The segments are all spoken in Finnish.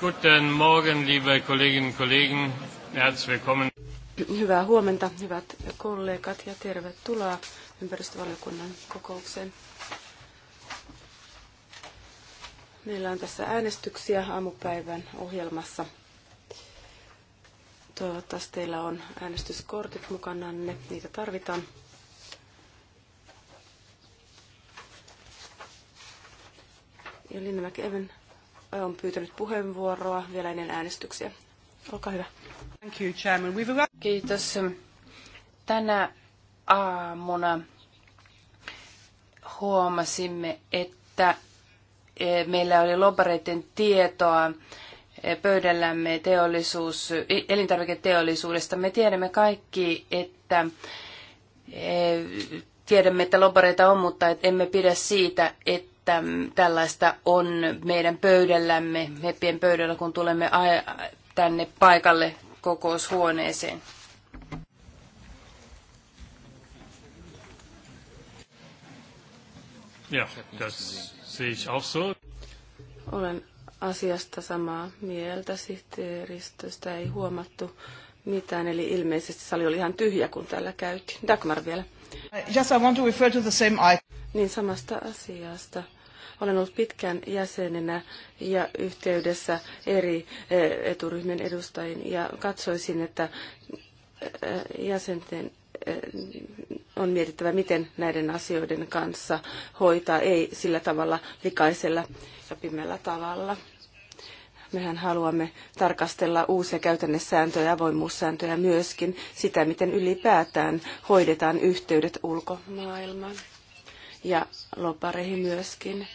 Guten Morgen, liebe Kolleginnen und Kollegen. Herzlich willkommen. Hyvää huomenta, hyvät kollegat, ja tervetuloa ympäristövaliokunnan kokoukseen. Meillä on tässä äänestyksiä aamupäivän ohjelmassa. Toivottavasti teillä on äänestyskortit mukananne, niitä tarvitaan. Ja Linnemäki Even on pyytänyt puheenvuoroa vielä ennen äänestyksiä. Olkaa hyvä. Thank you, Chairman. We've... Kiitos. Tänä aamuna huomasimme, että e, meillä oli lobareiden tietoa e, pöydällämme teollisuus, e, elintarviketeollisuudesta. Me tiedämme kaikki, että tiedämme, että lobareita on, mutta emme pidä siitä, että että tällaista on meidän pöydällämme, meppien pöydällä, kun tulemme tänne paikalle kokoushuoneeseen. Ja, das so. Olen asiasta samaa mieltä. Sihteeristöstä ei huomattu mitään, eli ilmeisesti sali oli ihan tyhjä, kun täällä käytiin. Dagmar vielä. Just I want to refer to the same item. Niin samasta asiasta. Olen ollut pitkään jäsenenä ja yhteydessä eri eh, eturyhmien edustajiin ja katsoisin, että eh, jäsenten eh, on mietittävä, miten näiden asioiden kanssa hoitaa, ei sillä tavalla likaisella ja pimeällä tavalla. Mehän haluamme tarkastella uusia käytännesääntöjä, avoimuussääntöjä myöskin, sitä miten ylipäätään hoidetaan yhteydet ulkomaailmaan ja lopareihin myöskin.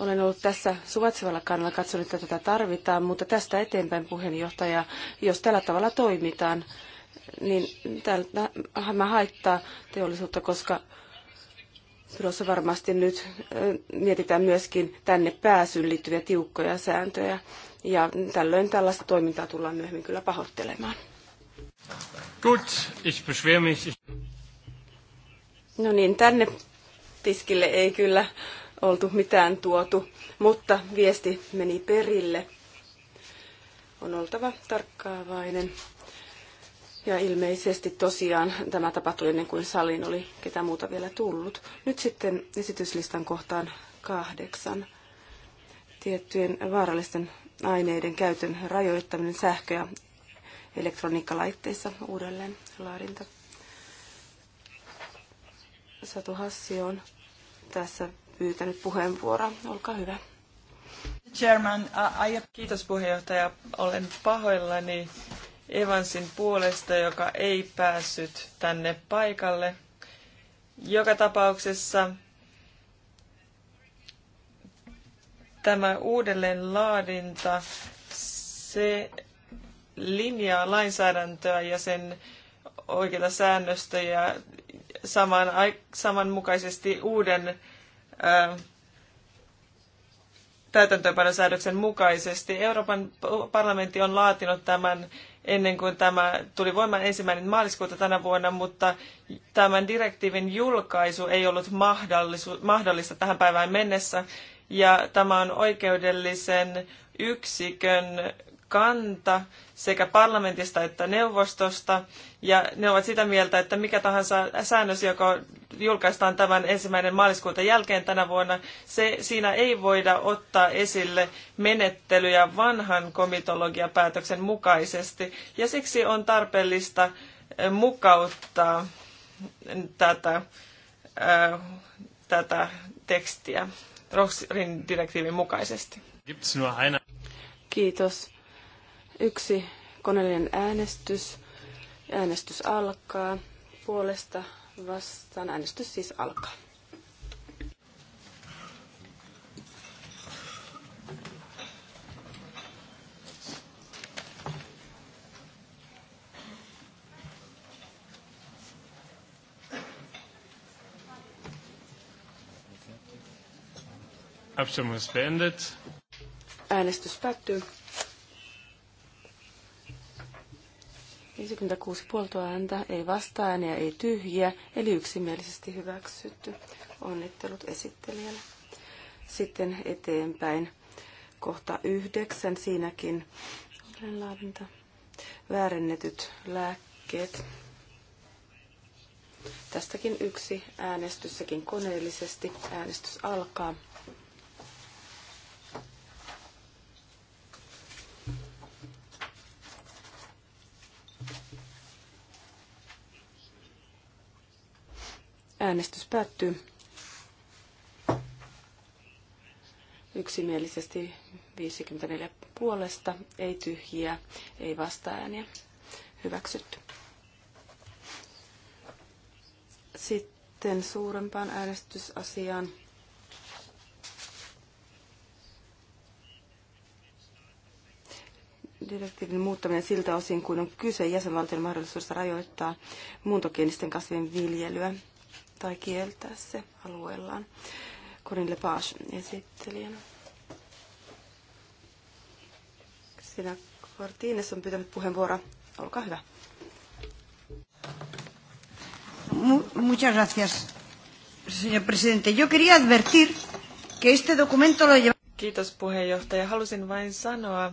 Olen ollut tässä suvaitsevalla kannalla, katsonut, että tätä tarvitaan, mutta tästä eteenpäin puheenjohtaja, jos tällä tavalla toimitaan, niin tämä haittaa teollisuutta, koska tulossa varmasti nyt mietitään myöskin tänne pääsyyn liittyviä tiukkoja sääntöjä. Ja tällöin tällaista toimintaa tullaan myöhemmin kyllä pahoittelemaan. Gut, ich beschwer mich. No niin, tänne tiskille ei kyllä oltu mitään tuotu, mutta viesti meni perille. On oltava tarkkaavainen. Ja ilmeisesti tosiaan tämä tapahtui ennen kuin saliin oli ketä muuta vielä tullut. Nyt sitten esityslistan kohtaan kahdeksan. Tiettyjen vaarallisten aineiden käytön rajoittaminen sähkö- ja elektroniikkalaitteissa uudelleen laadinta. Satu Hassi on tässä pyytänyt puheenvuoroa. Olkaa hyvä. Chairman, I... Kiitos puheenjohtaja. Olen pahoillani Evansin puolesta, joka ei päässyt tänne paikalle. Joka tapauksessa tämä uudelleenlaadinta, se linjaa lainsäädäntöä ja sen oikeita säännöstöjä ja samanmukaisesti uuden täytäntöönpanosäädöksen mukaisesti. Euroopan parlamentti on laatinut tämän ennen kuin tämä tuli voimaan ensimmäinen maaliskuuta tänä vuonna, mutta tämän direktiivin julkaisu ei ollut mahdollista tähän päivään mennessä. Ja tämä on oikeudellisen yksikön kanta sekä parlamentista että neuvostosta, ja ne ovat sitä mieltä, että mikä tahansa säännös, joka julkaistaan tämän ensimmäinen maaliskuuta jälkeen tänä vuonna, se, siinä ei voida ottaa esille menettelyjä vanhan komitologiapäätöksen mukaisesti, ja siksi on tarpeellista eh, mukauttaa tätä, eh, tätä tekstiä Roxrin direktiivin mukaisesti. Kiitos. Yksi koneellinen äänestys. Äänestys alkaa. Puolesta vastaan. Äänestys siis alkaa. Äänestys päättyy. 56 puoltoa ääntä, ei ääniä ei tyhjiä, eli yksimielisesti hyväksytty. Onnittelut esittelijälle. Sitten eteenpäin kohta yhdeksän, siinäkin laadinta, väärennetyt lääkkeet. Tästäkin yksi äänestyssäkin koneellisesti. Äänestys alkaa. Äänestys päättyy. Yksimielisesti 54 puolesta, ei tyhjiä, ei vastaääniä. Hyväksytty. Sitten suurempaan äänestysasiaan. direktiivin muuttaminen siltä osin, kuin on kyse jäsenvaltion mahdollisuudesta rajoittaa muuntogeenisten kasvien viljelyä tai kieltää se alueellaan. Corinne Lepage esittelijänä. Sinä Martínez on pyytänyt puheenvuoroa. Olkaa hyvä. Muchas gracias, señor presidente. Yo quería advertir que este documento lo lleva... Kiitos puheenjohtaja. Halusin vain sanoa,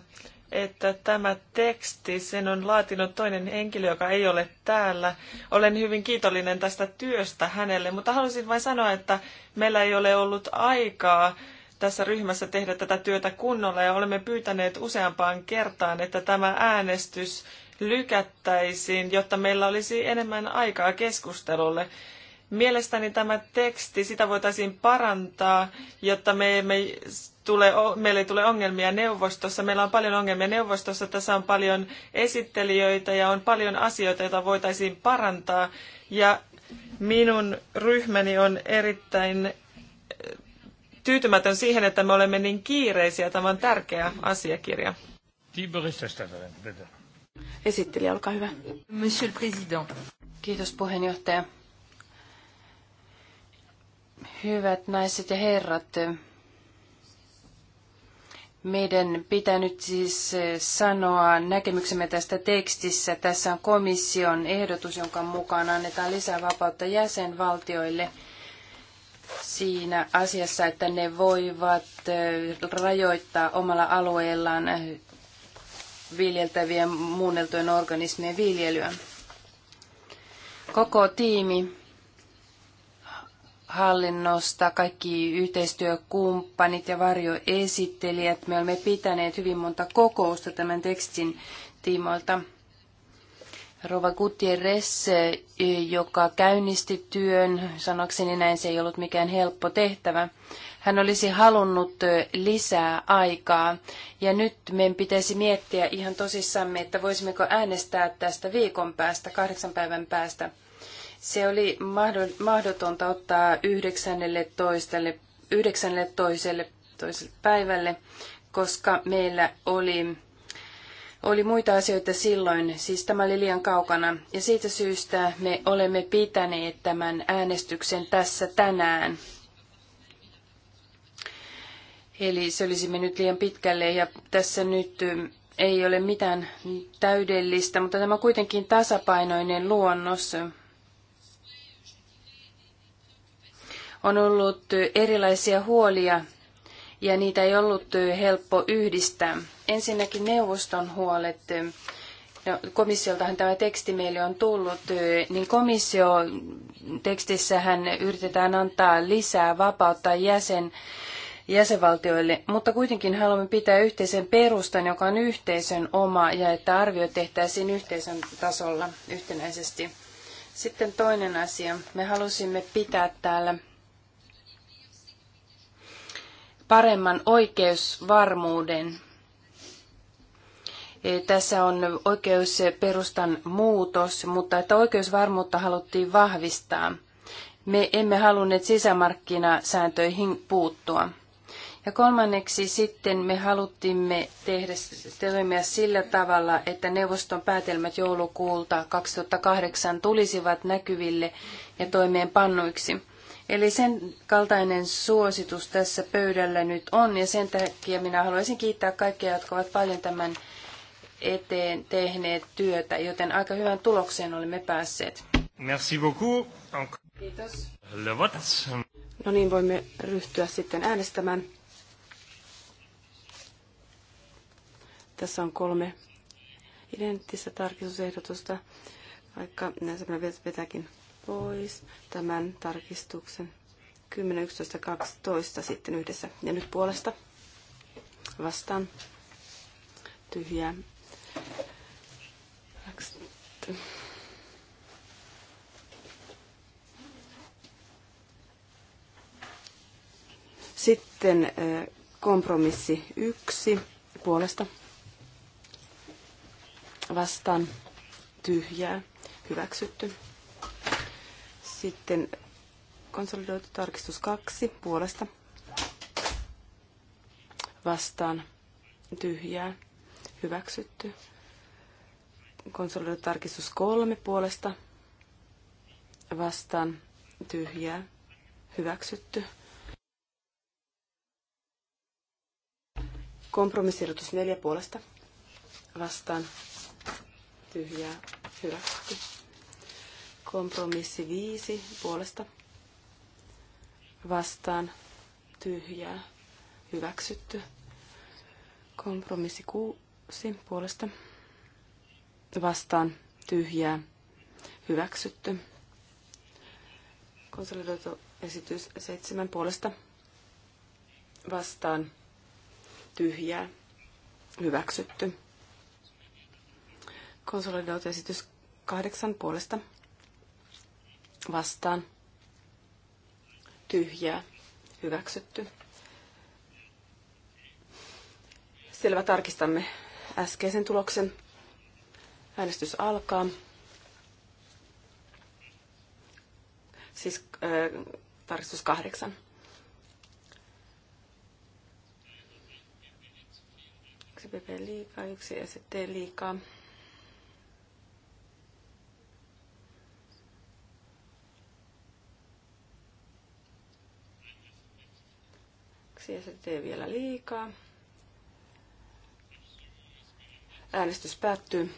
että tämä teksti, sen on laatinut toinen henkilö, joka ei ole täällä. Olen hyvin kiitollinen tästä työstä hänelle, mutta haluaisin vain sanoa, että meillä ei ole ollut aikaa tässä ryhmässä tehdä tätä työtä kunnolla ja olemme pyytäneet useampaan kertaan, että tämä äänestys lykättäisiin, jotta meillä olisi enemmän aikaa keskustelulle. Mielestäni tämä teksti, sitä voitaisiin parantaa, jotta me emme tule, meille ei tule ongelmia neuvostossa. Meillä on paljon ongelmia neuvostossa, tässä on paljon esittelijöitä ja on paljon asioita, joita voitaisiin parantaa. Ja minun ryhmäni on erittäin eh, tyytymätön siihen, että me olemme niin kiireisiä. Tämä on tärkeä asiakirja. Esittelijä, olkaa hyvä. Monsieur le Président. Kiitos puheenjohtaja. Hyvät naiset ja herrat, meidän pitää nyt siis eh, sanoa näkemyksemme tästä tekstissä. Tässä on komission ehdotus, jonka mukaan annetaan lisää vapautta jäsenvaltioille siinä asiassa, että ne voivat eh, rajoittaa omalla alueellaan viljeltävien muunneltujen organismien viljelyä. Koko tiimi hallinnosta, kaikki yhteistyökumppanit ja varjoesittelijät. Me olemme pitäneet hyvin monta kokousta tämän tekstin tiimoilta. Rova Gutierrez, joka käynnisti työn, sanokseni näin se ei ollut mikään helppo tehtävä. Hän olisi halunnut lisää aikaa ja nyt meidän pitäisi miettiä ihan tosissamme, että voisimmeko äänestää tästä viikon päästä, kahdeksan päivän päästä. Se oli mahdotonta ottaa 19. 19. Toiselle päivälle, koska meillä oli, oli muita asioita silloin, siis tämä oli liian kaukana. Ja siitä syystä me olemme pitäneet tämän äänestyksen tässä tänään. Eli se olisi mennyt liian pitkälle ja tässä nyt ei ole mitään täydellistä, mutta tämä on kuitenkin tasapainoinen luonnos. On ollut erilaisia huolia ja niitä ei ollut helppo yhdistää. Ensinnäkin neuvoston huolet. No, komissioltahan tämä teksti meille on tullut, niin komissio tekstissähän yritetään antaa lisää vapautta jäsen, jäsenvaltioille, mutta kuitenkin haluamme pitää yhteisen perustan, joka on yhteisön oma, ja että arvio tehtäisiin yhteisön tasolla yhtenäisesti. Sitten toinen asia. Me halusimme pitää täällä paremman oikeusvarmuuden. E, tässä on oikeusperustan muutos, mutta että oikeusvarmuutta haluttiin vahvistaa. Me emme halunneet sisämarkkinasääntöihin puuttua. Ja kolmanneksi sitten me haluttimme tehdä toimia sillä tavalla, että neuvoston päätelmät joulukuulta 2008 tulisivat näkyville ja toimeenpannuiksi. Eli sen kaltainen suositus tässä pöydällä nyt on, ja sen takia minä haluaisin kiittää kaikkia, jotka ovat paljon tämän eteen tehneet työtä, joten aika hyvän tulokseen olemme päässeet. Merci beaucoup. Kiitos. Le vote. No niin, voimme ryhtyä sitten äänestämään. Tässä on kolme identtistä tarkistusehdotusta, vaikka näissä pitääkin pois tämän tarkistuksen. 10, 11, 12 sitten yhdessä. Ja nyt puolesta vastaan tyhjää. Sitten kompromissi yksi puolesta vastaan tyhjää hyväksytty. Sitten konsolidoitu tarkistus 2 puolesta vastaan tyhjää hyväksytty. Konsolidoitu tarkistus 3 puolesta vastaan tyhjää hyväksytty. Kompromissirjoitus 4 puolesta vastaan tyhjää hyväksytty. Kompromissi viisi puolesta vastaan tyhjää hyväksytty. Kompromissi kuusi puolesta vastaan tyhjää hyväksytty. Konsolidoitu esitys seitsemän puolesta vastaan tyhjää hyväksytty. Konsolidoitu esitys kahdeksan puolesta vastaan tyhjää hyväksytty. Selvä, tarkistamme äskeisen tuloksen. Äänestys alkaa. Siis äh, tarkistus kahdeksan. Yksi PP liikaa, yksi ST liikaa. se tee vielä liikaa. Äänestys päättyy.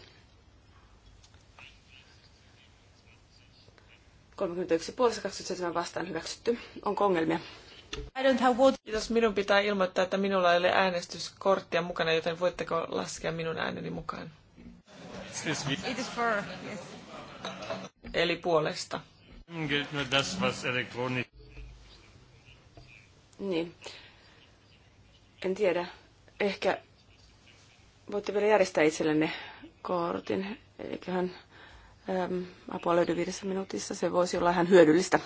31 puolesta 27 vastaan hyväksytty. Onko ongelmia? I don't have water. Kiitos. Minun pitää ilmoittaa, että minulla ei ole äänestyskorttia mukana, joten voitteko laskea minun ääneni mukaan? It is for, yes. Eli puolesta. Gilt mm, no, das, was Niin. En tiedä. Ehkä voitte vielä järjestää itsellenne kortin. Eiköhän äm, apua löydy viidessä minuutissa. Se voisi olla ihan hyödyllistä.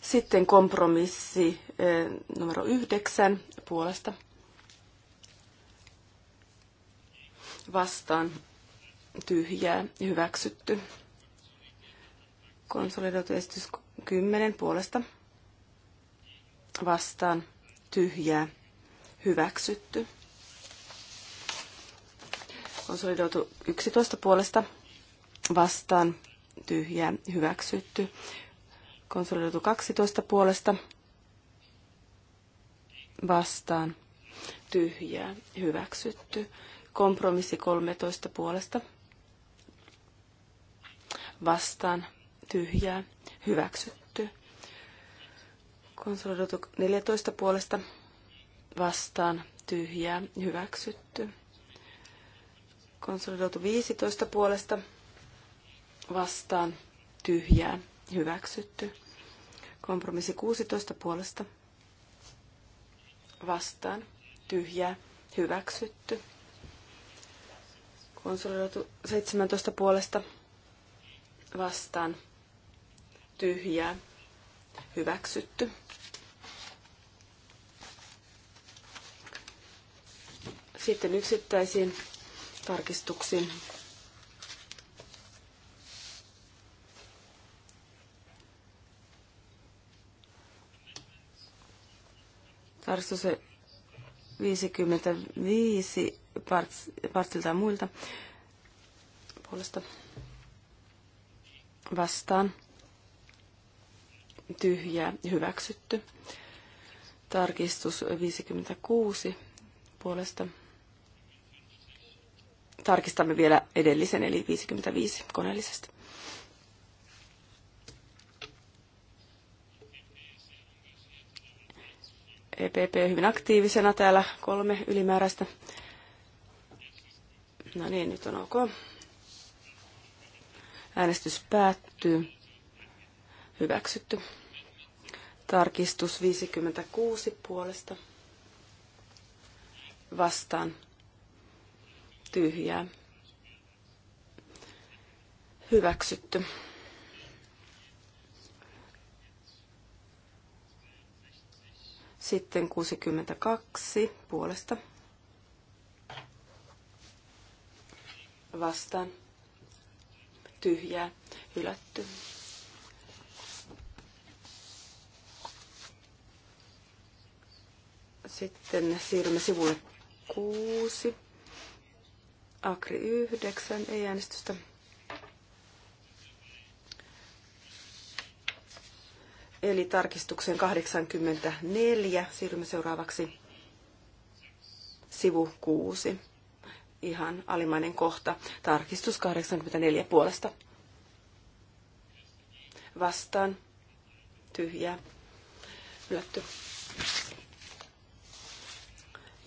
Sitten kompromissi numero yhdeksän puolesta. Vastaan tyhjää hyväksytty. Konsolidoitu esitys 10 puolesta. Vastaan tyhjää hyväksytty. Konsolidoitu 11 puolesta vastaan tyhjää hyväksytty. Konsolidoitu 12 puolesta vastaan tyhjää hyväksytty. Kompromissi 13 puolesta vastaan tyhjää hyväksytty Konsolidoitu 14 puolesta vastaan tyhjää hyväksytty. Konsolidoitu 15 puolesta vastaan tyhjää hyväksytty. Kompromissi 16 puolesta vastaan tyhjää hyväksytty. Konsolidoitu 17 puolesta vastaan tyhjää hyväksytty. Sitten yksittäisiin tarkistuksiin. Tarkistus 55 partilta ja muilta puolesta vastaan tyhjä hyväksytty. Tarkistus 56 puolesta. Tarkistamme vielä edellisen, eli 55 koneellisesti. EPP hyvin aktiivisena täällä kolme ylimääräistä. No niin, nyt on ok. Äänestys päättyy. Hyväksytty. Tarkistus 56 puolesta. Vastaan. Tyhjää. Hyväksytty. Sitten 62 puolesta. Vastaan. Tyhjää. Hylätty. Sitten siirrymme sivulle 6. Akri 9, ei äänestystä. Eli tarkistukseen 84. Siirrymme seuraavaksi sivu 6. Ihan alimainen kohta. Tarkistus 84 puolesta. Vastaan. Tyhjää. Hylätty.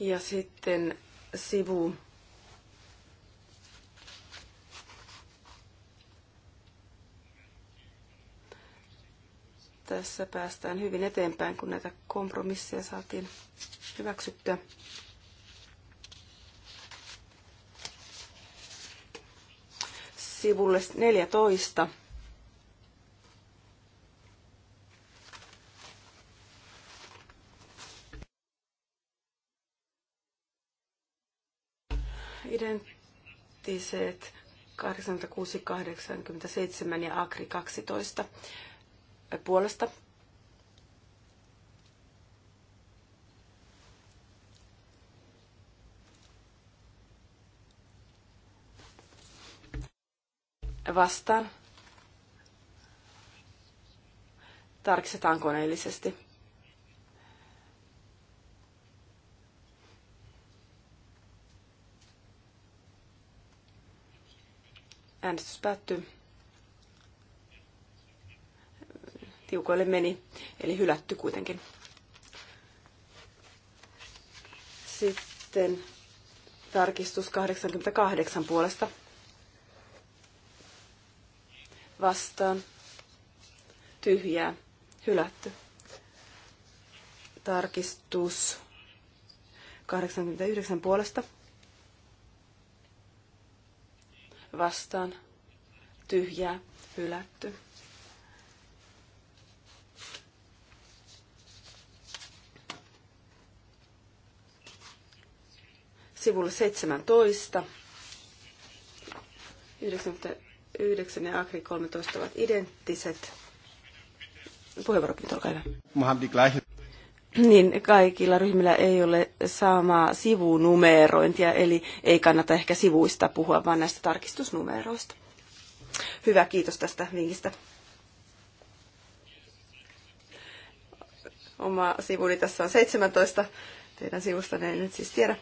Ja sitten sivu tässä päästään hyvin eteenpäin, kun näitä kompromisseja saatiin hyväksyttyä. Sivulle 14. identtiset 86, 87 ja Agri 12 puolesta. Vastaan. Tarkistetaan koneellisesti. Äänestys päättyy. Tiukoille meni, eli hylätty kuitenkin. Sitten tarkistus 88 puolesta. Vastaan. Tyhjää. Hylätty. Tarkistus 89 puolesta vastaan tyhjää hylätty. Sivulla 17. 99 ja Agri 13 ovat identtiset. Puheenvuoro, olkaa hyvä niin kaikilla ryhmillä ei ole samaa sivunumerointia, eli ei kannata ehkä sivuista puhua, vaan näistä tarkistusnumeroista. Hyvä, kiitos tästä vinkistä. Oma sivuni tässä on 17, teidän sivustanne ei nyt siis tiedä.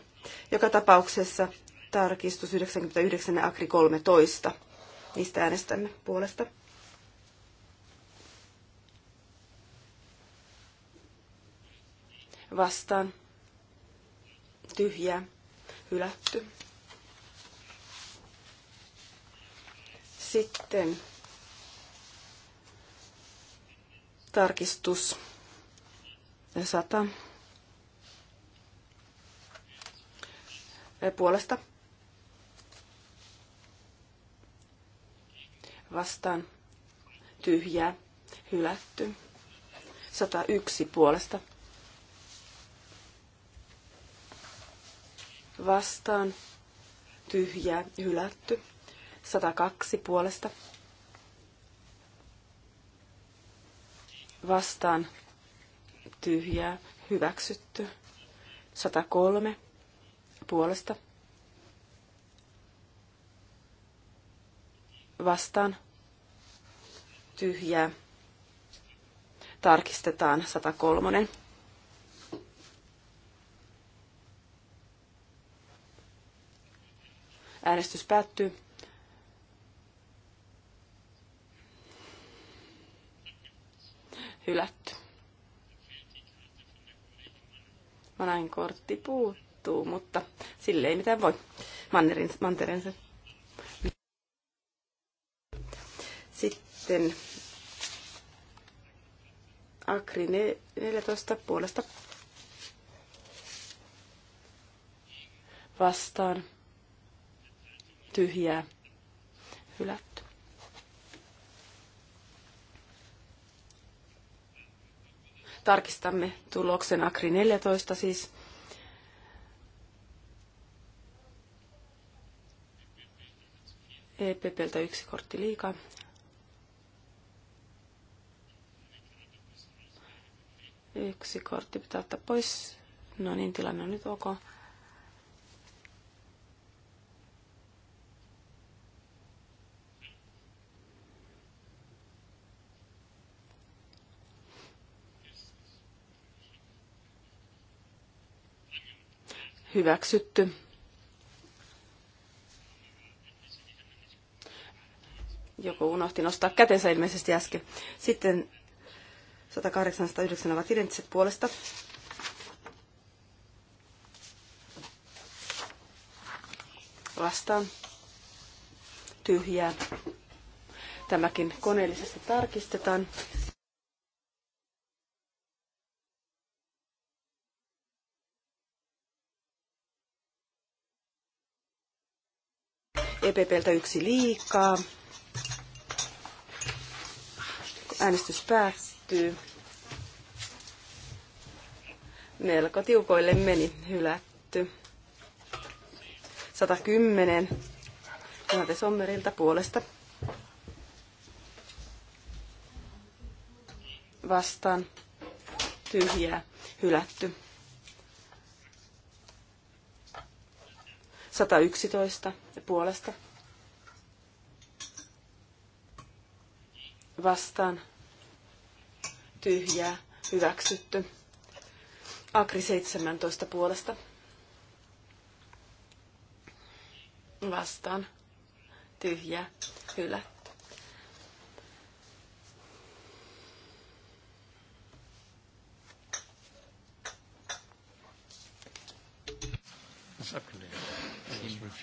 Joka tapauksessa tarkistus 99 Akri 13. Niistä äänestämme puolesta vastaan tyhjä hylätty. Sitten tarkistus 100 puolesta vastaan tyhjää hylätty. 101 puolesta vastaan tyhjää hylätty. 102 puolesta vastaan tyhjää hyväksytty. 103 puolesta vastaan tyhjää. Tarkistetaan 103. Äänestys päättyy. Hylätty. Manain kortti puuttuu, mutta sille ei mitään voi. Mannerin, mantereensa. Sitten Akri 14 puolesta vastaan tyhjää hylätty. Tarkistamme tuloksen Akri 14 siis. EPPltä yksi kortti liikaa. Yksi kortti pitää ottaa pois. No niin, tilanne on nyt ok. hyväksytty. Joku unohti nostaa kätensä ilmeisesti äsken. Sitten 108 ovat identtiset puolesta. Vastaan. Tyhjää. Tämäkin koneellisesti tarkistetaan. EPPltä yksi liikaa. Äänestys päättyy. Melko tiukoille meni hylätty. 110. Jonate Sommerilta puolesta. Vastaan. Tyhjää. Hylätty. 111 puolesta vastaan tyhjää hyväksytty. Agri 17 puolesta vastaan tyhjää hylätty.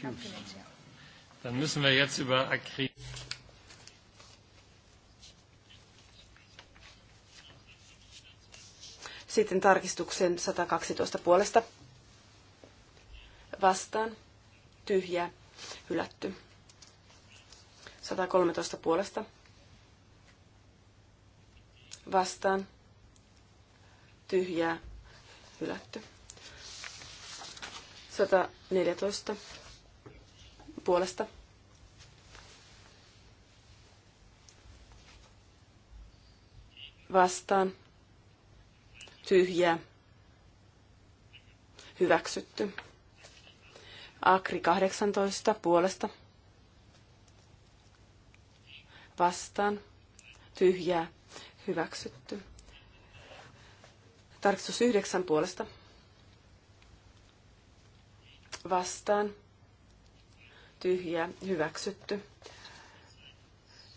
confused. Dann müssen wir jetzt über Sitten tarkistuksen 112 puolesta. Vastaan. Tyhjä. Hylätty. 113 puolesta. Vastaan. Tyhjää. Hylätty. 114 puolesta. Vastaan. Tyhjää. Hyväksytty. Akri 18 puolesta. Vastaan. Tyhjää. Hyväksytty. Tarkistus 9 puolesta. Vastaan tyhjä hyväksytty.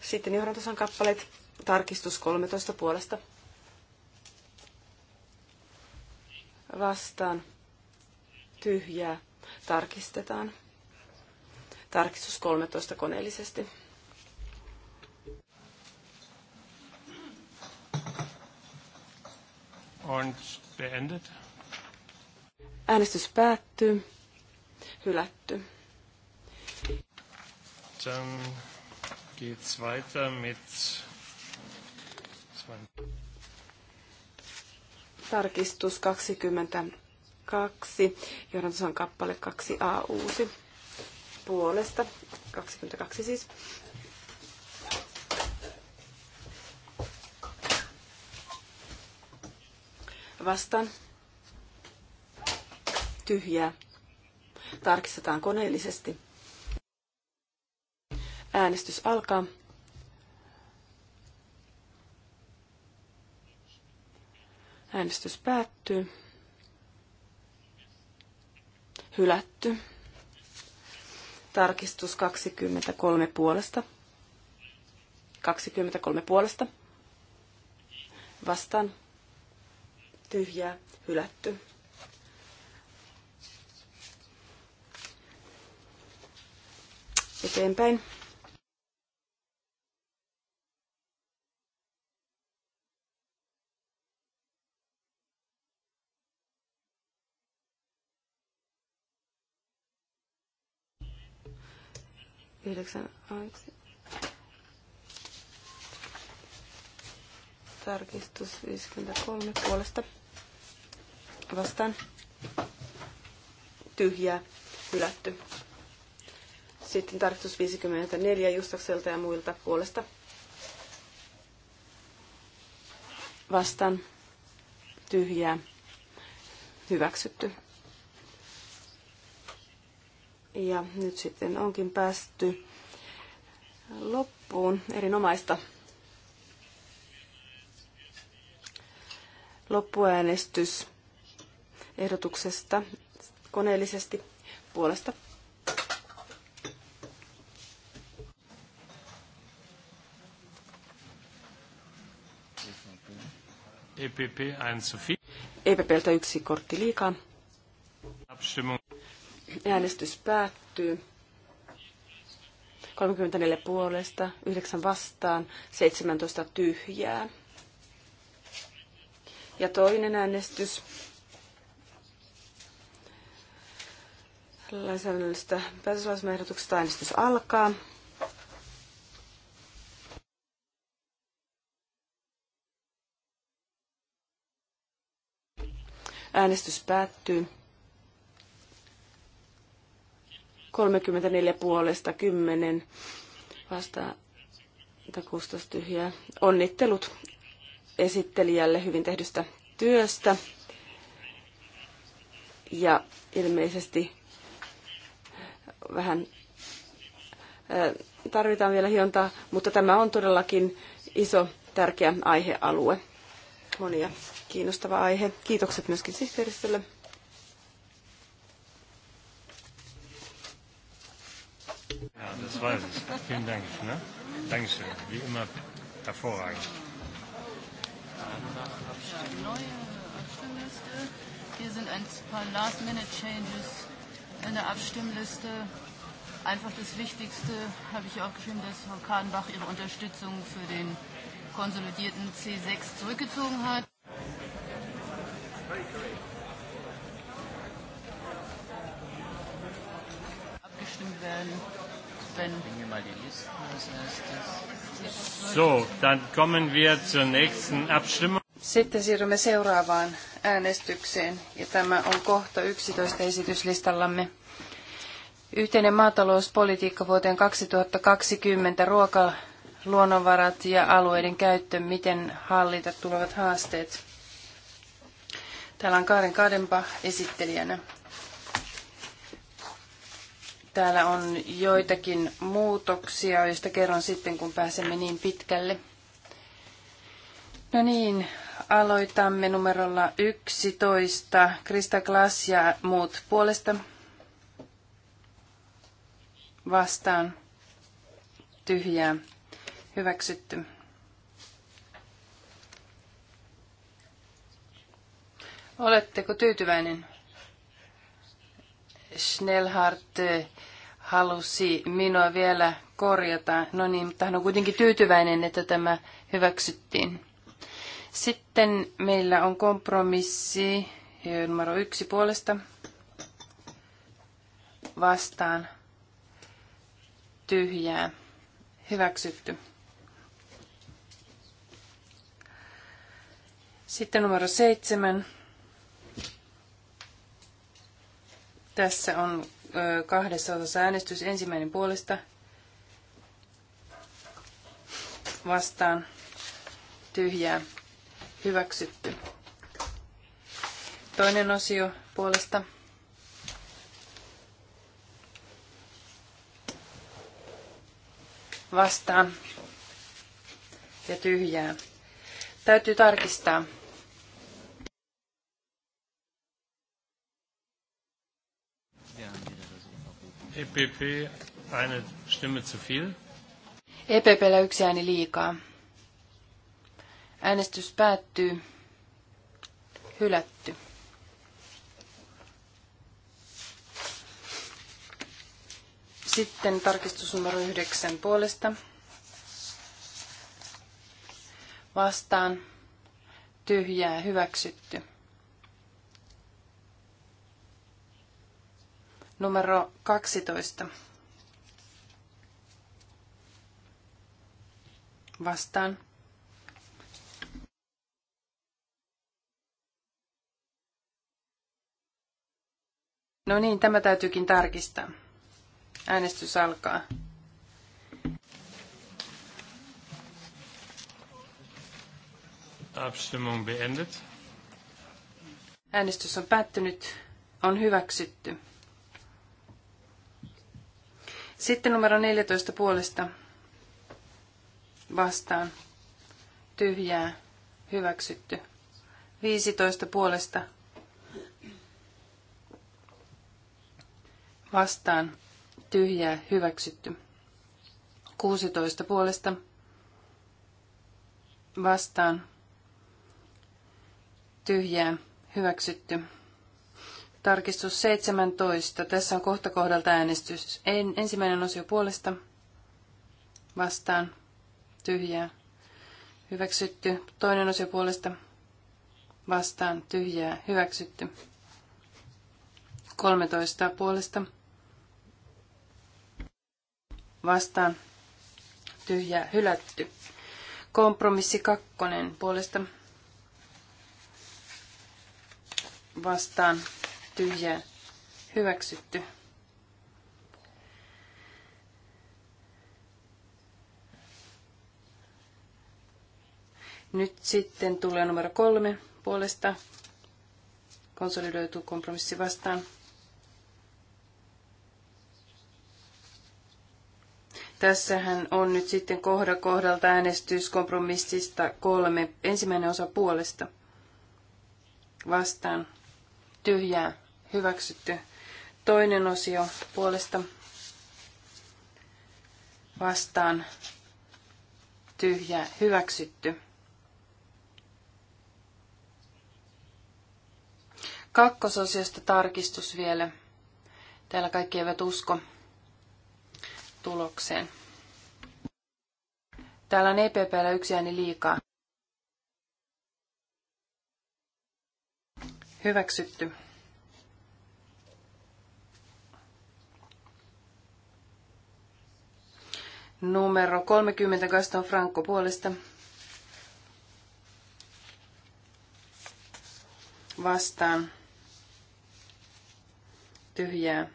Sitten johdantosan kappaleet, tarkistus 13 puolesta. Vastaan tyhjää tarkistetaan. Tarkistus 13 koneellisesti. Äänestys päättyy. Hylätty. Dann es weiter mit Tarkistus 22, on kappale 2a uusi, puolesta, 22 siis. Vastaan. Tyhjää. Tarkistetaan koneellisesti. Äänestys alkaa. Äänestys päättyy. Hylätty. Tarkistus 23 puolesta. 23 puolesta. Vastaan. Tyhjää. Hylätty. Eteenpäin. aiksi. Tarkistus 53 puolesta. Vastaan. Tyhjää. Hylätty. Sitten tarkistus 54 Justakselta ja muilta puolesta. Vastaan. Tyhjää. Hyväksytty. Ja nyt sitten onkin päästy loppuun. Erinomaista. Loppuäänestys ehdotuksesta koneellisesti puolesta. EPP, EPPltä e yksi kortti liikaa. Äänestys päättyy. 34 puolesta, 9 vastaan, 17 tyhjää. Ja toinen äänestys lainsäädännöllisestä päätöslausumehdotuksesta äänestys alkaa. Äänestys päättyy. 34 puolesta 10 vastaan 16 tyhjää. Onnittelut esittelijälle hyvin tehdystä työstä. Ja ilmeisesti vähän äh, tarvitaan vielä hiontaa, mutta tämä on todellakin iso, tärkeä aihealue. Monia kiinnostava aihe. Kiitokset myöskin sihteeristölle. Ja, das weiß ich. Vielen Dank. Ne? Dankeschön. Wie immer hervorragend. Neue Abstimmliste. Hier sind ein paar Last-Minute-Changes in der Abstimmliste. Einfach das Wichtigste habe ich auch geschrieben, dass Frau Kahnbach ihre Unterstützung für den konsolidierten C6 zurückgezogen hat. Abgestimmt werden. So, dann kommen wir zur nächsten Abstimmung. Sitten siirrymme seuraavaan äänestykseen, ja tämä on kohta 11 esityslistallamme. Yhteinen maatalouspolitiikka vuoteen 2020, ruoka, luonnonvarat ja alueiden käyttö, miten hallita tulevat haasteet. Täällä on Kaaren Kadempa esittelijänä. Täällä on joitakin muutoksia, joista kerron sitten, kun pääsemme niin pitkälle. No niin, aloitamme numerolla 11. Krista Glass ja muut puolesta. Vastaan. Tyhjää. Hyväksytty. Oletteko tyytyväinen? Schnellhardt halusi minua vielä korjata. No niin, mutta hän on kuitenkin tyytyväinen, että tämä hyväksyttiin. Sitten meillä on kompromissi numero yksi puolesta vastaan tyhjää. Hyväksytty. Sitten numero seitsemän. Tässä on kahdessa osassa äänestys. Ensimmäinen puolesta vastaan tyhjää hyväksytty. Toinen osio puolesta vastaan ja tyhjää. Täytyy tarkistaa. EPP, eine Stimme zu viel. EPPllä yksi ääni liikaa. Äänestys päättyy. Hylätty. Sitten tarkistus numero yhdeksän puolesta. Vastaan. Tyhjää. Hyväksytty. numero 12. Vastaan. No niin, tämä täytyykin tarkistaa. Äänestys alkaa. Äänestys on päättynyt. On hyväksytty. Sitten numero 14 puolesta vastaan tyhjää hyväksytty. 15 puolesta vastaan tyhjää hyväksytty. 16 puolesta vastaan tyhjää hyväksytty. Tarkistus 17. Tässä on kohta kohdalta äänestys. En, ensimmäinen osio puolesta. Vastaan. Tyhjää. Hyväksytty. Toinen osio puolesta. Vastaan. Tyhjää. Hyväksytty. 13 puolesta. Vastaan. Tyhjää. Hylätty. Kompromissi kakkonen puolesta. Vastaan tyhjää hyväksytty. Nyt sitten tulee numero kolme puolesta. Konsolidoituu kompromissi vastaan. Tässähän on nyt sitten kohda kohdalta äänestys kompromissista kolme. Ensimmäinen osa puolesta vastaan tyhjää hyväksytty. Toinen osio puolesta vastaan tyhjää hyväksytty. Kakkososiosta tarkistus vielä. Täällä kaikki eivät usko tulokseen. Täällä on EPPllä yksi ääni liikaa. Hyväksytty. Numero 30 Gaston Franco puolesta. Vastaan. Tyhjää.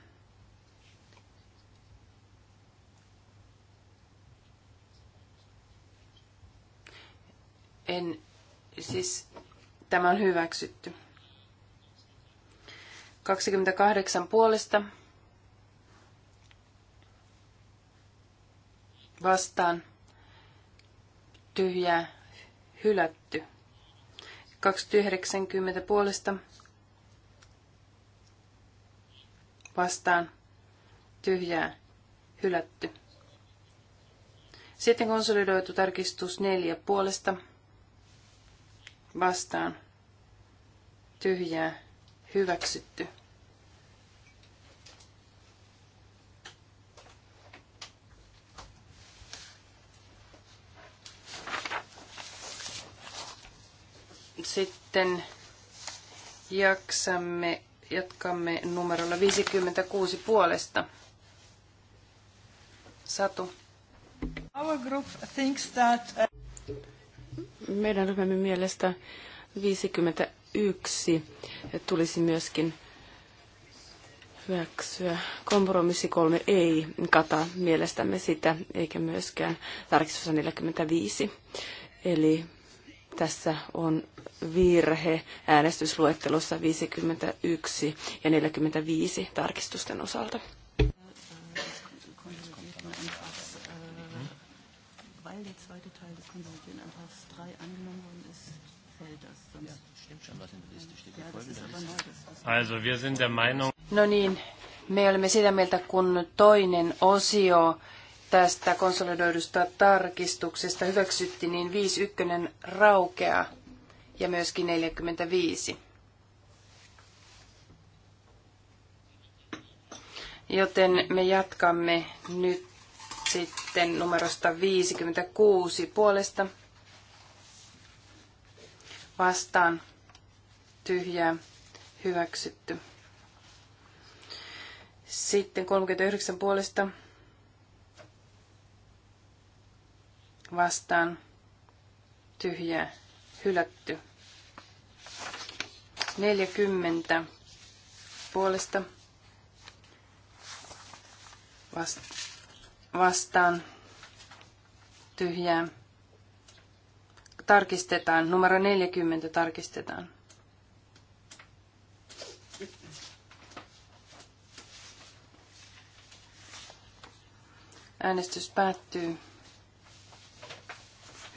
En, siis tämä on hyväksytty. 28 puolesta vastaan tyhjää hylätty. 290 puolesta vastaan tyhjää hylätty. Sitten konsolidoitu tarkistus 4 puolesta vastaan tyhjää hyväksytty. Sitten jaksamme, jatkamme numerolla 56 puolesta. Satu. Our group thinks that... Uh, Meidän ryhmämme mielestä 50 1 tulisi myöskin hyväksyä. Kompromissi 3 ei kata mielestämme sitä, eikä myöskään tarkistus 45. Eli tässä on virhe äänestysluettelossa 51 ja 45 tarkistusten osalta. Weil der zweite Teil des 3 angenommen worden ist, No niin, me olemme sitä mieltä, kun toinen osio tästä konsolidoidusta tarkistuksesta hyväksyttiin, niin 51 raukeaa ja myöskin 45. Joten me jatkamme nyt sitten numerosta 56 puolesta vastaan tyhjää hyväksytty. Sitten 39 puolesta vastaan tyhjää hylätty. 40 puolesta vastaan tyhjää tarkistetaan, numero 40 tarkistetaan. Äänestys päättyy.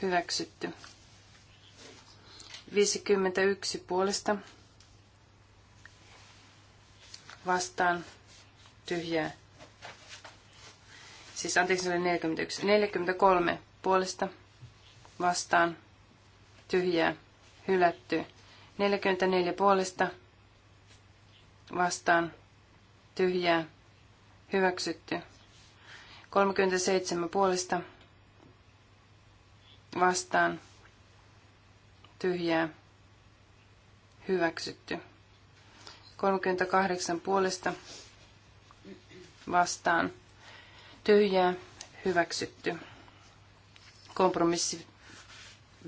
Hyväksytty. 51 puolesta. Vastaan. Tyhjää. Siis anteeksi, se oli 41. 43 puolesta. Vastaan tyhjää, hylätty. 44 puolesta vastaan, tyhjää, hyväksytty. 37 puolesta vastaan, tyhjää, hyväksytty. 38 puolesta vastaan, tyhjää, hyväksytty. Kompromissi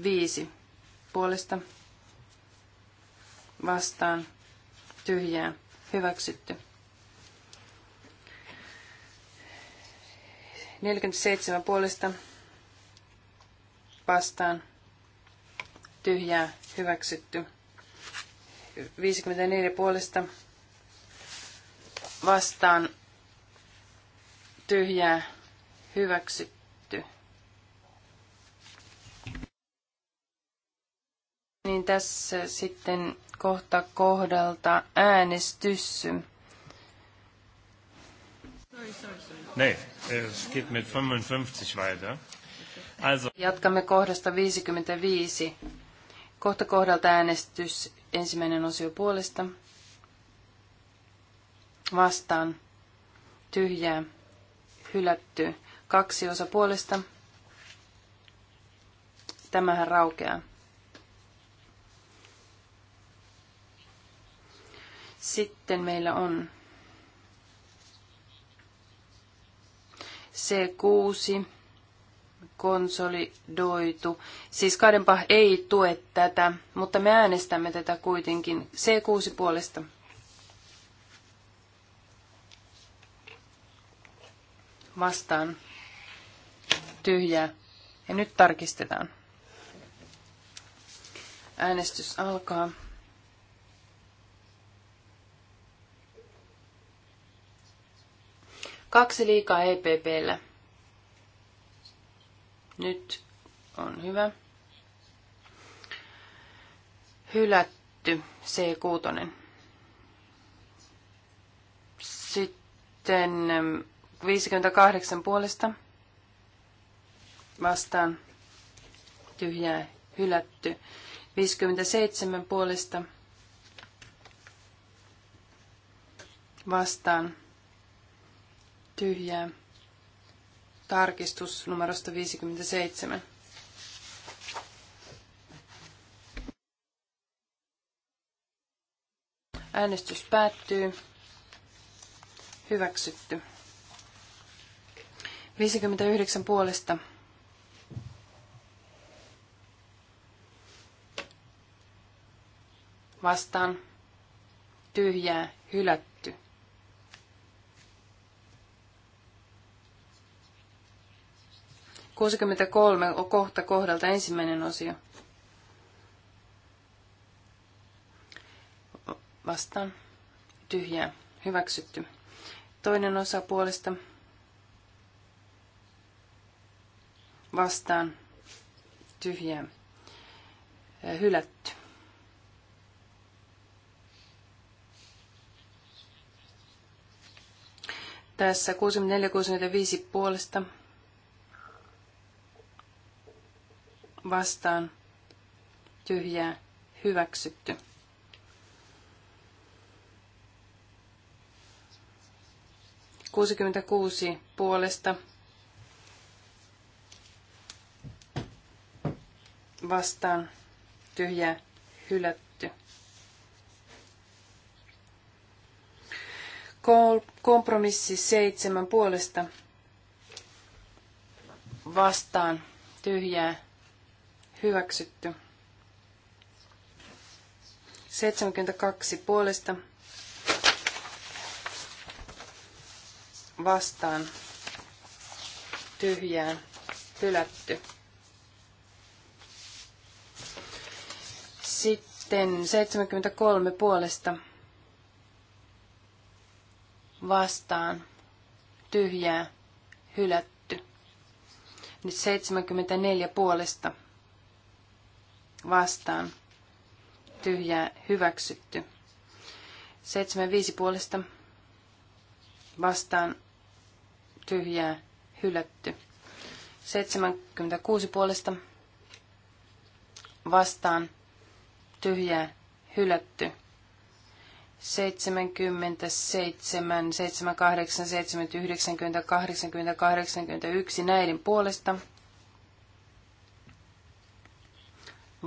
5 puolesta vastaan tyhjää hyväksytty. 47 puolesta vastaan tyhjää hyväksytty. 54 puolesta vastaan tyhjää hyväksytty. niin tässä sitten kohta kohdalta äänestys. Nee, es geht mit 55 weiter. Also. Jatkamme kohdasta 55. Kohta kohdalta äänestys. Ensimmäinen osio puolesta. Vastaan. Tyhjää. Hylätty. Kaksi osa puolesta. Tämähän raukeaa. Sitten meillä on C6 konsolidoitu. Siis Kadenpa ei tue tätä, mutta me äänestämme tätä kuitenkin C6 puolesta. Vastaan. Tyhjää. Ja nyt tarkistetaan. Äänestys alkaa. Kaksi liikaa EPPllä. Nyt on hyvä. Hylätty C6. Sitten 58 ähm, puolesta vastaan tyhjää hylätty. 57 puolesta vastaan tyhjää. Tarkistus numerosta 57. Äänestys päättyy. Hyväksytty. 59 puolesta. Vastaan. Tyhjää. Hylätty. 63 kohta kohdalta ensimmäinen osio. Vastaan. Tyhjää. Hyväksytty. Toinen osa puolesta. Vastaan. Tyhjää. Hylätty. Tässä 64-65 puolesta vastaan tyhjää hyväksytty. kuusi puolesta vastaan tyhjää hylätty. Kompromissi seitsemän puolesta vastaan tyhjää Hyväksytty. 72 puolesta vastaan tyhjään hylätty. Sitten 73 puolesta vastaan tyhjää hylätty. Nyt 74 puolesta vastaan tyhjää hyväksytty. 75 puolesta vastaan tyhjää hylätty. 76 puolesta vastaan tyhjää hylätty. 77, 78, 79, 90, 80, 81 näiden puolesta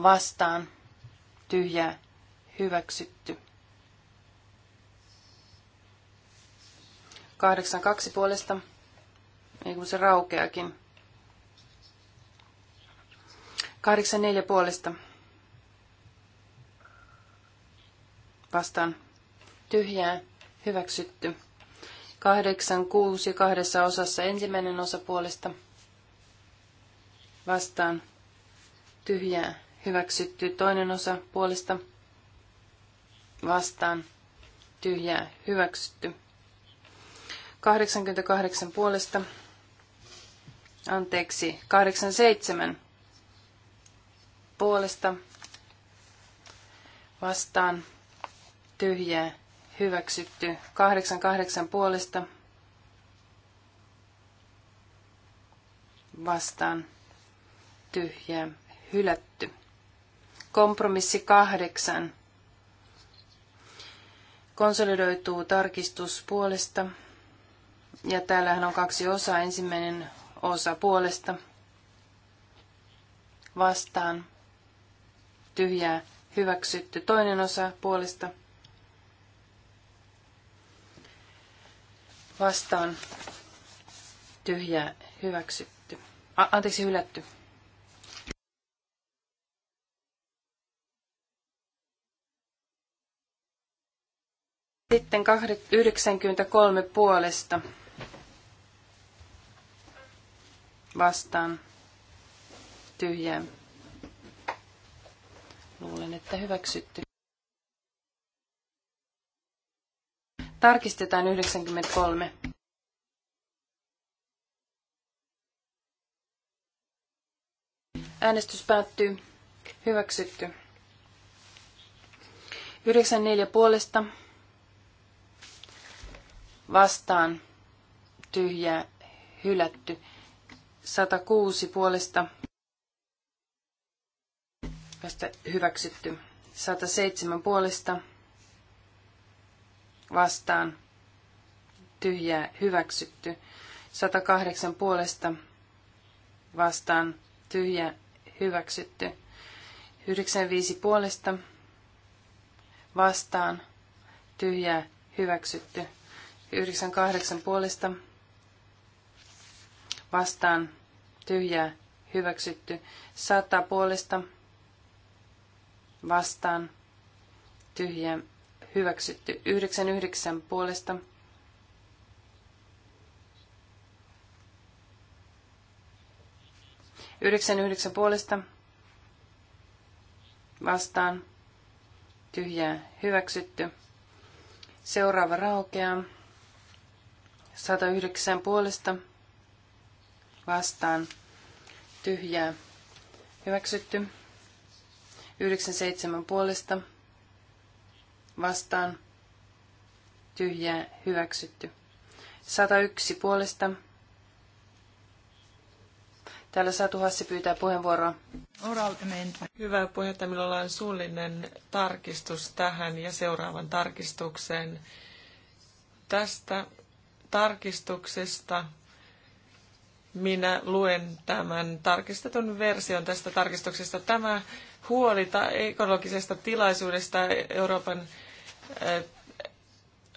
vastaan tyhjää hyväksytty. 82 puolesta, ei kun se raukeakin. 84 puolesta vastaan tyhjää hyväksytty. 86 kahdessa osassa ensimmäinen osa puolesta vastaan tyhjää Hyväksytty toinen osa puolesta vastaan. Tyhjää hyväksytty. 88 puolesta. Anteeksi, 87 puolesta vastaan tyhjää hyväksytty 88 puolesta vastaan tyhjää hylätty. Kompromissi kahdeksan. Konsolidoituu tarkistus puolesta. Ja täällähän on kaksi osaa. Ensimmäinen osa puolesta vastaan. Tyhjää hyväksytty. Toinen osa puolesta vastaan. Tyhjää hyväksytty. A- anteeksi, hylätty. Sitten 93 puolesta vastaan tyhjään. Luulen, että hyväksytty. Tarkistetaan 93. Äänestys päättyy. Hyväksytty. 94 puolesta vastaan tyhjä hylätty. 106 puolesta vasta hyväksytty. 107 puolesta vastaan tyhjää hyväksytty. 108 puolesta vastaan tyhjä hyväksytty. 95 puolesta vastaan tyhjää hyväksytty. 98 puolesta vastaan tyhjää hyväksytty. 100 puolesta vastaan tyhjää hyväksytty. 99 puolesta Yhdeksän yhdeksän puolesta vastaan tyhjää hyväksytty. Seuraava raukeaa. 109 puolesta vastaan tyhjää hyväksytty. 97 puolesta vastaan tyhjää hyväksytty. 101 puolesta. Täällä Satu Hassi pyytää puheenvuoroa. Oral Hyvä puheenjohtaja, minulla on suullinen tarkistus tähän ja seuraavan tarkistukseen. Tästä tarkistuksesta. Minä luen tämän tarkistetun version tästä tarkistuksesta. Tämä huoli ekologisesta tilaisuudesta Euroopan eh,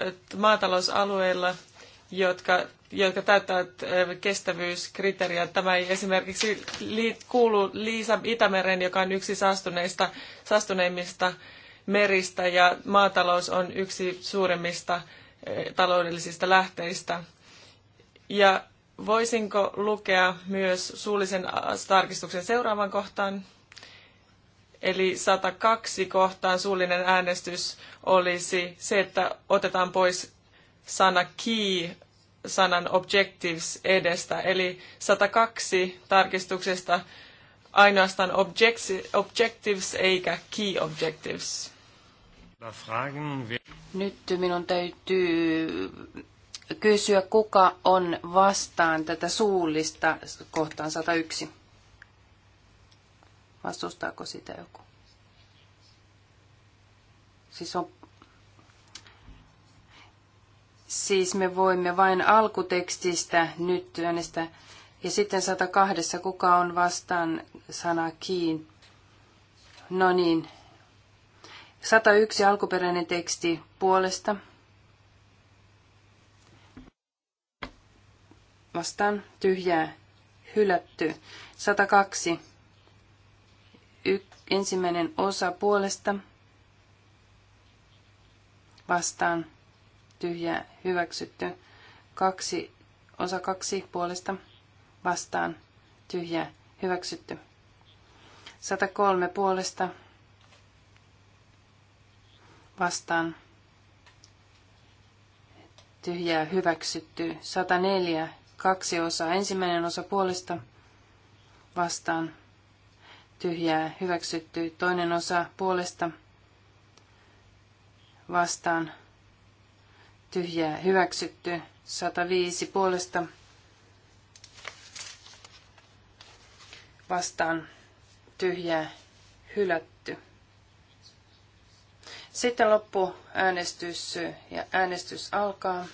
eh, maatalousalueilla, jotka, jotka täyttävät eh, kestävyyskriteeriä. Tämä ei esimerkiksi kuulu Liisa Itämeren, joka on yksi saastuneista, saastuneimmista meristä ja maatalous on yksi suurimmista taloudellisista lähteistä. Ja voisinko lukea myös suullisen tarkistuksen seuraavan kohtaan? Eli 102 kohtaan suullinen äänestys olisi se, että otetaan pois sana key sanan objectives edestä. Eli 102 tarkistuksesta ainoastaan objectives eikä key objectives. Nyt minun täytyy kysyä, kuka on vastaan tätä suullista kohtaan 101. Vastustaako sitä joku? Siis, on... siis me voimme vain alkutekstistä nyt työnnistä. Ja sitten 102, kuka on vastaan sana kiin. No niin, 101 alkuperäinen teksti puolesta. Vastaan tyhjää, hylätty. 102 y- ensimmäinen osa puolesta. Vastaan tyhjää, hyväksytty. Kaksi, osa kaksi puolesta. Vastaan tyhjää, hyväksytty. 103 puolesta vastaan tyhjää hyväksytty. 104, kaksi osaa. Ensimmäinen osa puolesta vastaan tyhjää hyväksytty. Toinen osa puolesta vastaan tyhjää hyväksytty. 105 puolesta vastaan tyhjää hylätty. Sitten loppu äänestys ja äänestys alkaa.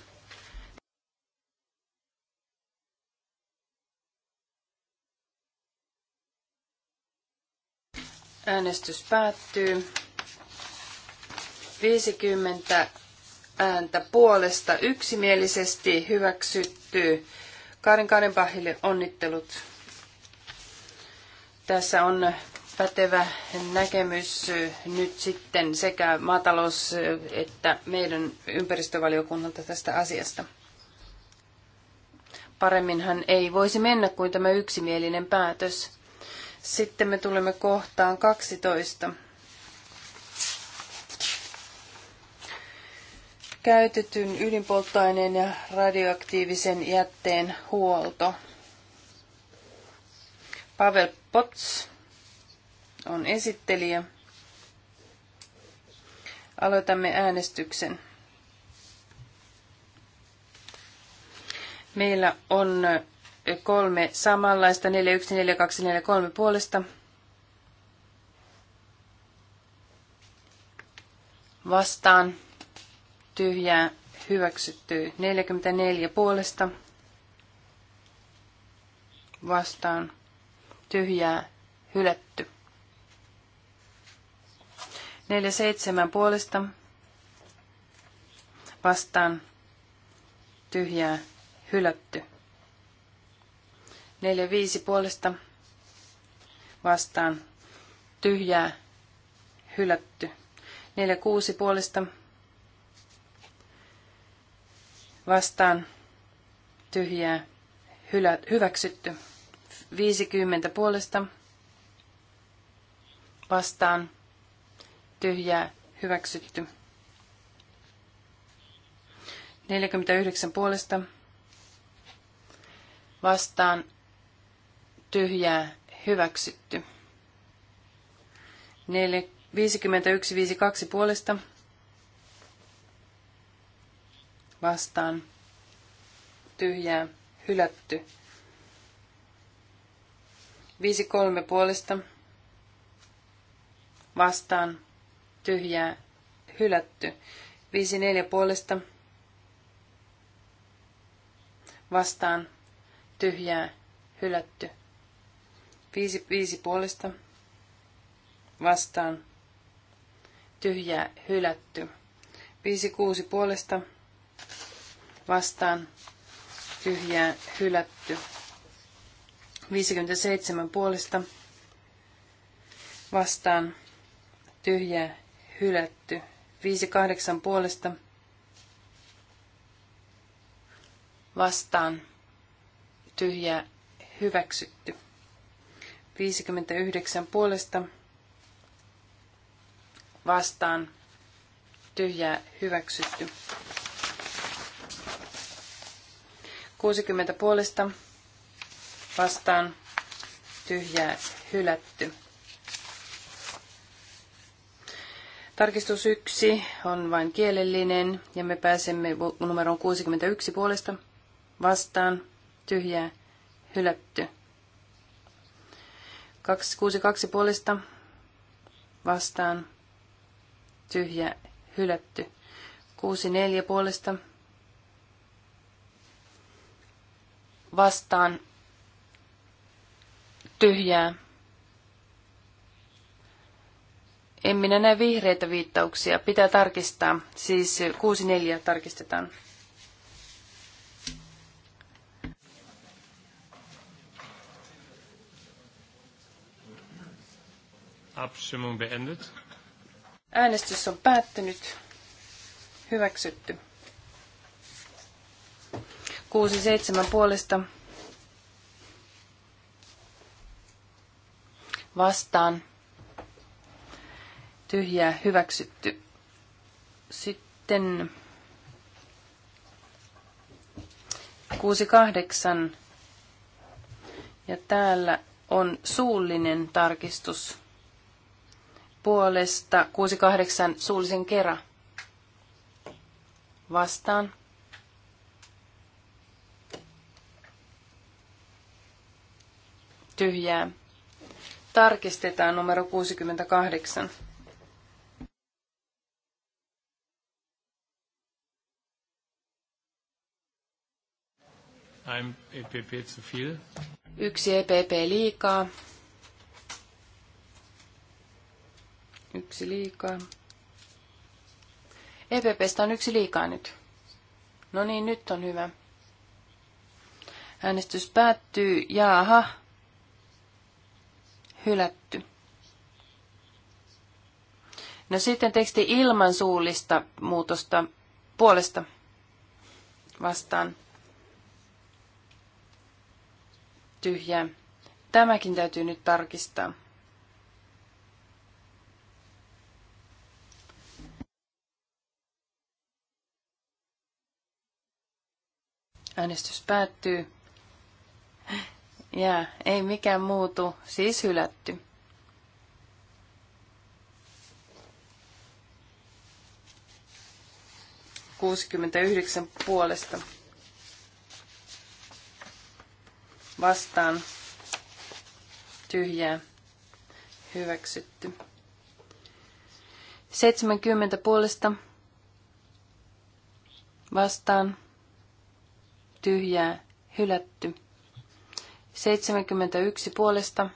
Äänestys päättyy. 50 ääntä puolesta yksimielisesti hyväksytty. Karin Kadenpahille onnittelut. Tässä on pätevä näkemys nyt sitten sekä maatalous- että meidän ympäristövaliokunnalta tästä asiasta. Paremminhan ei voisi mennä kuin tämä yksimielinen päätös. Sitten me tulemme kohtaan 12. Käytetyn ydinpolttoaineen ja radioaktiivisen jätteen huolto. Pavel Potts on esittelijä. Aloitamme äänestyksen. Meillä on kolme samanlaista, 414243 puolesta. Vastaan tyhjää hyväksytty 44 puolesta. Vastaan tyhjää hylätty. 47 puolesta vastaan tyhjää hylätty. 45 puolesta vastaan tyhjää hylätty. 46 puolesta vastaan tyhjää hylä, hyväksytty. 50 puolesta vastaan tyhjää hyväksytty. 49 puolesta vastaan tyhjää hyväksytty. 51-52 puolesta vastaan tyhjää hylätty. 53 puolesta vastaan tyhjää hylätty. 5.4 puolesta vastaan tyhjää hylätty. 5.5 puolesta vastaan tyhjää hylätty. 5.6 puolesta vastaan tyhjää hylätty. 57 puolesta vastaan tyhjää hylätty. 58 puolesta vastaan tyhjä hyväksytty. 59 puolesta vastaan tyhjää hyväksytty. 60 puolesta vastaan tyhjää hylätty. Tarkistus 1 on vain kielellinen ja me pääsemme numeroon 61 puolesta vastaan tyhjää hylätty. 262 puolesta vastaan tyhjä hylätty. 64 puolesta vastaan tyhjää En minä näe vihreitä viittauksia. Pitää tarkistaa. Siis 6.4 tarkistetaan. Abstimmung beendet. Äänestys on päättynyt. Hyväksytty. 6.7 puolesta. Vastaan tyhjää hyväksytty. Sitten 68. Ja täällä on suullinen tarkistus puolesta 68 suullisen kerran vastaan. Tyhjää. Tarkistetaan numero 68. EPP e Yksi EPP liikaa. Yksi liikaa. EPPstä on yksi liikaa nyt. No niin, nyt on hyvä. Äänestys päättyy. Jaaha. Hylätty. No sitten teksti ilman suullista muutosta puolesta vastaan tyhjää. Tämäkin täytyy nyt tarkistaa. Äänestys päättyy. Ja ei mikään muutu, siis hylätty. yhdeksän puolesta vastaan tyhjää hyväksytty. 70 puolesta vastaan tyhjää hylätty. 71 puolesta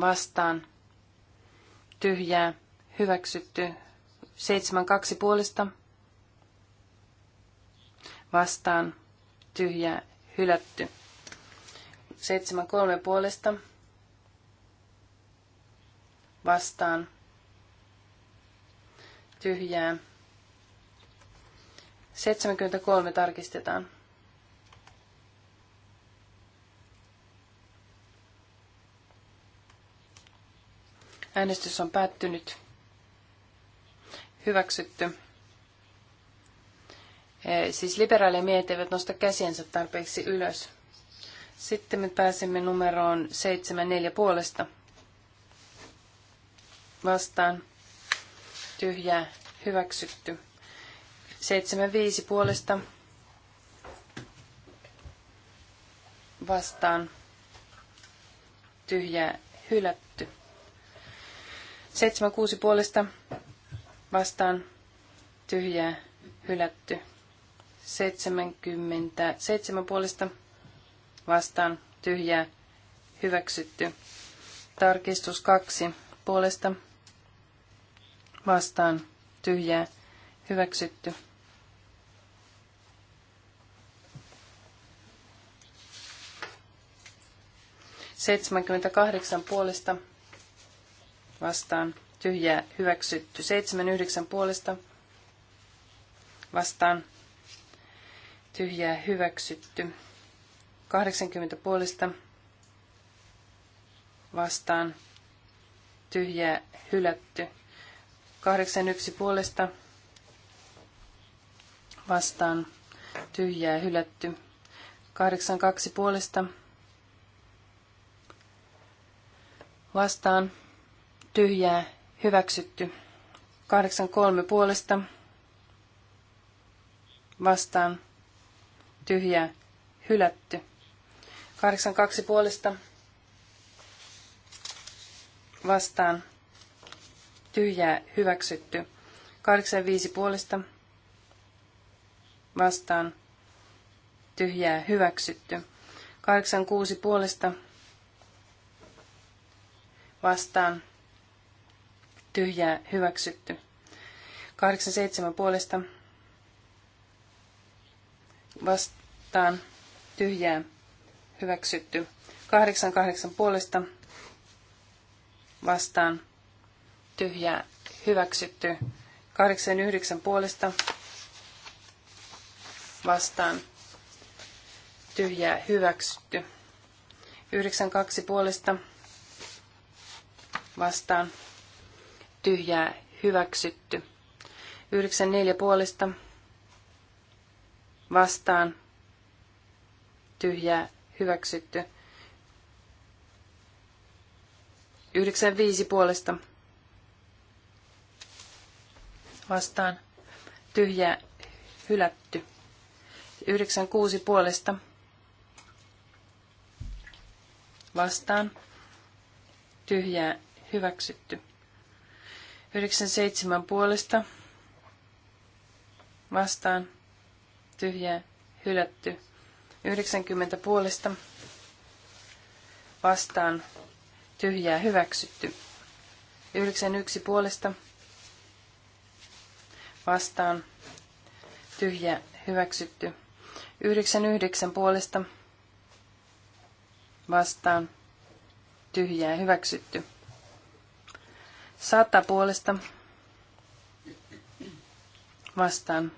vastaan tyhjää hyväksytty. 72 puolesta vastaan tyhjää hylätty. 7.3 puolesta vastaan tyhjää. 73 tarkistetaan. Äänestys on päättynyt. Hyväksytty. Siis miehet eivät nosta käsiensä tarpeeksi ylös. Sitten me pääsemme numeroon 74 puolesta. Vastaan. Tyhjää. Hyväksytty. 75 puolesta. Vastaan. Tyhjää. Hylätty. 76 puolesta. Vastaan. Tyhjää. Hylätty. 77 puolesta vastaan tyhjää hyväksytty. Tarkistus 2 puolesta vastaan tyhjää hyväksytty. Seitsemänkymmentäkahdeksan puolesta vastaan tyhjää hyväksytty. Seitsemän yhdeksän puolesta vastaan tyhjää hyväksytty. 80 puolesta vastaan tyhjää hylätty. 81 puolesta vastaan tyhjää hylätty. 82 puolesta vastaan tyhjää hyväksytty. 83 puolesta vastaan tyhjää hylätty. 82 puolesta vastaan tyhjää hyväksytty. 85 puolesta vastaan tyhjää hyväksytty. 86 puolesta vastaan tyhjää hyväksytty. 87 puolesta vastaan, vastaan tyhjää hyväksytty. 88 puolesta vastaan tyhjää hyväksytty. 89 puolesta vastaan tyhjää hyväksytty. 92 puolesta vastaan tyhjää hyväksytty. 94 puolesta vastaan vastaan tyhjää hyväksytty. 95 puolesta vastaan tyhjää hylätty. 96 puolesta vastaan tyhjää hyväksytty. 97 puolesta vastaan tyhjää hylätty. 90 puolesta vastaan tyhjää hyväksytty. 91 puolesta vastaan tyhjää, hyväksytty. 99 puolesta vastaan tyhjää hyväksytty. 100 puolesta vastaan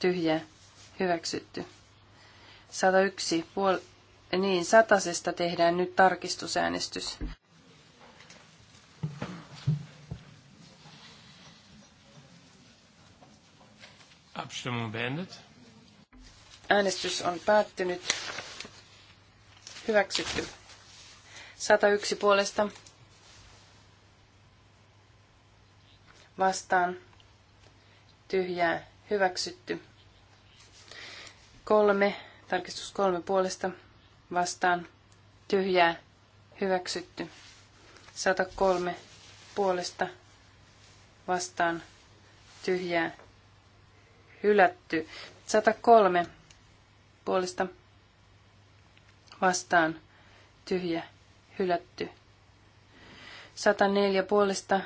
tyhjä, hyväksytty. 101 puol... Niin, satasesta tehdään nyt tarkistusäänestys. Äänestys on päättynyt. Hyväksytty. 101 puolesta. Vastaan. Tyhjää. Hyväksytty kolme, tarkistus kolme puolesta vastaan tyhjää hyväksytty. 103 puolesta vastaan tyhjää hylätty. 103 puolesta vastaan tyhjä hylätty. 104 puolesta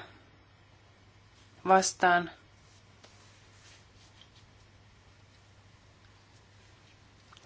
vastaan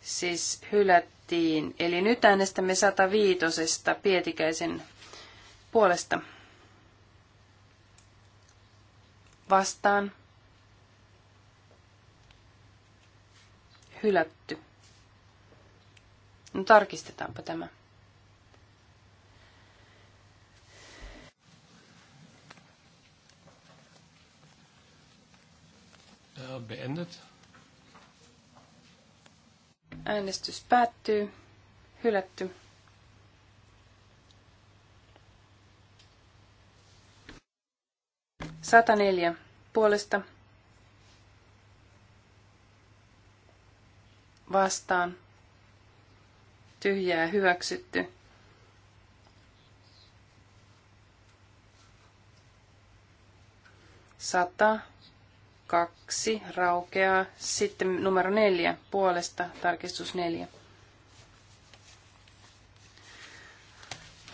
siis hylättiin. Eli nyt äänestämme 105. Pietikäisen puolesta. Vastaan. Hylätty. No tarkistetaanpa tämä. Äh, beendet. Äänestys päättyy. Hylätty. Sata neljä puolesta vastaan tyhjää hyväksytty. Sata kaksi raukeaa. Sitten numero neljä puolesta, tarkistus neljä.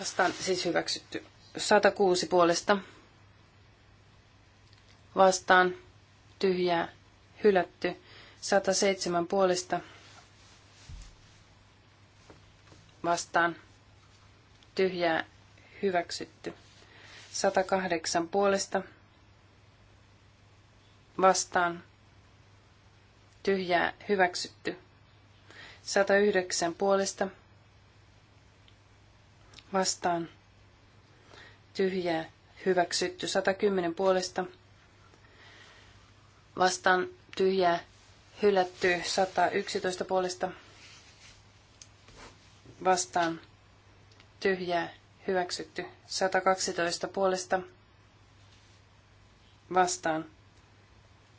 Vastaan siis hyväksytty. 106 puolesta. Vastaan tyhjää hylätty. 107 puolesta. Vastaan tyhjää hyväksytty. 108 puolesta vastaan tyhjää hyväksytty. 109 puolesta vastaan tyhjää hyväksytty. 110 puolesta vastaan tyhjää hylätty. 111 puolesta vastaan tyhjää hyväksytty. 112 puolesta vastaan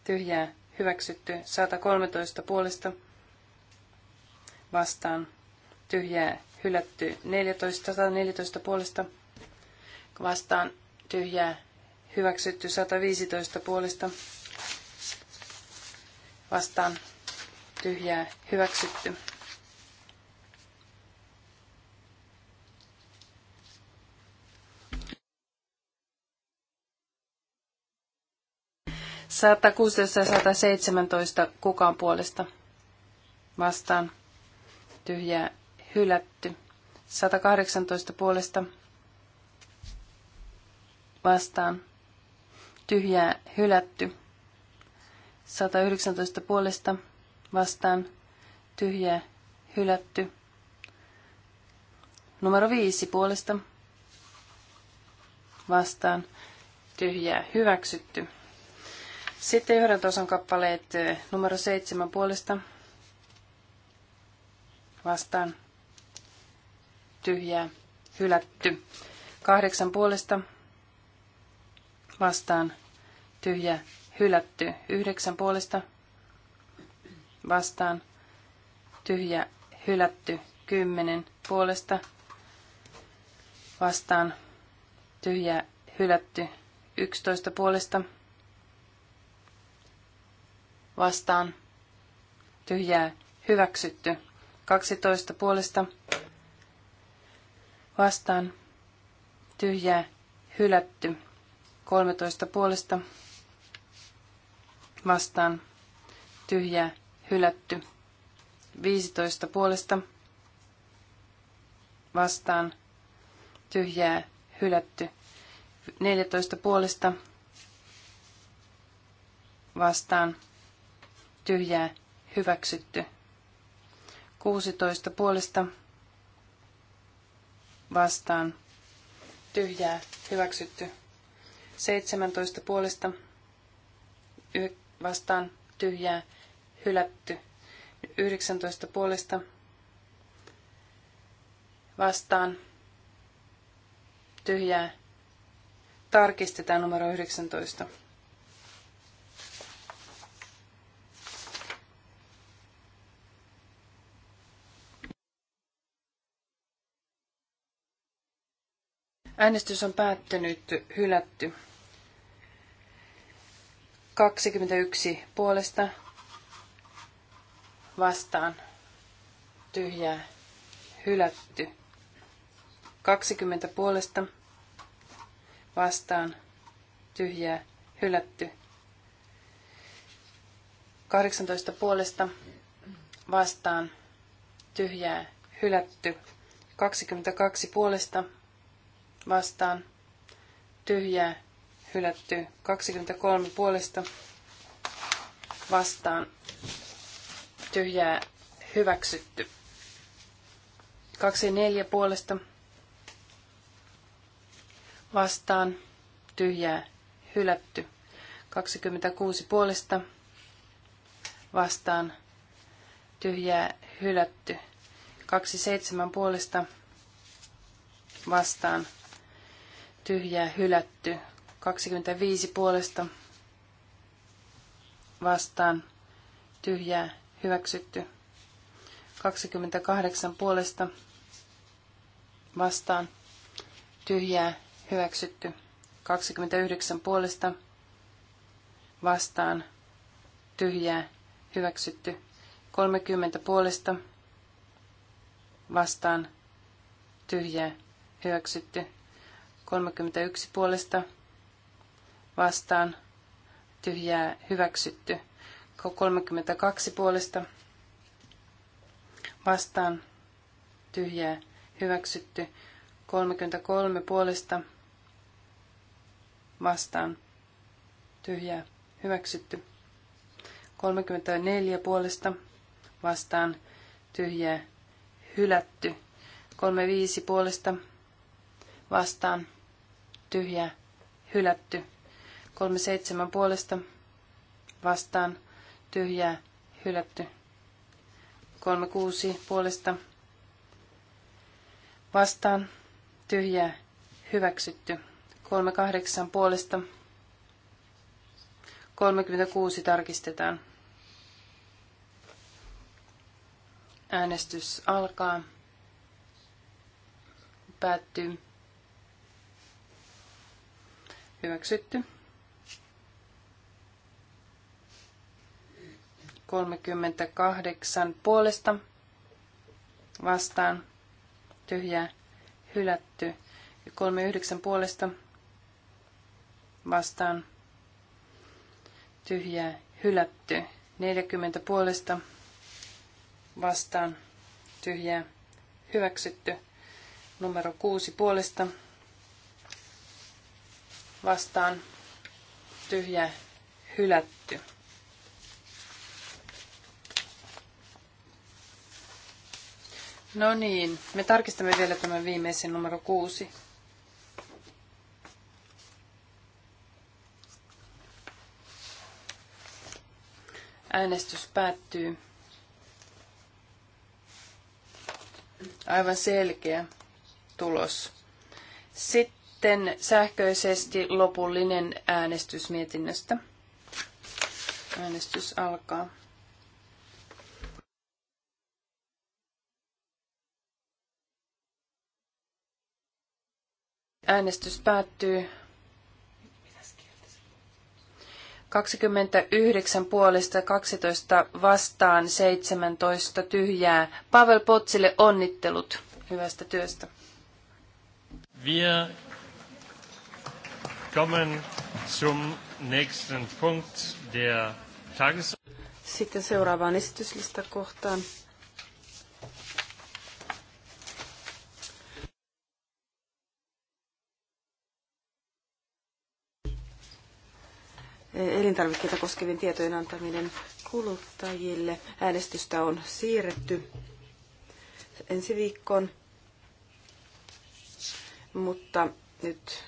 tyhjää hyväksytty 113 puolesta vastaan tyhjää hylätty 14, 114 puolesta vastaan tyhjää hyväksytty 115 puolesta vastaan tyhjää hyväksytty 116 ja 117 kukaan puolesta vastaan tyhjää hylätty. 118 puolesta vastaan tyhjää hylätty. 119 puolesta vastaan tyhjää hylätty. Numero 5 puolesta vastaan tyhjää hyväksytty. Sitten tason kappaleet eh, numero seitsemän puolesta vastaan tyhjää hylätty. Kahdeksan puolesta vastaan tyhjä hylätty. Yhdeksän puolesta vastaan tyhjä hylätty. Kymmenen puolesta vastaan tyhjä hylätty. Yksitoista puolesta vastaan, vastaan tyhjää hyväksytty. 12 puolesta vastaan tyhjää hylätty. 13 puolesta vastaan tyhjää hylätty. 15 puolesta vastaan tyhjää hylätty. 14 puolesta vastaan tyhjää hyväksytty. 16 puolesta vastaan tyhjää hyväksytty. 17 puolesta vastaan tyhjää hylätty. 19 puolesta vastaan tyhjää tarkistetaan numero 19. Äänestys on päättynyt, hylätty. 21 puolesta vastaan tyhjää hylätty. 20 puolesta vastaan tyhjää hylätty. 18 puolesta vastaan tyhjää hylätty. 22 puolesta vastaan tyhjää hylätty 23 puolesta vastaan tyhjää hyväksytty 24 puolesta vastaan tyhjää hylätty 26 puolesta vastaan tyhjää hylätty 27 puolesta vastaan tyhjää hylätty. 25 puolesta vastaan tyhjää hyväksytty. 28 puolesta vastaan tyhjää hyväksytty. 29 puolesta vastaan tyhjää hyväksytty. 30 puolesta vastaan tyhjää hyväksytty. 31 puolesta vastaan tyhjää hyväksytty. 32 puolesta vastaan tyhjää hyväksytty. 33 puolesta vastaan tyhjää hyväksytty. 34 puolesta vastaan tyhjää hylätty. 35 puolesta vastaan tyhjää, hylätty. 37 puolesta vastaan tyhjää, hylätty. 36 puolesta vastaan tyhjää, hyväksytty. 38 puolesta 36 tarkistetaan. Äänestys alkaa. Päättyy. Hyväksytty. 38 puolesta vastaan tyhjää hylätty. 39 puolesta vastaan tyhjää hylätty. 40 puolesta vastaan tyhjää hyväksytty. Numero 6 puolesta vastaan tyhjä hylätty. No niin, me tarkistamme vielä tämän viimeisen numero kuusi. Äänestys päättyy. Aivan selkeä tulos. Sitten sitten sähköisesti lopullinen äänestys mietinnöstä. Äänestys alkaa. Äänestys päättyy. 29 puolesta 12 vastaan 17 tyhjää. Pavel Potsille onnittelut hyvästä työstä. Wir kommen zum nächsten Punkt der Tagesordnung. Sitten Elintarvikkeita koskevien tietojen antaminen kuluttajille. Äänestystä on siirretty ensi viikkoon, mutta nyt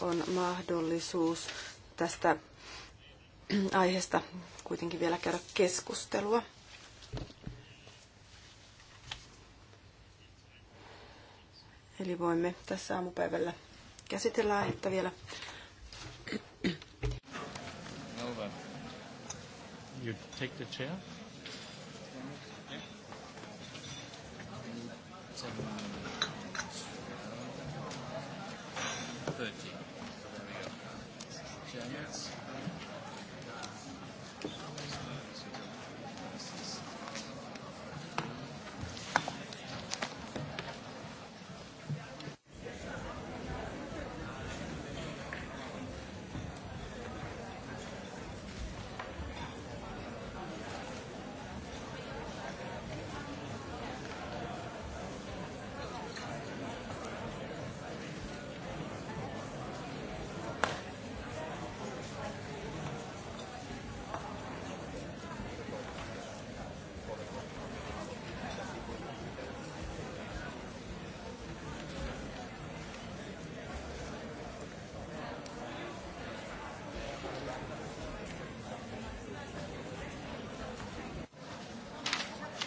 on mahdollisuus tästä aiheesta kuitenkin vielä käydä keskustelua. Eli voimme tässä aamupäivällä käsitellä aihetta vielä. You take the chair. Yes.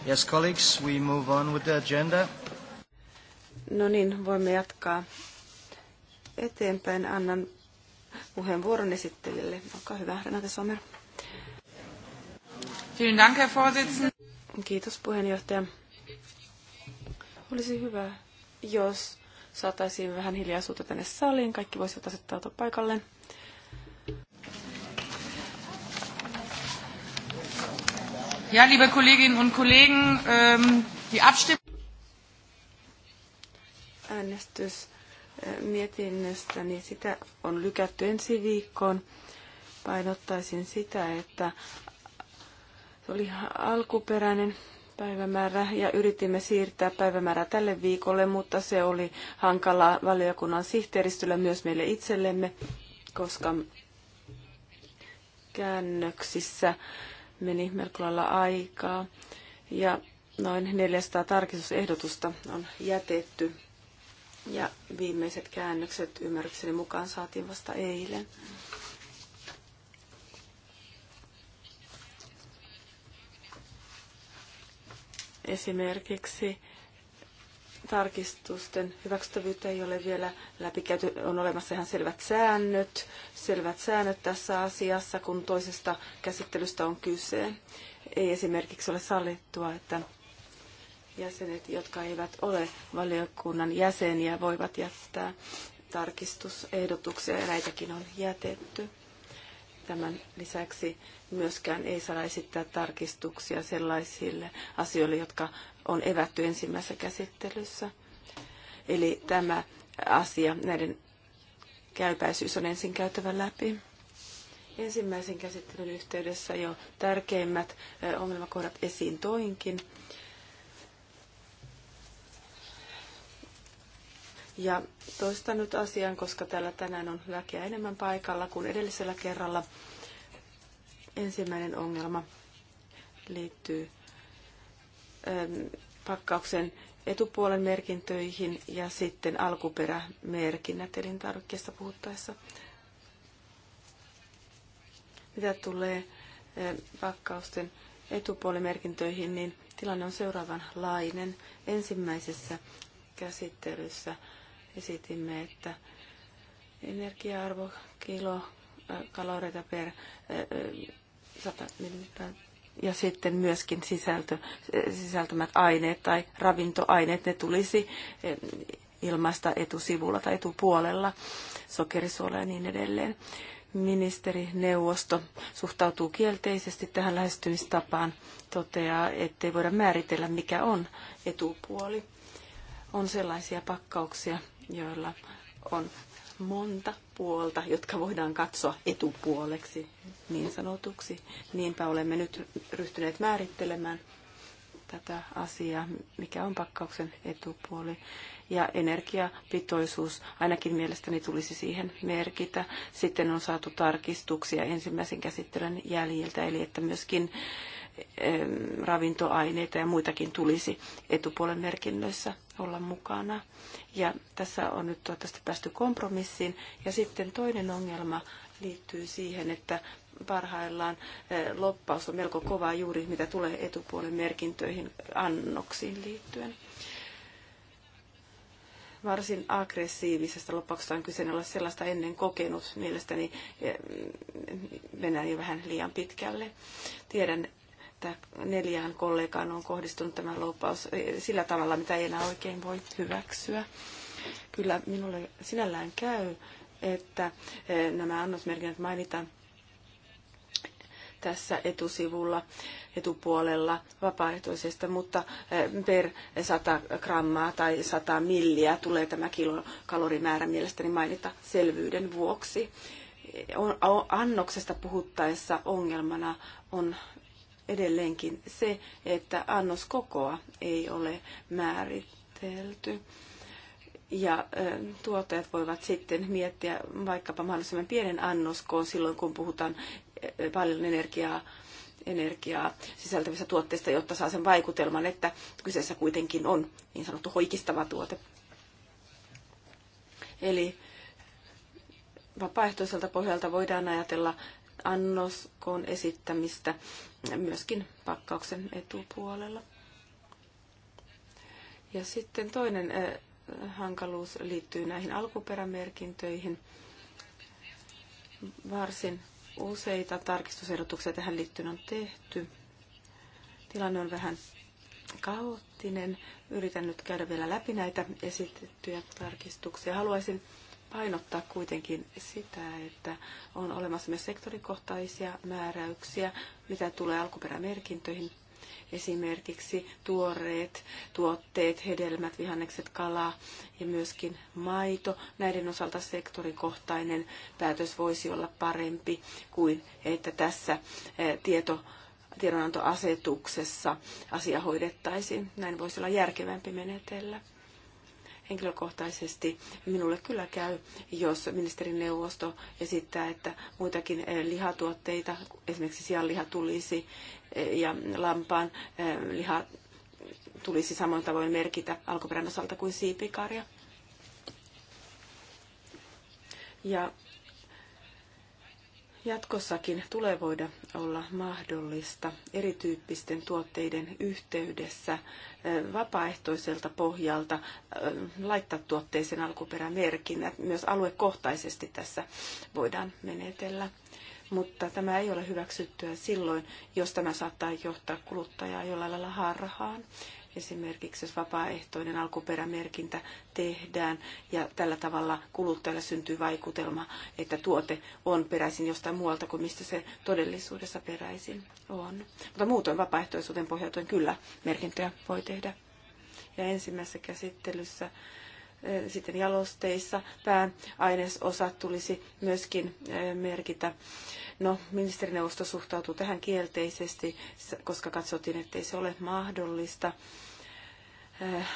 Yes, colleagues, we move on with the agenda. No niin, voimme jatkaa eteenpäin. Annan puheenvuoron esittelijälle. Olkaa hyvä, Renate Sommer. Vielen Dank, Herr Vorsitzender. Kiitos puheenjohtaja. Olisi hyvä, jos saataisiin vähän hiljaisuutta tänne saliin. Kaikki voisivat asettautua paikalleen. Ja, liebe Kolleginnen und Kollegen, ähm, die Abstimmung. Äänestys äh, mietinnöstä, niin sitä on lykätty ensi viikkoon. Painottaisin sitä, että se oli alkuperäinen päivämäärä ja yritimme siirtää päivämäärä tälle viikolle, mutta se oli hankala valiokunnan sihteeristöllä myös meille itsellemme, koska käännöksissä meni melko lailla aikaa ja noin 400 tarkistusehdotusta on jätetty ja viimeiset käännökset ymmärrykseni mukaan saatiin vasta eilen. Esimerkiksi tarkistusten hyväksyttävyyttä ei ole vielä läpikäyty. On olemassa ihan selvät säännöt, selvät säännöt tässä asiassa, kun toisesta käsittelystä on kyse. Ei esimerkiksi ole sallittua, että jäsenet, jotka eivät ole valiokunnan jäseniä, voivat jättää tarkistusehdotuksia, ja näitäkin on jätetty. Tämän lisäksi myöskään ei saa esittää tarkistuksia sellaisille asioille, jotka on evätty ensimmäisessä käsittelyssä. Eli tämä asia, näiden käypäisyys on ensin käytävä läpi. Ensimmäisen käsittelyn yhteydessä jo tärkeimmät ongelmakohdat esiin toinkin. Ja toistan nyt asian, koska täällä tänään on väkeä enemmän paikalla kuin edellisellä kerralla. Ensimmäinen ongelma liittyy pakkauksen etupuolen merkintöihin ja sitten alkuperämerkinnät elintarvikkeesta puhuttaessa. Mitä tulee pakkausten merkintöihin, niin tilanne on seuraavanlainen. Ensimmäisessä käsittelyssä esitimme, että energia-arvo kilo kaloreita per 100 ja sitten myöskin sisältö, sisältämät aineet tai ravintoaineet, ne tulisi eh, ilmaista etusivulla tai etupuolella, sokerisuola ja niin edelleen. Ministerineuvosto suhtautuu kielteisesti tähän lähestymistapaan, toteaa, ettei voida määritellä, mikä on etupuoli. On sellaisia pakkauksia, joilla on monta puolta, jotka voidaan katsoa etupuoleksi niin sanotuksi. Niinpä olemme nyt ryhtyneet määrittelemään tätä asiaa, mikä on pakkauksen etupuoli. Ja energiapitoisuus ainakin mielestäni tulisi siihen merkitä. Sitten on saatu tarkistuksia ensimmäisen käsittelyn jäljiltä, eli että myöskin ravintoaineita ja muitakin tulisi etupuolen merkinnöissä olla mukana. Ja tässä on nyt toivottavasti päästy kompromissiin. Ja sitten toinen ongelma liittyy siihen, että parhaillaan eh, loppaus on melko kova juuri, mitä tulee etupuolen merkintöihin annoksiin liittyen. Varsin aggressiivisesta loppauksesta on kyse, olla sellaista ennen kokenut. Mielestäni eh, mennään jo vähän liian pitkälle. Tiedän, että neljään kollegaan on kohdistunut tämä loupaus sillä tavalla, mitä ei enää oikein voi hyväksyä. Kyllä minulle sinällään käy, että e, nämä annosmerkinnät mainitaan tässä etusivulla, etupuolella vapaaehtoisesta, mutta e, per 100 grammaa tai 100 milliä tulee tämä kilokalorimäärä mielestäni mainita selvyyden vuoksi. E, annoksesta puhuttaessa ongelmana on edelleenkin se, että annoskokoa ei ole määritelty. Ja tuottajat voivat sitten miettiä vaikkapa mahdollisimman pienen annoskoon silloin, kun puhutaan paljon energiaa, energiaa sisältävistä tuotteista, jotta saa sen vaikutelman, että kyseessä kuitenkin on niin sanottu hoikistava tuote. Eli vapaaehtoiselta pohjalta voidaan ajatella annoskoon esittämistä myöskin pakkauksen etupuolella. Ja sitten toinen hankaluus liittyy näihin alkuperämerkintöihin. Varsin useita tarkistusehdotuksia tähän liittyen on tehty. Tilanne on vähän kaoottinen. Yritän nyt käydä vielä läpi näitä esitettyjä tarkistuksia. Haluaisin painottaa kuitenkin sitä, että on olemassa myös sektorikohtaisia määräyksiä, mitä tulee alkuperämerkintöihin. Esimerkiksi tuoreet tuotteet, hedelmät, vihannekset, kala ja myöskin maito. Näiden osalta sektorikohtainen päätös voisi olla parempi kuin että tässä eh, tieto tiedonantoasetuksessa asia hoidettaisiin. Näin voisi olla järkevämpi menetellä. Henkilökohtaisesti minulle kyllä käy, jos ministerin neuvosto esittää, että muitakin eh, lihatuotteita, esimerkiksi sianliha tulisi eh, ja lampaan eh, liha tulisi samoin tavoin merkitä alkuperän osalta kuin siipikarja. Ja Jatkossakin tulee voida olla mahdollista erityyppisten tuotteiden yhteydessä vapaaehtoiselta pohjalta laittaa tuotteeseen alkuperämerkinnät. Myös aluekohtaisesti tässä voidaan menetellä. Mutta tämä ei ole hyväksyttyä silloin, jos tämä saattaa johtaa kuluttajaa jollain lailla harhaan. Esimerkiksi jos vapaaehtoinen alkuperämerkintä tehdään ja tällä tavalla kuluttajalle syntyy vaikutelma, että tuote on peräisin jostain muualta kuin mistä se todellisuudessa peräisin on. Mutta muutoin vapaaehtoisuuden pohjautuen kyllä merkintöjä voi tehdä. Ja ensimmäisessä käsittelyssä eh, sitten jalosteissa pääainesosat tulisi myöskin eh, merkitä No, ministerineuvosto suhtautui tähän kielteisesti, koska katsottiin, ei se ole mahdollista äh,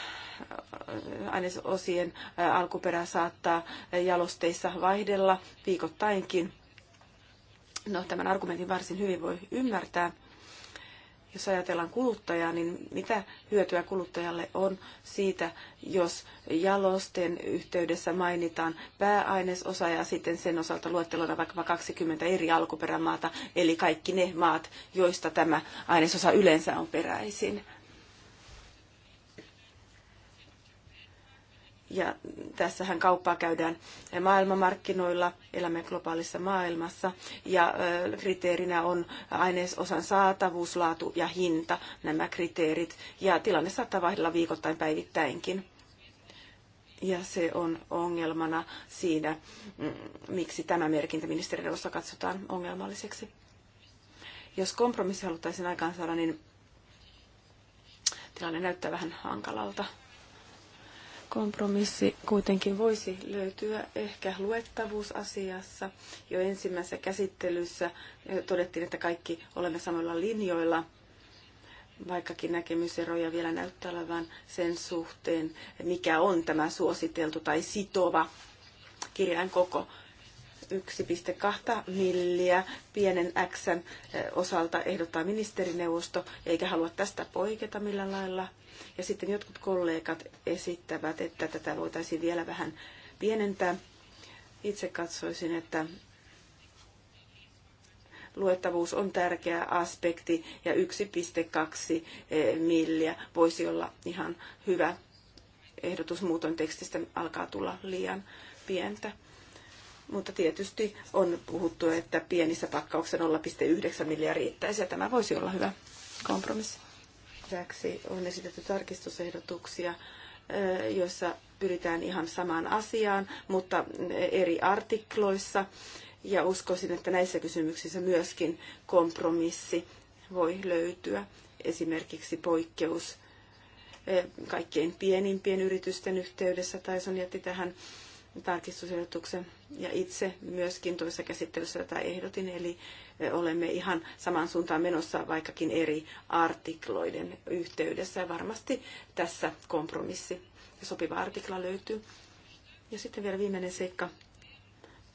ainesosien äh, alkuperä saattaa jalosteissa vaihdella viikoittainkin. No, tämän argumentin varsin hyvin voi ymmärtää jos ajatellaan kuluttajaa, niin mitä hyötyä kuluttajalle on siitä, jos jalosten yhteydessä mainitaan pääainesosa ja sitten sen osalta luettelona vaikka 20 eri alkuperämaata, eli kaikki ne maat, joista tämä ainesosa yleensä on peräisin. Ja tässähän kauppaa käydään maailmanmarkkinoilla, elämme globaalissa maailmassa ja kriteerinä on ainesosan saatavuus, laatu ja hinta, nämä kriteerit. Ja tilanne saattaa vaihdella viikoittain päivittäinkin. Ja se on ongelmana siinä, mm, miksi tämä merkintä ministeriössä katsotaan ongelmalliseksi. Jos kompromissi haluttaisiin aikaansaada, niin tilanne näyttää vähän hankalalta. Kompromissi kuitenkin voisi löytyä ehkä luettavuusasiassa. Jo ensimmäisessä käsittelyssä todettiin, että kaikki olemme samoilla linjoilla, vaikkakin näkemyseroja vielä näyttää olevan sen suhteen, mikä on tämä suositeltu tai sitova kirjain koko. 1,2 milliä pienen X eh, osalta ehdottaa ministerineuvosto, eikä halua tästä poiketa millään lailla. Ja sitten jotkut kollegat esittävät, että tätä voitaisiin vielä vähän pienentää. Itse katsoisin, että luettavuus on tärkeä aspekti ja 1,2 eh, milliä voisi olla ihan hyvä ehdotus. Muutoin tekstistä alkaa tulla liian pientä. Mutta tietysti on puhuttu, että pienissä pakkauksissa 0,9 miljardia riittäisi ja tämä voisi olla hyvä kompromissi. Lisäksi on esitetty tarkistusehdotuksia, joissa pyritään ihan samaan asiaan, mutta eri artikloissa. Ja uskoisin, että näissä kysymyksissä myöskin kompromissi voi löytyä. Esimerkiksi poikkeus kaikkein pienimpien yritysten yhteydessä. Tai on jätti tähän tarkistusehdotuksen ja itse myöskin toisessa käsittelyssä tätä ehdotin, eli e, olemme ihan samaan suuntaan menossa, vaikkakin eri artikloiden yhteydessä. Ja varmasti tässä kompromissi ja sopiva artikla löytyy. Ja sitten vielä viimeinen seikka,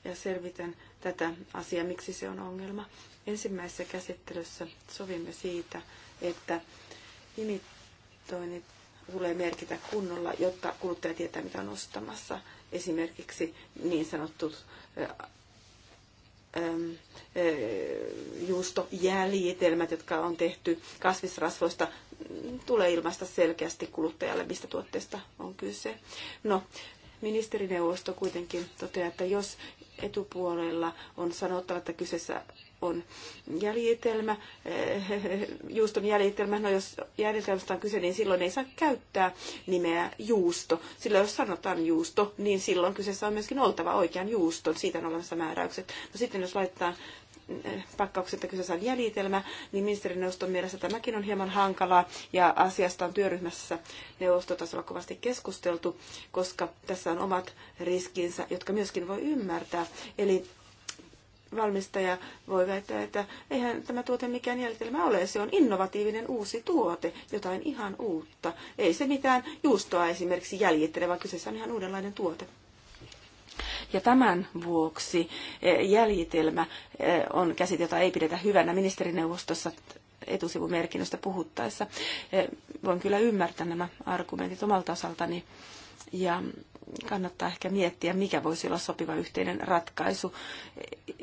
ja selvitän tätä asiaa, miksi se on ongelma. Ensimmäisessä käsittelyssä sovimme siitä, että imitoinnit tulee merkitä kunnolla, jotta kuluttaja tietää, mitä on ostamassa – esimerkiksi niin sanottu juustojäljitelmät, jotka on tehty kasvisrasvoista, tulee ilmaista selkeästi kuluttajalle, mistä tuotteesta on kyse. No, ministerineuvosto kuitenkin toteaa, että jos etupuolella on sanottava, että kyseessä on jäljitelmä, eh, juuston jäljitelmä. No jos jäljitelmästä on kyse, niin silloin ei saa käyttää nimeä juusto. Sillä jos sanotaan juusto, niin silloin kyseessä on myöskin oltava oikean juuston. Siitä on olemassa määräykset. No sitten jos laittaa eh, että kyseessä on jäljitelmä, niin ministerineuvoston mielessä tämäkin on hieman hankalaa ja asiasta on työryhmässä neuvostotasolla kovasti keskusteltu, koska tässä on omat riskinsä, jotka myöskin voi ymmärtää. Eli valmistaja voi väittää, että eihän tämä tuote mikään jäljitelmä ole. Se on innovatiivinen uusi tuote, jotain ihan uutta. Ei se mitään juustoa esimerkiksi jäljittele, vaan kyseessä on ihan uudenlainen tuote. Ja tämän vuoksi eh, jäljitelmä eh, on käsite, jota ei pidetä hyvänä ministerineuvostossa etusivumerkinnöstä puhuttaessa. Eh, voin kyllä ymmärtää nämä argumentit omalta osaltani. Ja kannattaa ehkä miettiä, mikä voisi olla sopiva yhteinen ratkaisu,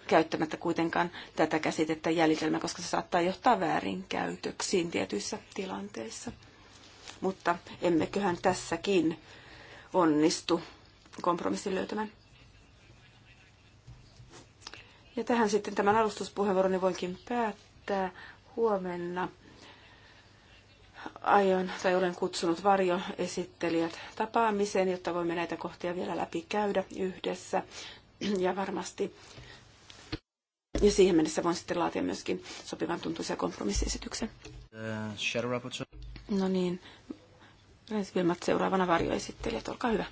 käyttämättä kuitenkaan tätä käsitettä jäljitelmä, koska se saattaa johtaa väärinkäytöksiin tietyissä tilanteissa. Mutta emmeköhän tässäkin onnistu kompromissin löytämään. Ja tähän sitten tämän alustuspuheenvuoroni voinkin päättää huomenna aion tai olen kutsunut varjoesittelijät tapaamiseen, jotta voimme näitä kohtia vielä läpi käydä yhdessä. Ja varmasti ja siihen mennessä voin sitten laatia myöskin sopivan tuntuisia kompromissiesityksen. Uh, no niin, Vilmat seuraavana varjoesittelijät, olkaa hyvä.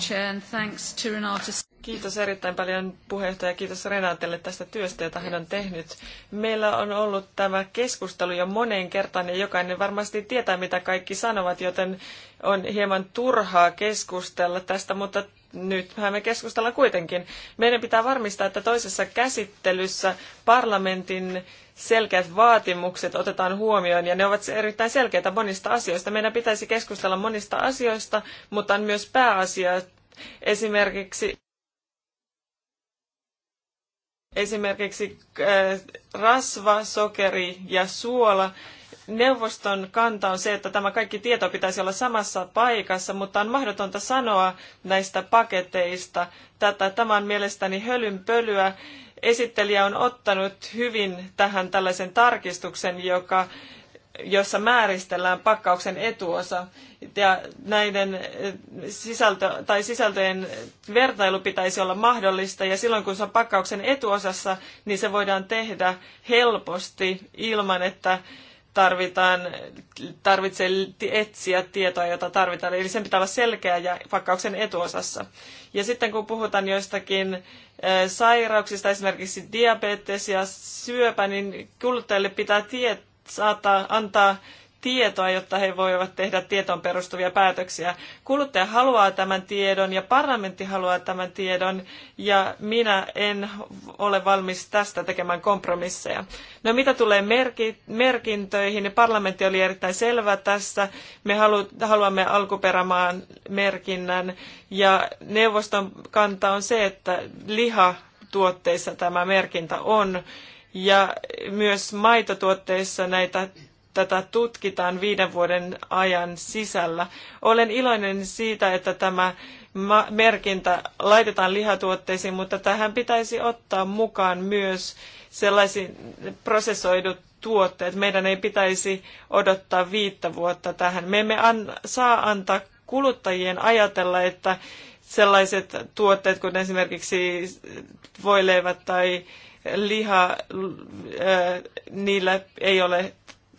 Chair, thanks to Renata. Kiitos erittäin paljon puheenjohtaja kiitos Renatelle tästä työstä, jota hän on tehnyt. Meillä on ollut tämä keskustelu jo moneen kertaan ja jokainen varmasti tietää, mitä kaikki sanovat, joten on hieman turhaa keskustella tästä, mutta nyt me keskustella kuitenkin. Meidän pitää varmistaa, että toisessa käsittelyssä parlamentin selkeät vaatimukset otetaan huomioon, ja ne ovat erittäin selkeitä monista asioista. Meidän pitäisi keskustella monista asioista, mutta on myös pääasia esimerkiksi Esimerkiksi äh, rasva, sokeri ja suola. Neuvoston kanta on se, että tämä kaikki tieto pitäisi olla samassa paikassa, mutta on mahdotonta sanoa näistä paketeista. Tätä, tämä on mielestäni hölynpölyä. Esittelijä on ottanut hyvin tähän tällaisen tarkistuksen, joka jossa määristellään pakkauksen etuosa. Ja näiden eh, sisältö, tai sisältöjen vertailu pitäisi olla mahdollista, ja silloin kun se on pakkauksen etuosassa, niin se voidaan tehdä helposti ilman, että tarvitaan, tarvitsee etsiä tietoa, jota tarvitaan. Eli sen pitää olla selkeä ja pakkauksen etuosassa. Ja sitten kun puhutaan joistakin eh, sairauksista, esimerkiksi diabetes ja syöpä, niin kuluttajille pitää tietää, saattaa antaa tietoa, jotta he voivat tehdä tietoon perustuvia päätöksiä. Kuluttaja haluaa tämän tiedon ja parlamentti haluaa tämän tiedon ja minä en ole valmis tästä tekemään kompromisseja. No mitä tulee merkintöihin, niin parlamentti oli erittäin selvä tässä. Me haluamme alkuperämaan merkinnän ja neuvoston kanta on se, että liha tuotteissa tämä merkintä on ja myös maitotuotteissa näitä tätä tutkitaan viiden vuoden ajan sisällä. Olen iloinen siitä, että tämä merkintä laitetaan lihatuotteisiin, mutta tähän pitäisi ottaa mukaan myös sellaiset prosessoidut tuotteet. Meidän ei pitäisi odottaa viittä vuotta tähän. Me emme an, saa antaa kuluttajien ajatella, että sellaiset tuotteet, kuten esimerkiksi voileivät tai liha, niillä ei ole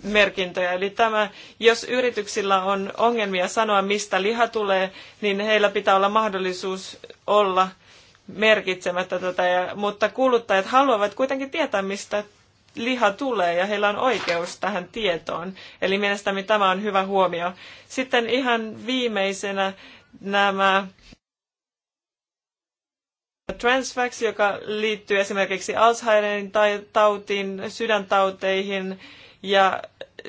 merkintöjä. Eli tämä, jos yrityksillä on ongelmia sanoa, mistä liha tulee, niin heillä pitää olla mahdollisuus olla merkitsemättä tätä. Ja, mutta kuluttajat haluavat kuitenkin tietää, mistä liha tulee ja heillä on oikeus tähän tietoon. Eli mielestäni tämä on hyvä huomio. Sitten ihan viimeisenä nämä Transfax, joka liittyy esimerkiksi Alzheimerin tautiin, sydäntauteihin ja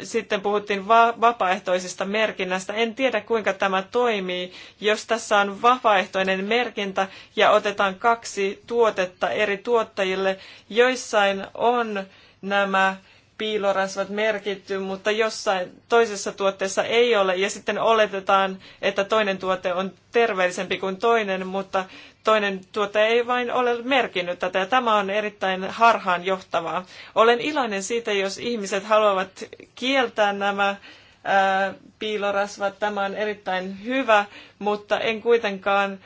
sitten puhuttiin va- vapaaehtoisesta merkinnästä. En tiedä, kuinka tämä toimii, jos tässä on vapaaehtoinen merkintä ja otetaan kaksi tuotetta eri tuottajille. Joissain on nämä piilorasvat merkitty, mutta jossain toisessa tuotteessa ei ole. Ja sitten oletetaan, että toinen tuote on terveellisempi kuin toinen, mutta toinen tuota ei vain ole merkinnyt tätä. tämä on erittäin harhaan johtavaa. Olen iloinen siitä, jos ihmiset haluavat kieltää nämä ää, piilorasvat. Tämä on erittäin hyvä, mutta en kuitenkaan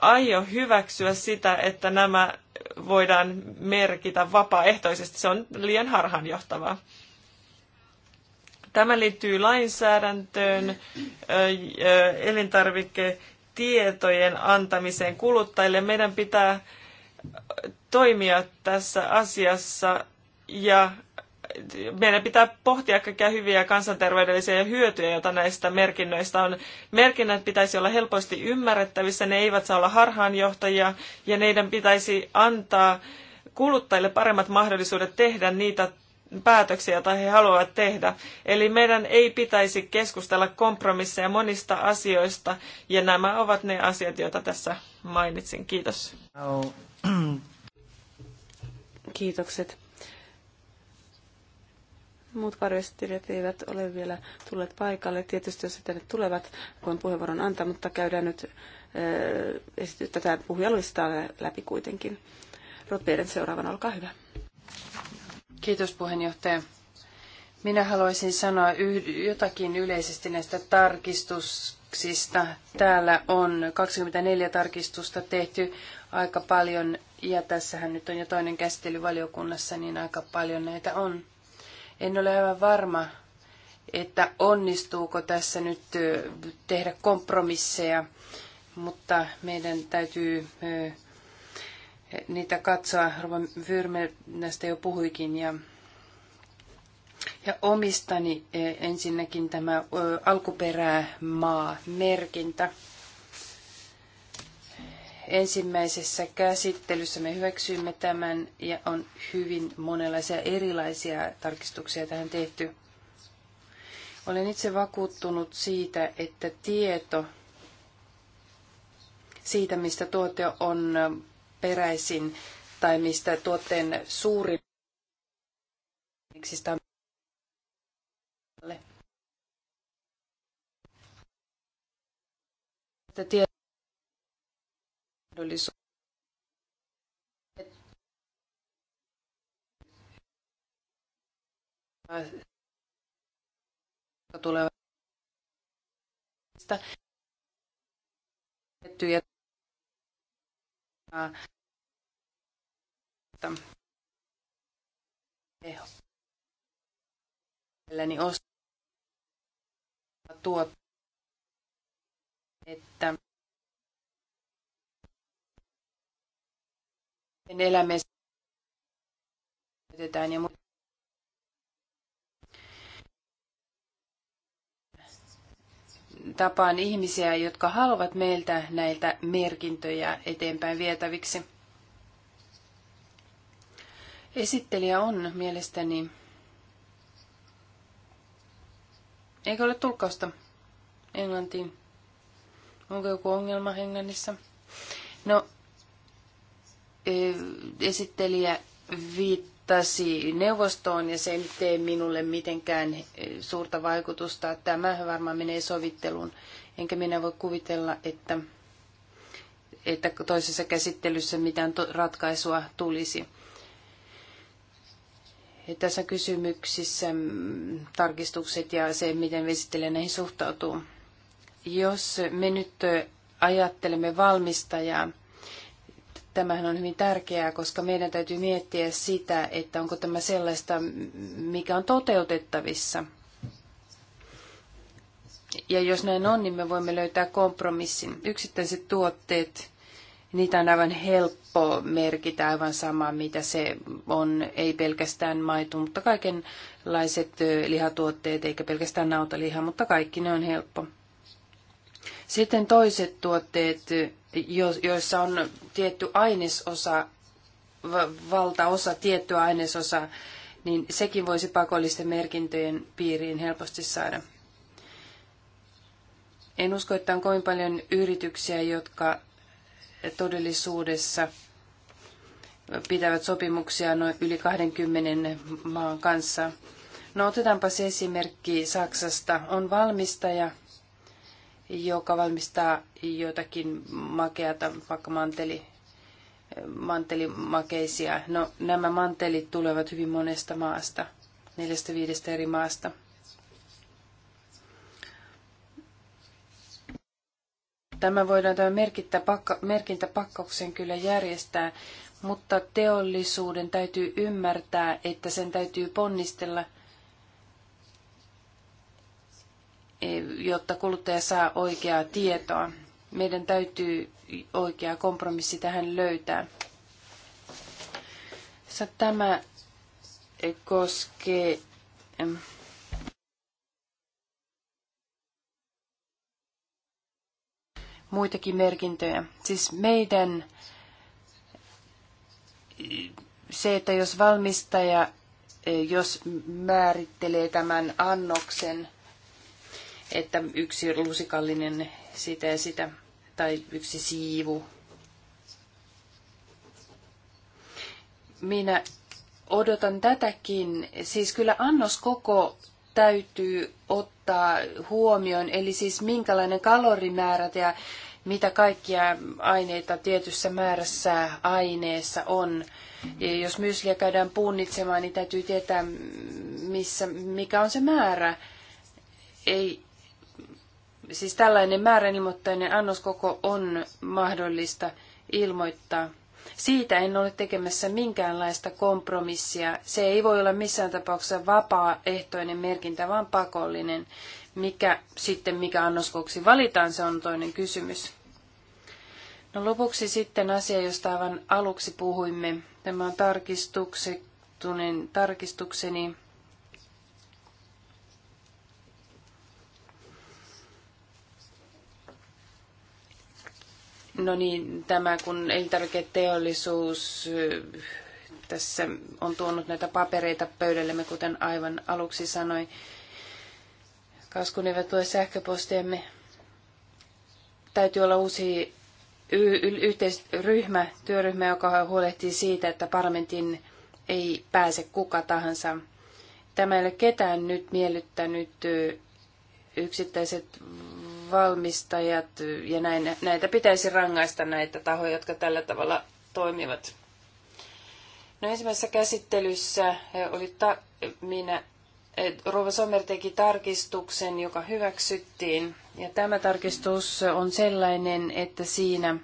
aio hyväksyä sitä, että nämä voidaan merkitä vapaaehtoisesti. Se on liian harhaanjohtavaa. Tämä liittyy lainsäädäntöön, elintarvike- tietojen antamiseen kuluttajille. Meidän pitää toimia tässä asiassa ja meidän pitää pohtia kaikkia hyviä kansanterveydellisiä hyötyjä, joita näistä merkinnöistä on. Merkinnät pitäisi olla helposti ymmärrettävissä, ne eivät saa olla harhaanjohtajia ja neidän pitäisi antaa kuluttajille paremmat mahdollisuudet tehdä niitä päätöksiä, tai he haluavat tehdä. Eli meidän ei pitäisi keskustella kompromisseja monista asioista, ja nämä ovat ne asiat, joita tässä mainitsin. Kiitos. Kiitokset. Muut varjostelijat eivät ole vielä tulleet paikalle. Tietysti jos he tänne tulevat, voin puheenvuoron antaa, mutta käydään nyt äh, esity, tätä puhujalistaa läpi kuitenkin. Rotbeiden seuraavana, olkaa hyvä. Kiitos puheenjohtaja. Minä haluaisin sanoa jotakin yleisesti näistä tarkistuksista. Täällä on 24 tarkistusta tehty aika paljon, ja tässähän nyt on jo toinen käsittely valiokunnassa, niin aika paljon näitä on. En ole aivan varma, että onnistuuko tässä nyt tehdä kompromisseja, mutta meidän täytyy niitä katsoa. Rova Vyrme näistä jo puhuikin. Ja, ja omistani e, ensinnäkin tämä alkuperämaa merkintä. Ensimmäisessä käsittelyssä me hyväksyimme tämän ja on hyvin monenlaisia erilaisia tarkistuksia tähän tehty. Olen itse vakuuttunut siitä, että tieto siitä, mistä tuote on peräisin tai mistä tuotteen suurin on mahdollisuus tulevasta tiettyjä Mielelläni niin ostaa tuot, että elämme käytetään ja muuta. tapaan ihmisiä, jotka haluavat meiltä näitä merkintöjä eteenpäin vietäviksi. Esittelijä on mielestäni. Eikö ole tulkkausta englantiin? Onko joku ongelma englannissa? No, esittelijä viittaa luottaisi neuvostoon ja se ei nyt tee minulle mitenkään eh, suurta vaikutusta. Tämä varmaan menee sovitteluun, enkä minä voi kuvitella, että, että toisessa käsittelyssä mitään ratkaisua tulisi. Ja tässä kysymyksissä mm, tarkistukset ja se, miten vesittelijä näihin suhtautuu. Jos me nyt eh, ajattelemme valmistajaa, Tämähän on hyvin tärkeää, koska meidän täytyy miettiä sitä, että onko tämä sellaista, mikä on toteutettavissa. Ja jos näin on, niin me voimme löytää kompromissin. Yksittäiset tuotteet, niitä on aivan helppo merkitä aivan sama, mitä se on, ei pelkästään maitu, mutta kaikenlaiset lihatuotteet, eikä pelkästään nautaliha, mutta kaikki ne on helppo. Sitten toiset tuotteet, joissa on tietty ainesosa, valtaosa, tietty ainesosa, niin sekin voisi pakollisten merkintöjen piiriin helposti saada. En usko, että on kovin paljon yrityksiä, jotka todellisuudessa pitävät sopimuksia noin yli 20 maan kanssa. No se esimerkki Saksasta. On valmistaja, joka valmistaa jotakin makeata, vaikka manteli, mantelimakeisia. No, nämä mantelit tulevat hyvin monesta maasta, neljästä viidestä eri maasta. Tämä voidaan tämä merkintä, pakka, merkintä pakkauksen kyllä järjestää, mutta teollisuuden täytyy ymmärtää, että sen täytyy ponnistella – jotta kuluttaja saa oikeaa tietoa. Meidän täytyy oikea kompromissi tähän löytää. Tämä eh, koskee muitakin merkintöjä. Siis meidän se, että jos valmistaja, eh, jos määrittelee tämän annoksen että yksi lusikallinen sitä ja sitä tai yksi siivu. Minä odotan tätäkin. Siis kyllä annos koko täytyy ottaa huomioon, eli siis minkälainen kalorimäärä ja mitä kaikkia aineita tietyssä määrässä aineessa on. Ja jos mysliä käydään punnitsemaan, niin täytyy tietää, missä, mikä on se määrä. Ei, Siis tällainen määränimuotoinen annoskoko on mahdollista ilmoittaa. Siitä en ole tekemässä minkäänlaista kompromissia. Se ei voi olla missään tapauksessa vapaaehtoinen merkintä, vaan pakollinen. Mikä sitten, mikä annoskoksi valitaan, se on toinen kysymys. No lopuksi sitten asia, josta aivan aluksi puhuimme. Tämä on tarkistukseni No niin, tämä kun elintarviketeollisuus eh, tässä on tuonut näitä papereita pöydällemme, kuten aivan aluksi sanoi. Kaskun eivät lue sähköpostiemme. Täytyy olla uusi yhteisryhmä, työryhmä, joka huolehtii siitä, että parlamentin ei pääse kuka tahansa. Tämä ei ole ketään nyt miellyttänyt eh, yksittäiset valmistajat ja näin, näitä pitäisi rangaista näitä tahoja, jotka tällä tavalla toimivat. No ensimmäisessä käsittelyssä eh, oli ta- minä, eh, Rova Sommer teki tarkistuksen, joka hyväksyttiin. Ja tämä tarkistus on sellainen, että siinä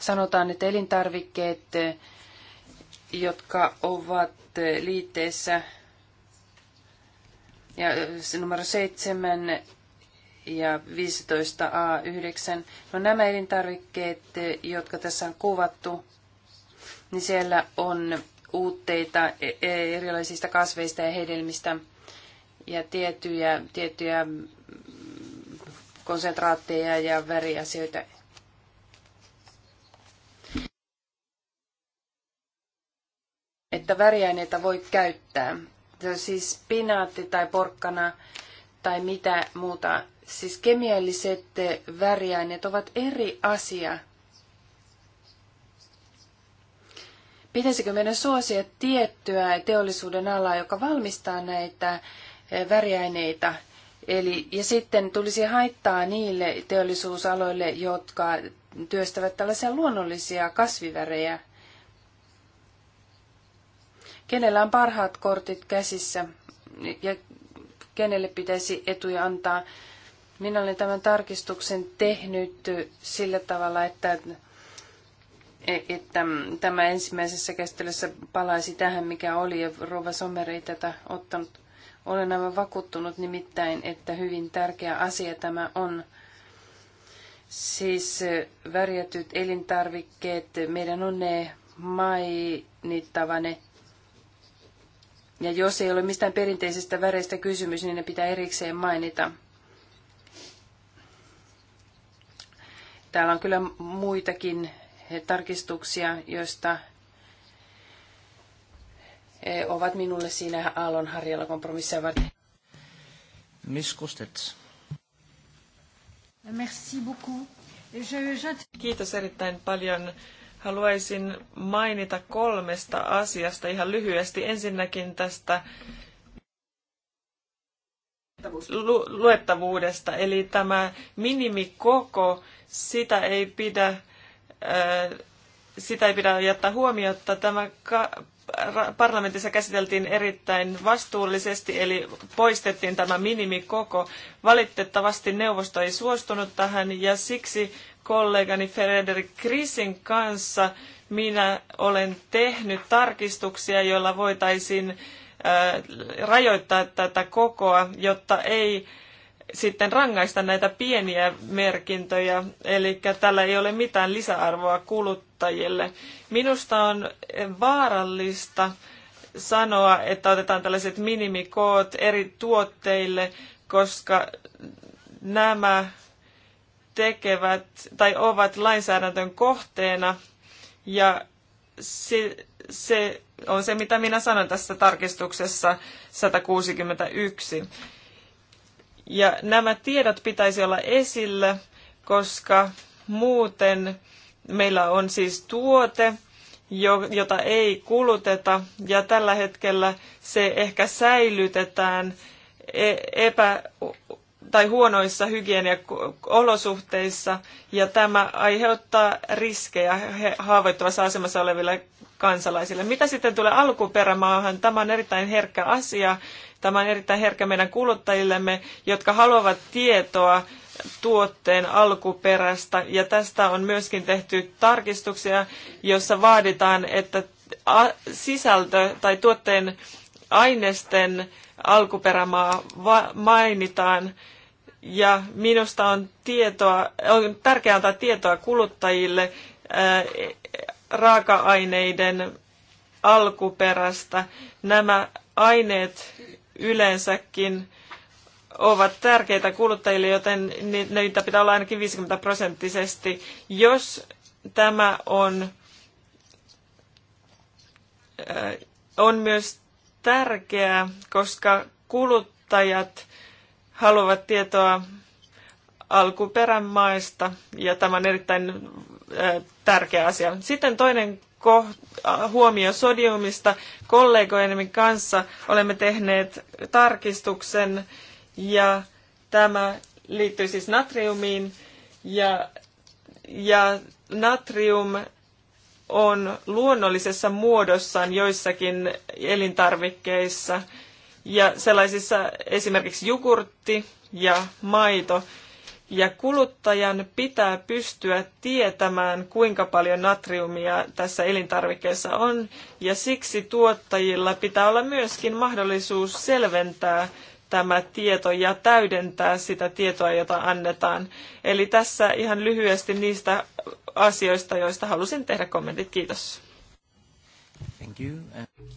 sanotaan, että elintarvikkeet, eh, jotka ovat liitteessä ja numero seitsemän ja 15A9. No nämä elintarvikkeet, jotka tässä on kuvattu, niin siellä on uutteita e-, e-, erilaisista kasveista ja hedelmistä ja tiettyjä, tiettyjä konsentraatteja ja väriasioita. Että väriaineita voi käyttää. Siis pinaatti tai porkkana tai mitä muuta. Siis kemialliset väriaineet ovat eri asia. Pitäisikö meidän suosia tiettyä teollisuuden alaa, joka valmistaa näitä väriaineita? Eli, ja sitten tulisi haittaa niille teollisuusaloille, jotka työstävät tällaisia luonnollisia kasvivärejä. Kenellä on parhaat kortit käsissä ja kenelle pitäisi etuja antaa. Minä olen tämän tarkistuksen tehnyt sillä tavalla, että, että tämä ensimmäisessä käsittelyssä palaisi tähän, mikä oli, ja Rova Sommer ei tätä ottanut. Olen aivan vakuuttunut nimittäin, että hyvin tärkeä asia tämä on. Siis värjätyt elintarvikkeet, meidän on ne mainittava ne ja jos ei ole mistään perinteisestä väreistä kysymys, niin ne pitää erikseen mainita. Täällä on kyllä muitakin tarkistuksia, joista e, ovat minulle siinä aallon harjalla kompromissia varten. Miss Kustets. Merci beaucoup. Kiitos erittäin paljon. Haluaisin mainita kolmesta asiasta ihan lyhyesti. Ensinnäkin tästä lu- luettavuudesta, eli tämä minimikoko, sitä ei pidä, äh, sitä ei pidä jättää huomiota. Tämä parlamentissa käsiteltiin erittäin vastuullisesti, eli poistettiin tämä minimikoko. Valitettavasti neuvosto ei suostunut tähän ja siksi kollegani Frederik Krisin kanssa minä olen tehnyt tarkistuksia, joilla voitaisiin rajoittaa tätä kokoa, jotta ei sitten rangaista näitä pieniä merkintöjä, eli tällä ei ole mitään lisäarvoa kuluttajille. Minusta on vaarallista sanoa, että otetaan tällaiset minimikoot eri tuotteille, koska nämä tekevät tai ovat lainsäädäntön kohteena ja se, se on se, mitä minä sanon tässä tarkistuksessa 161. Ja nämä tiedot pitäisi olla esillä, koska muuten meillä on siis tuote, jota ei kuluteta, ja tällä hetkellä se ehkä säilytetään e, epä tai huonoissa hygieniaolosuhteissa ja tämä aiheuttaa riskejä haavoittuvassa asemassa oleville kansalaisille. Mitä sitten tulee alkuperämaahan? Tämä on erittäin herkkä asia. Tämä on erittäin herkkä meidän kuluttajillemme, jotka haluavat tietoa tuotteen alkuperästä. Ja tästä on myöskin tehty tarkistuksia, jossa vaaditaan, että sisältö tai tuotteen ainesten alkuperämaa mainitaan ja minusta on tietoa, on tärkeää antaa tietoa kuluttajille äh, raaka-aineiden alkuperästä. Nämä aineet yleensäkin ovat tärkeitä kuluttajille, joten niitä pitää olla ainakin 50 prosenttisesti. Jos tämä on, äh, on myös tärkeää, koska kuluttajat haluavat tietoa alkuperämaista, ja tämä on erittäin äh, tärkeä asia. Sitten toinen äh, huomio sodiumista. Kollegojen kanssa olemme tehneet tarkistuksen, ja tämä liittyy siis natriumiin, ja, ja natrium on luonnollisessa muodossaan joissakin elintarvikkeissa – ja sellaisissa esimerkiksi jogurtti ja maito. Ja kuluttajan pitää pystyä tietämään, kuinka paljon natriumia tässä elintarvikkeessa on, ja siksi tuottajilla pitää olla myöskin mahdollisuus selventää tämä tieto ja täydentää sitä tietoa, jota annetaan. Eli tässä ihan lyhyesti niistä asioista, joista halusin tehdä kommentit. Kiitos. Thank you. Uh,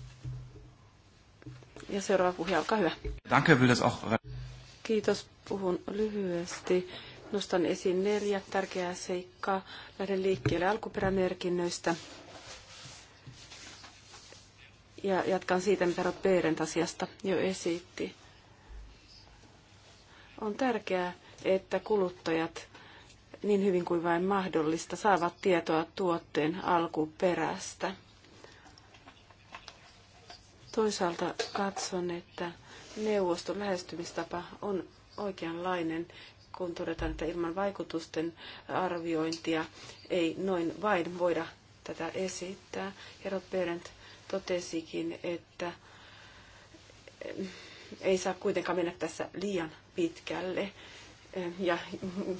ja seuraava olkaa hyvä. Danke, Kiitos, puhun lyhyesti. Nostan esiin neljä tärkeää seikkaa. Lähden liikkeelle alkuperämerkinnöistä. Ja jatkan siitä, mitä Rod Behrendt asiasta jo esitti. On tärkeää, että kuluttajat niin hyvin kuin vain mahdollista saavat tietoa tuotteen alkuperästä Toisaalta katson, että neuvoston lähestymistapa on oikeanlainen, kun todetaan, että ilman vaikutusten arviointia ei noin vain voida tätä esittää. Herra Perent totesikin, että eh, ei saa kuitenkaan mennä tässä liian pitkälle. Eh, ja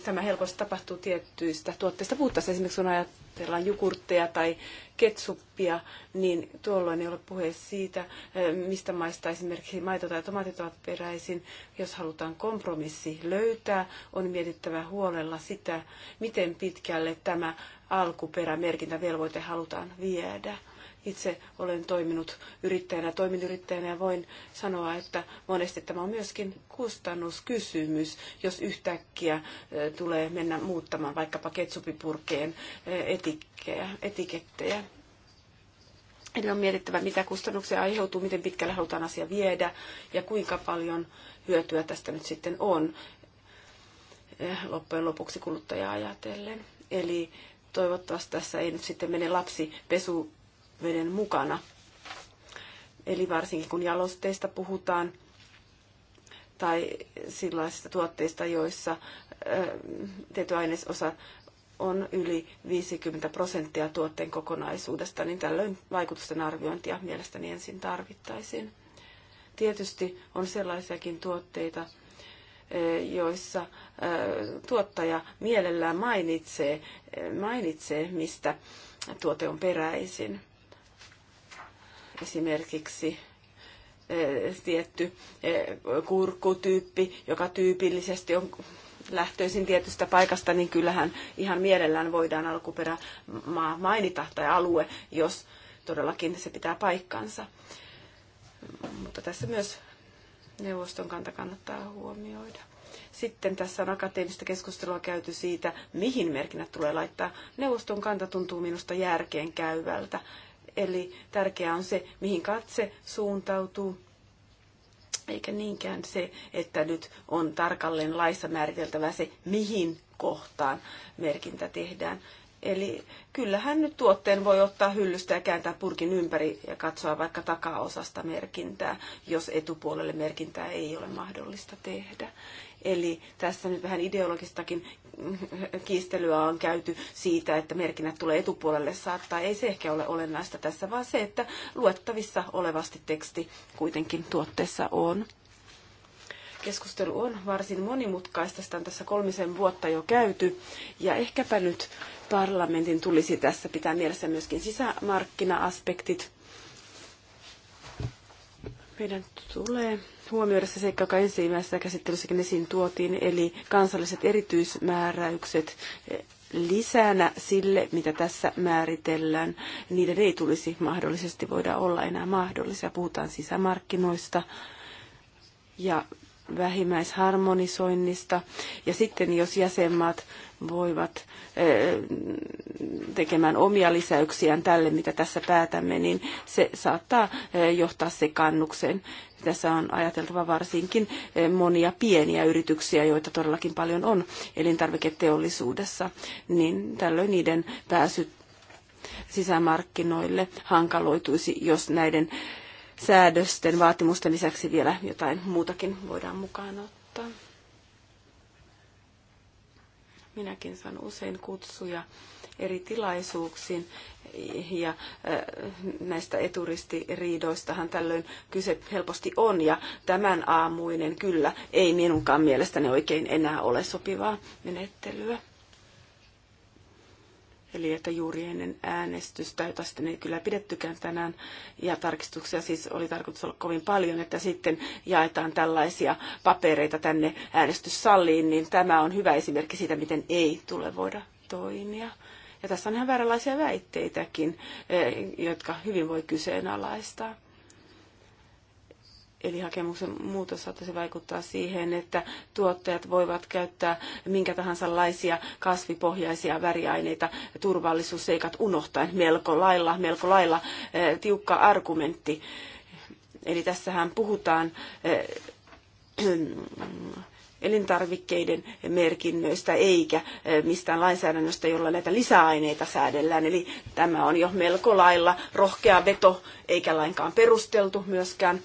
tämä helposti tapahtuu tiettyistä tuotteista puhuttaessa. Esimerkiksi on ajat, ajatellaan jukurtteja tai ketsuppia, niin tuolloin ei ole puhe siitä, eh, mistä maista esimerkiksi maito tai tomaatit ovat peräisin. Jos halutaan kompromissi löytää, on mietittävä huolella sitä, miten pitkälle tämä alkuperämerkintävelvoite halutaan viedä. Itse olen toiminut yrittäjänä, yrittäjänä ja voin sanoa, että monesti tämä on myöskin kustannuskysymys, jos yhtäkkiä tulee mennä muuttamaan vaikkapa ketsupipurkeen etikkejä, etikettejä. Eli on mietittävä, mitä kustannuksia aiheutuu, miten pitkälle halutaan asia viedä ja kuinka paljon hyötyä tästä nyt sitten on loppujen lopuksi kuluttajaa ajatellen. Eli toivottavasti tässä ei nyt sitten mene lapsi pesu veden mukana. Eli varsinkin kun jalosteista puhutaan tai sellaisista tuotteista, joissa tietty ainesosa on yli 50 prosenttia tuotteen kokonaisuudesta, niin tällöin vaikutusten arviointia mielestäni ensin tarvittaisiin. Tietysti on sellaisiakin tuotteita, joissa tuottaja mielellään mainitsee, mainitsee mistä tuote on peräisin esimerkiksi eh, tietty eh, kurkkutyyppi, joka tyypillisesti on lähtöisin tietystä paikasta, niin kyllähän ihan mielellään voidaan alkuperämaa mainita tai alue, jos todellakin se pitää paikkansa. Mutta tässä myös neuvoston kanta kannattaa huomioida. Sitten tässä on akateemista keskustelua käyty siitä, mihin merkinnät tulee laittaa. Neuvoston kanta tuntuu minusta järkeen käyvältä. Eli tärkeää on se, mihin katse suuntautuu, eikä niinkään se, että nyt on tarkalleen laissa määriteltävä se, mihin kohtaan merkintä tehdään. Eli kyllähän nyt tuotteen voi ottaa hyllystä ja kääntää purkin ympäri ja katsoa vaikka takaosasta merkintää, jos etupuolelle merkintää ei ole mahdollista tehdä. Eli tässä nyt vähän ideologistakin kiistelyä on käyty siitä, että merkinnät tulee etupuolelle saattaa. Ei se ehkä ole olennaista tässä, vaan se, että luettavissa olevasti teksti kuitenkin tuotteessa on. Keskustelu on varsin monimutkaista, sitä on tässä kolmisen vuotta jo käyty, ja ehkäpä nyt parlamentin tulisi tässä pitää mielessä myöskin sisämarkkina-aspektit, meidän tulee huomioida se seikka, joka ensimmäisessä käsittelyssäkin esiin tuotiin, eli kansalliset erityismääräykset lisänä sille, mitä tässä määritellään. Niiden ei tulisi mahdollisesti voida olla enää mahdollisia. Puhutaan sisämarkkinoista ja vähimmäisharmonisoinnista. Ja sitten jos jäsenmaat voivat eh, tekemään omia lisäyksiään tälle, mitä tässä päätämme, niin se saattaa eh, johtaa sekannukseen. Tässä on ajateltava varsinkin eh, monia pieniä yrityksiä, joita todellakin paljon on elintarviketeollisuudessa, niin tällöin niiden pääsy sisämarkkinoille hankaloituisi, jos näiden säädösten vaatimusten lisäksi vielä jotain muutakin voidaan mukaan ottaa. Minäkin saan usein kutsuja eri tilaisuuksiin ja näistä eturistiriidoistahan tällöin kyse helposti on ja tämän aamuinen kyllä ei minunkaan mielestäni oikein enää ole sopivaa menettelyä. Eli että juuri ennen äänestystä, jota sitten ei kyllä pidettykään tänään, ja tarkistuksia siis oli tarkoitus olla kovin paljon, että sitten jaetaan tällaisia papereita tänne äänestyssalliin, niin tämä on hyvä esimerkki siitä, miten ei tule voida toimia. Ja tässä on ihan vääränlaisia väitteitäkin, eh, jotka hyvin voi kyseenalaistaa. Eli hakemuksen muutos saattaisi vaikuttaa siihen, että tuottajat voivat käyttää minkä tahansa laisia kasvipohjaisia väriaineita turvallisuusseikat unohtaen melko lailla, melko lailla eh, tiukka argumentti. Eli tässähän puhutaan eh, elintarvikkeiden merkinnöistä eikä eh, mistään lainsäädännöstä, jolla näitä lisäaineita säädellään. Eli tämä on jo melko lailla rohkea veto, eikä lainkaan perusteltu myöskään.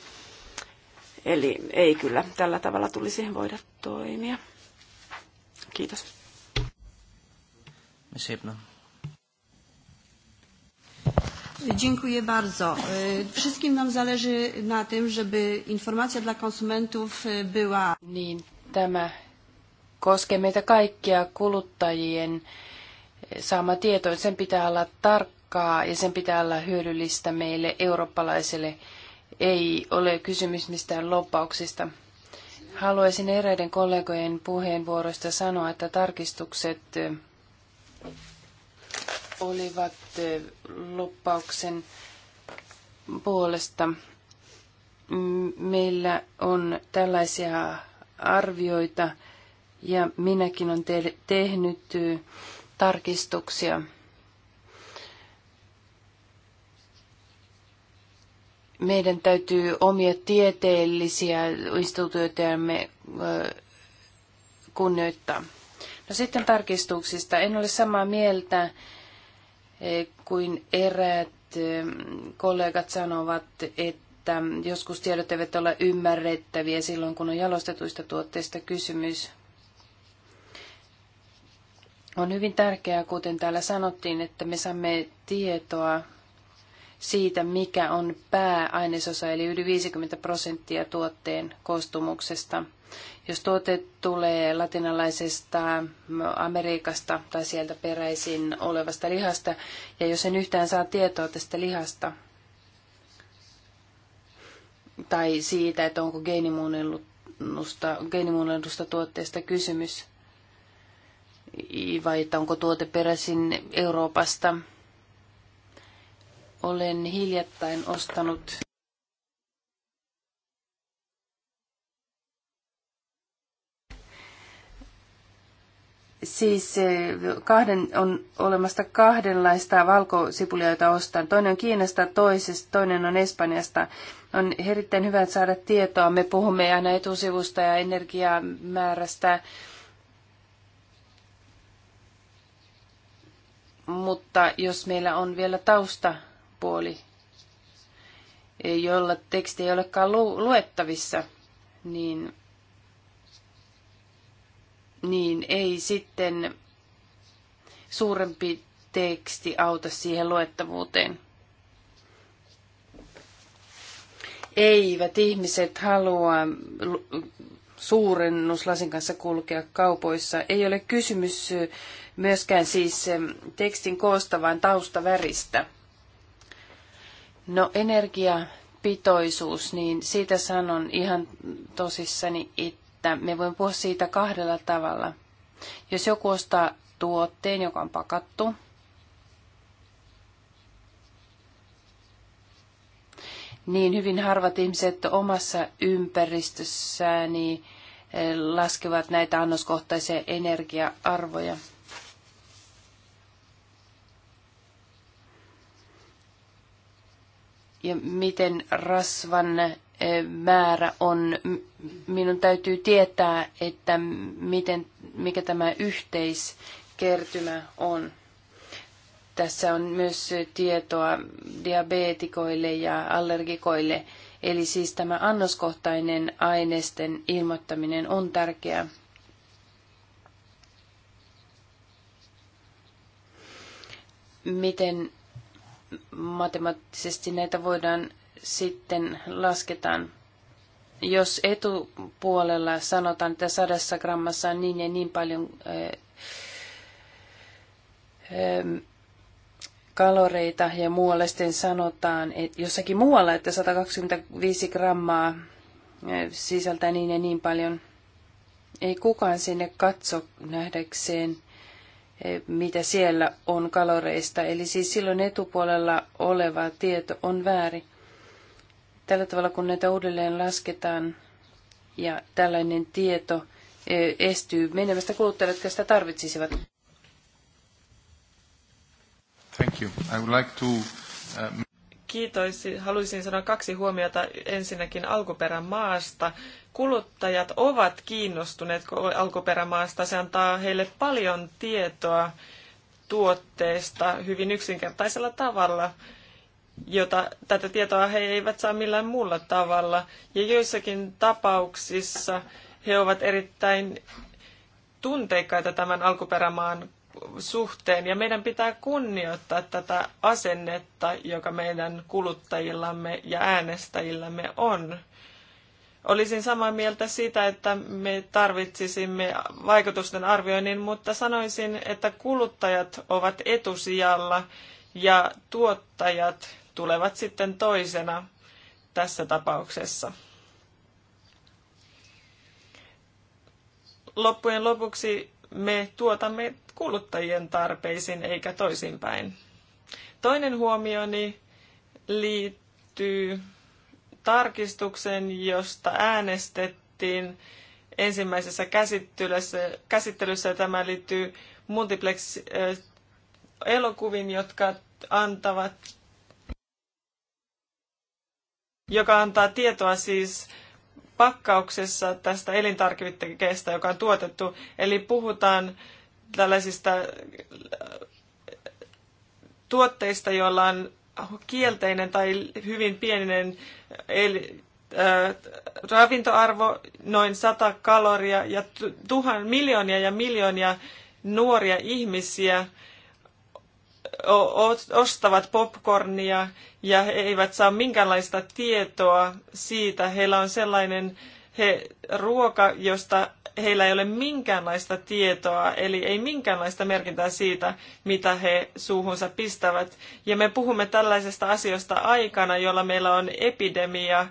Eli ei kyllä tällä tavalla tulisi voida toimia. Kiitos. Dziękuję bardzo. E, wszystkim nam zależy na tym, żeby informacja dla konsumentów e, była. Niin, tämä koskee meitä kaikkia kuluttajien e, saama tieto. Sen pitää olla tarkkaa ja sen pitää olla hyödyllistä meille eurooppalaisille ei ole kysymys mistään loppauksista. Haluaisin eräiden kollegojen puheenvuoroista sanoa, että tarkistukset olivat loppauksen puolesta. Meillä on tällaisia arvioita ja minäkin olen tehnyt tarkistuksia meidän täytyy omia tieteellisiä instituutioitamme kunnioittaa. No sitten tarkistuksista. En ole samaa mieltä kuin eräät kollegat sanovat, että joskus tiedot eivät ole ymmärrettäviä silloin, kun on jalostetuista tuotteista kysymys. On hyvin tärkeää, kuten täällä sanottiin, että me saamme tietoa siitä, mikä on pääainesosa, eli yli 50 prosenttia tuotteen koostumuksesta. Jos tuote tulee latinalaisesta Amerikasta tai sieltä peräisin olevasta lihasta, ja jos en yhtään saa tietoa tästä lihasta, tai siitä, että onko geenimuunnellusta, geenimuunnellusta tuotteesta kysymys, vai että onko tuote peräisin Euroopasta, olen hiljattain ostanut siis eh, kahden, on olemasta kahdenlaista valkosipulia, joita ostan. Toinen on Kiinasta, toisesta, toinen on Espanjasta. On erittäin hyvä saada tietoa. Me puhumme aina etusivusta ja energiamäärästä. Mutta jos meillä on vielä tausta puoli, jolla teksti ei olekaan lu- luettavissa, niin, niin ei sitten suurempi teksti auta siihen luettavuuteen. Eivät ihmiset halua suurennuslasin kanssa kulkea kaupoissa. Ei ole kysymys myöskään siis tekstin koosta, vaan taustaväristä. No energiapitoisuus, niin siitä sanon ihan tosissani, että me voin puhua siitä kahdella tavalla. Jos joku ostaa tuotteen, joka on pakattu, niin hyvin harvat ihmiset omassa ympäristössään niin eh, laskevat näitä annoskohtaisia energia-arvoja. ja miten rasvan eh, määrä on. Minun täytyy tietää, että miten, mikä tämä yhteiskertymä on. Tässä on myös tietoa diabetikoille ja allergikoille, eli siis tämä annoskohtainen aineisten ilmoittaminen on tärkeää. Miten matemaattisesti näitä voidaan sitten lasketaan. Jos etupuolella sanotaan, että sadassa grammassa on niin ja niin paljon kaloreita ja muualle sitten sanotaan, että jossakin muualla, että 125 grammaa sisältää niin ja niin paljon. Ei kukaan sinne katso nähdäkseen, mitä siellä on kaloreista. Eli siis silloin etupuolella oleva tieto on väärin. Tällä tavalla, kun näitä uudelleen lasketaan ja tällainen tieto e, estyy menemästä kuluttajille, jotka sitä tarvitsisivat. Thank you. I would like to, uh kiitoisi, haluaisin sanoa kaksi huomiota ensinnäkin alkuperämaasta. Kuluttajat ovat kiinnostuneet alkuperämaasta. Se antaa heille paljon tietoa tuotteesta hyvin yksinkertaisella tavalla, jota tätä tietoa he eivät saa millään muulla tavalla. Ja joissakin tapauksissa he ovat erittäin tunteikkaita tämän alkuperämaan suhteen. Ja meidän pitää kunnioittaa tätä asennetta, joka meidän kuluttajillamme ja äänestäjillämme on. Olisin samaa mieltä siitä, että me tarvitsisimme vaikutusten arvioinnin, mutta sanoisin, että kuluttajat ovat etusijalla ja tuottajat tulevat sitten toisena tässä tapauksessa. Loppujen lopuksi me tuotamme kuluttajien tarpeisiin eikä toisinpäin. Toinen huomioni liittyy tarkistuksen, josta äänestettiin ensimmäisessä käsittelyssä, käsittelyssä tämä liittyy multiplex äh, elokuviin, jotka antavat joka antaa tietoa siis pakkauksessa tästä elintarvikkeesta, joka on tuotettu. Eli puhutaan tällaisista äh, tuotteista, joilla on kielteinen tai hyvin pieninen eli, äh, ravintoarvo, noin 100 kaloria ja tuhan, miljoonia ja miljoonia nuoria ihmisiä ostavat popcornia ja he eivät saa minkäänlaista tietoa siitä. Heillä on sellainen äh, he, ruoka, josta heillä ei ole minkäänlaista tietoa, eli ei minkäänlaista merkintää siitä, mitä he suuhunsa pistävät. Ja me puhumme tällaisesta asiasta aikana, jolla meillä on epidemia,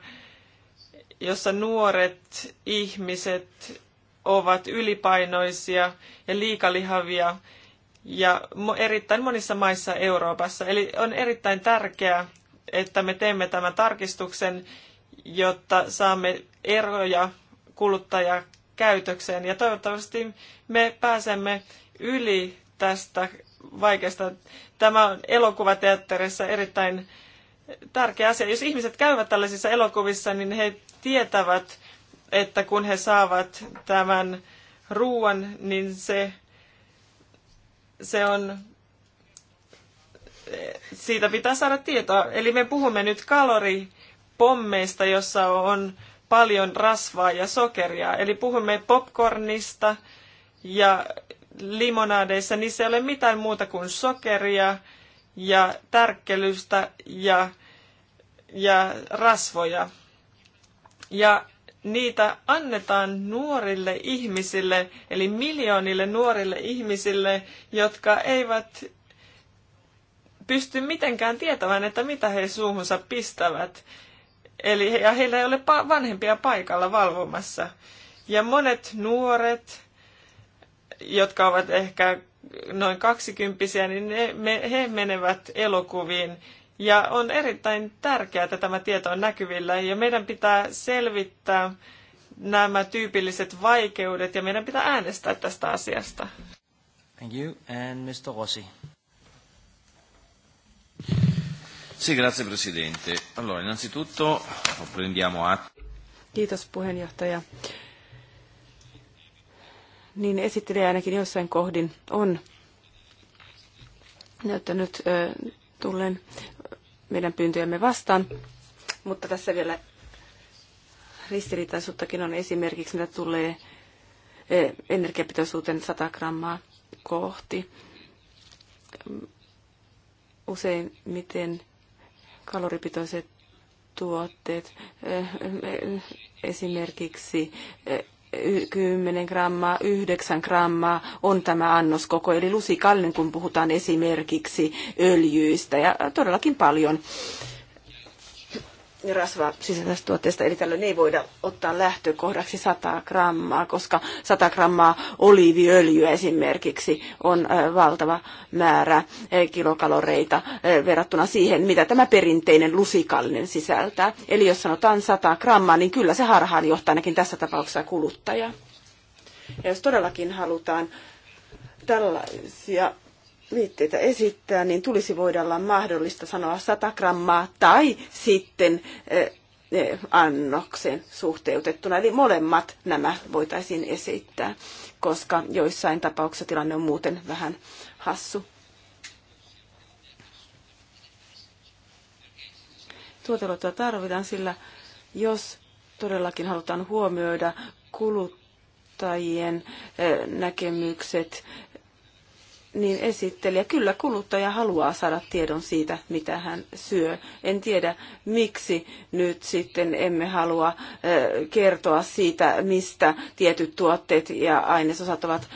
jossa nuoret ihmiset ovat ylipainoisia ja liikalihavia ja erittäin monissa maissa Euroopassa. Eli on erittäin tärkeää, että me teemme tämän tarkistuksen jotta saamme eroja kuluttajakäytökseen. Ja toivottavasti me pääsemme yli tästä vaikeasta. Tämä on elokuvateatterissa erittäin tärkeä asia. Jos ihmiset käyvät tällaisissa elokuvissa, niin he tietävät, että kun he saavat tämän ruoan, niin se, se on, siitä pitää saada tietoa. Eli me puhumme nyt kalori pommeista, jossa on paljon rasvaa ja sokeria. Eli puhumme popcornista ja limonadeissa, niissä ei ole mitään muuta kuin sokeria ja tärkkelystä ja, ja rasvoja. Ja niitä annetaan nuorille ihmisille, eli miljoonille nuorille ihmisille, jotka eivät pysty mitenkään tietämään, että mitä he suuhunsa pistävät. Eli, ja heillä ei ole vanhempia paikalla valvomassa. Ja monet nuoret, jotka ovat ehkä noin kaksikymppisiä, niin ne, me, he menevät elokuviin. Ja on erittäin tärkeää, että tämä tieto on näkyvillä. Ja meidän pitää selvittää nämä tyypilliset vaikeudet ja meidän pitää äänestää tästä asiasta. Thank you. And Mr. Rossi. Sì, grazie Presidente. Allora, innanzitutto prendiamo atto. Kiitos puheenjohtaja. Niin esittelijä ainakin jossain kohdin on näyttänyt ö, tulleen meidän pyyntöjämme vastaan, mutta tässä vielä ristiriitaisuuttakin on esimerkiksi, mitä tulee energiapitoisuuteen 100 grammaa kohti. Useimmiten kaloripitoiset tuotteet, eh, esimerkiksi 10 eh, grammaa, 9 grammaa on tämä annoskoko, eli lusikallinen, kun puhutaan esimerkiksi öljyistä, ja todellakin paljon rasva sisältävästä tuotteesta, eli tällöin ei voida ottaa lähtökohdaksi 100 grammaa, koska 100 grammaa oliiviöljyä esimerkiksi on valtava määrä kilokaloreita verrattuna siihen, mitä tämä perinteinen lusikallinen sisältää. Eli jos sanotaan 100 grammaa, niin kyllä se harhaan johtaa ainakin tässä tapauksessa kuluttajaa. Ja jos todellakin halutaan tällaisia viitteitä esittää, niin tulisi voida olla mahdollista sanoa 100 grammaa tai sitten eh, eh, annoksen suhteutettuna. Eli molemmat nämä voitaisiin esittää, koska joissain tapauksissa tilanne on muuten vähän hassu. Tuoteluottoa tarvitaan, sillä jos todellakin halutaan huomioida kuluttajien eh, näkemykset niin esittelijä, kyllä kuluttaja haluaa saada tiedon siitä, mitä hän syö. En tiedä, miksi nyt sitten emme halua kertoa siitä, mistä tietyt tuotteet ja ainesosat ovat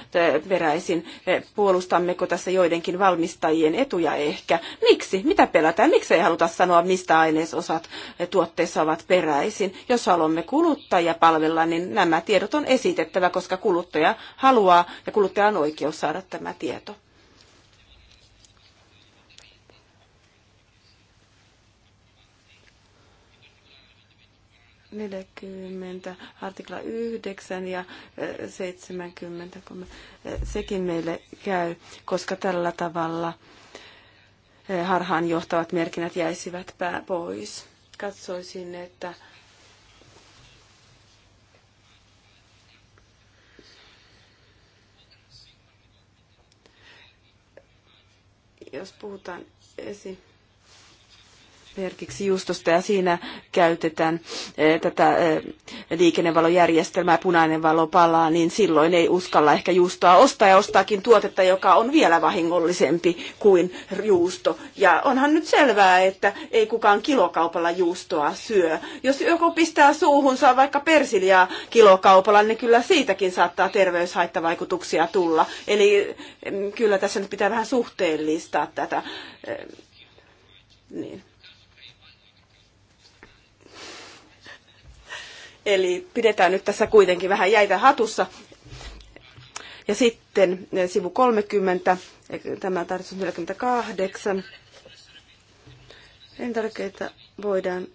peräisin. Puolustammeko tässä joidenkin valmistajien etuja ehkä? Miksi? Mitä pelätään? Miksi ei haluta sanoa, mistä ainesosat tuotteessa ovat peräisin? Jos haluamme kuluttajia palvella, niin nämä tiedot on esitettävä, koska kuluttaja haluaa ja kuluttaja on oikeus saada tämä tieto. 40, artikla 9 ja 70, kun sekin meille käy, koska tällä tavalla harhaan johtavat merkinnät jäisivät pois. Katsoisin, että jos puhutaan esimerkiksi esimerkiksi juustosta ja siinä käytetään eh, tätä eh, liikennevalojärjestelmää, punainen valo palaa, niin silloin ei uskalla ehkä juustoa ostaa ja ostaakin tuotetta, joka on vielä vahingollisempi kuin juusto. Ja onhan nyt selvää, että ei kukaan kilokaupalla juustoa syö. Jos joku pistää suuhunsa vaikka persiljaa kilokaupalla, niin kyllä siitäkin saattaa terveyshaittavaikutuksia tulla. Eli mm, kyllä tässä nyt pitää vähän suhteellistaa tätä. Eh, niin. Eli pidetään nyt tässä kuitenkin vähän jäitä hatussa. Ja sitten eh, sivu 30, eh, tämä tarkoitus 48. Elintarvikkeita voidaan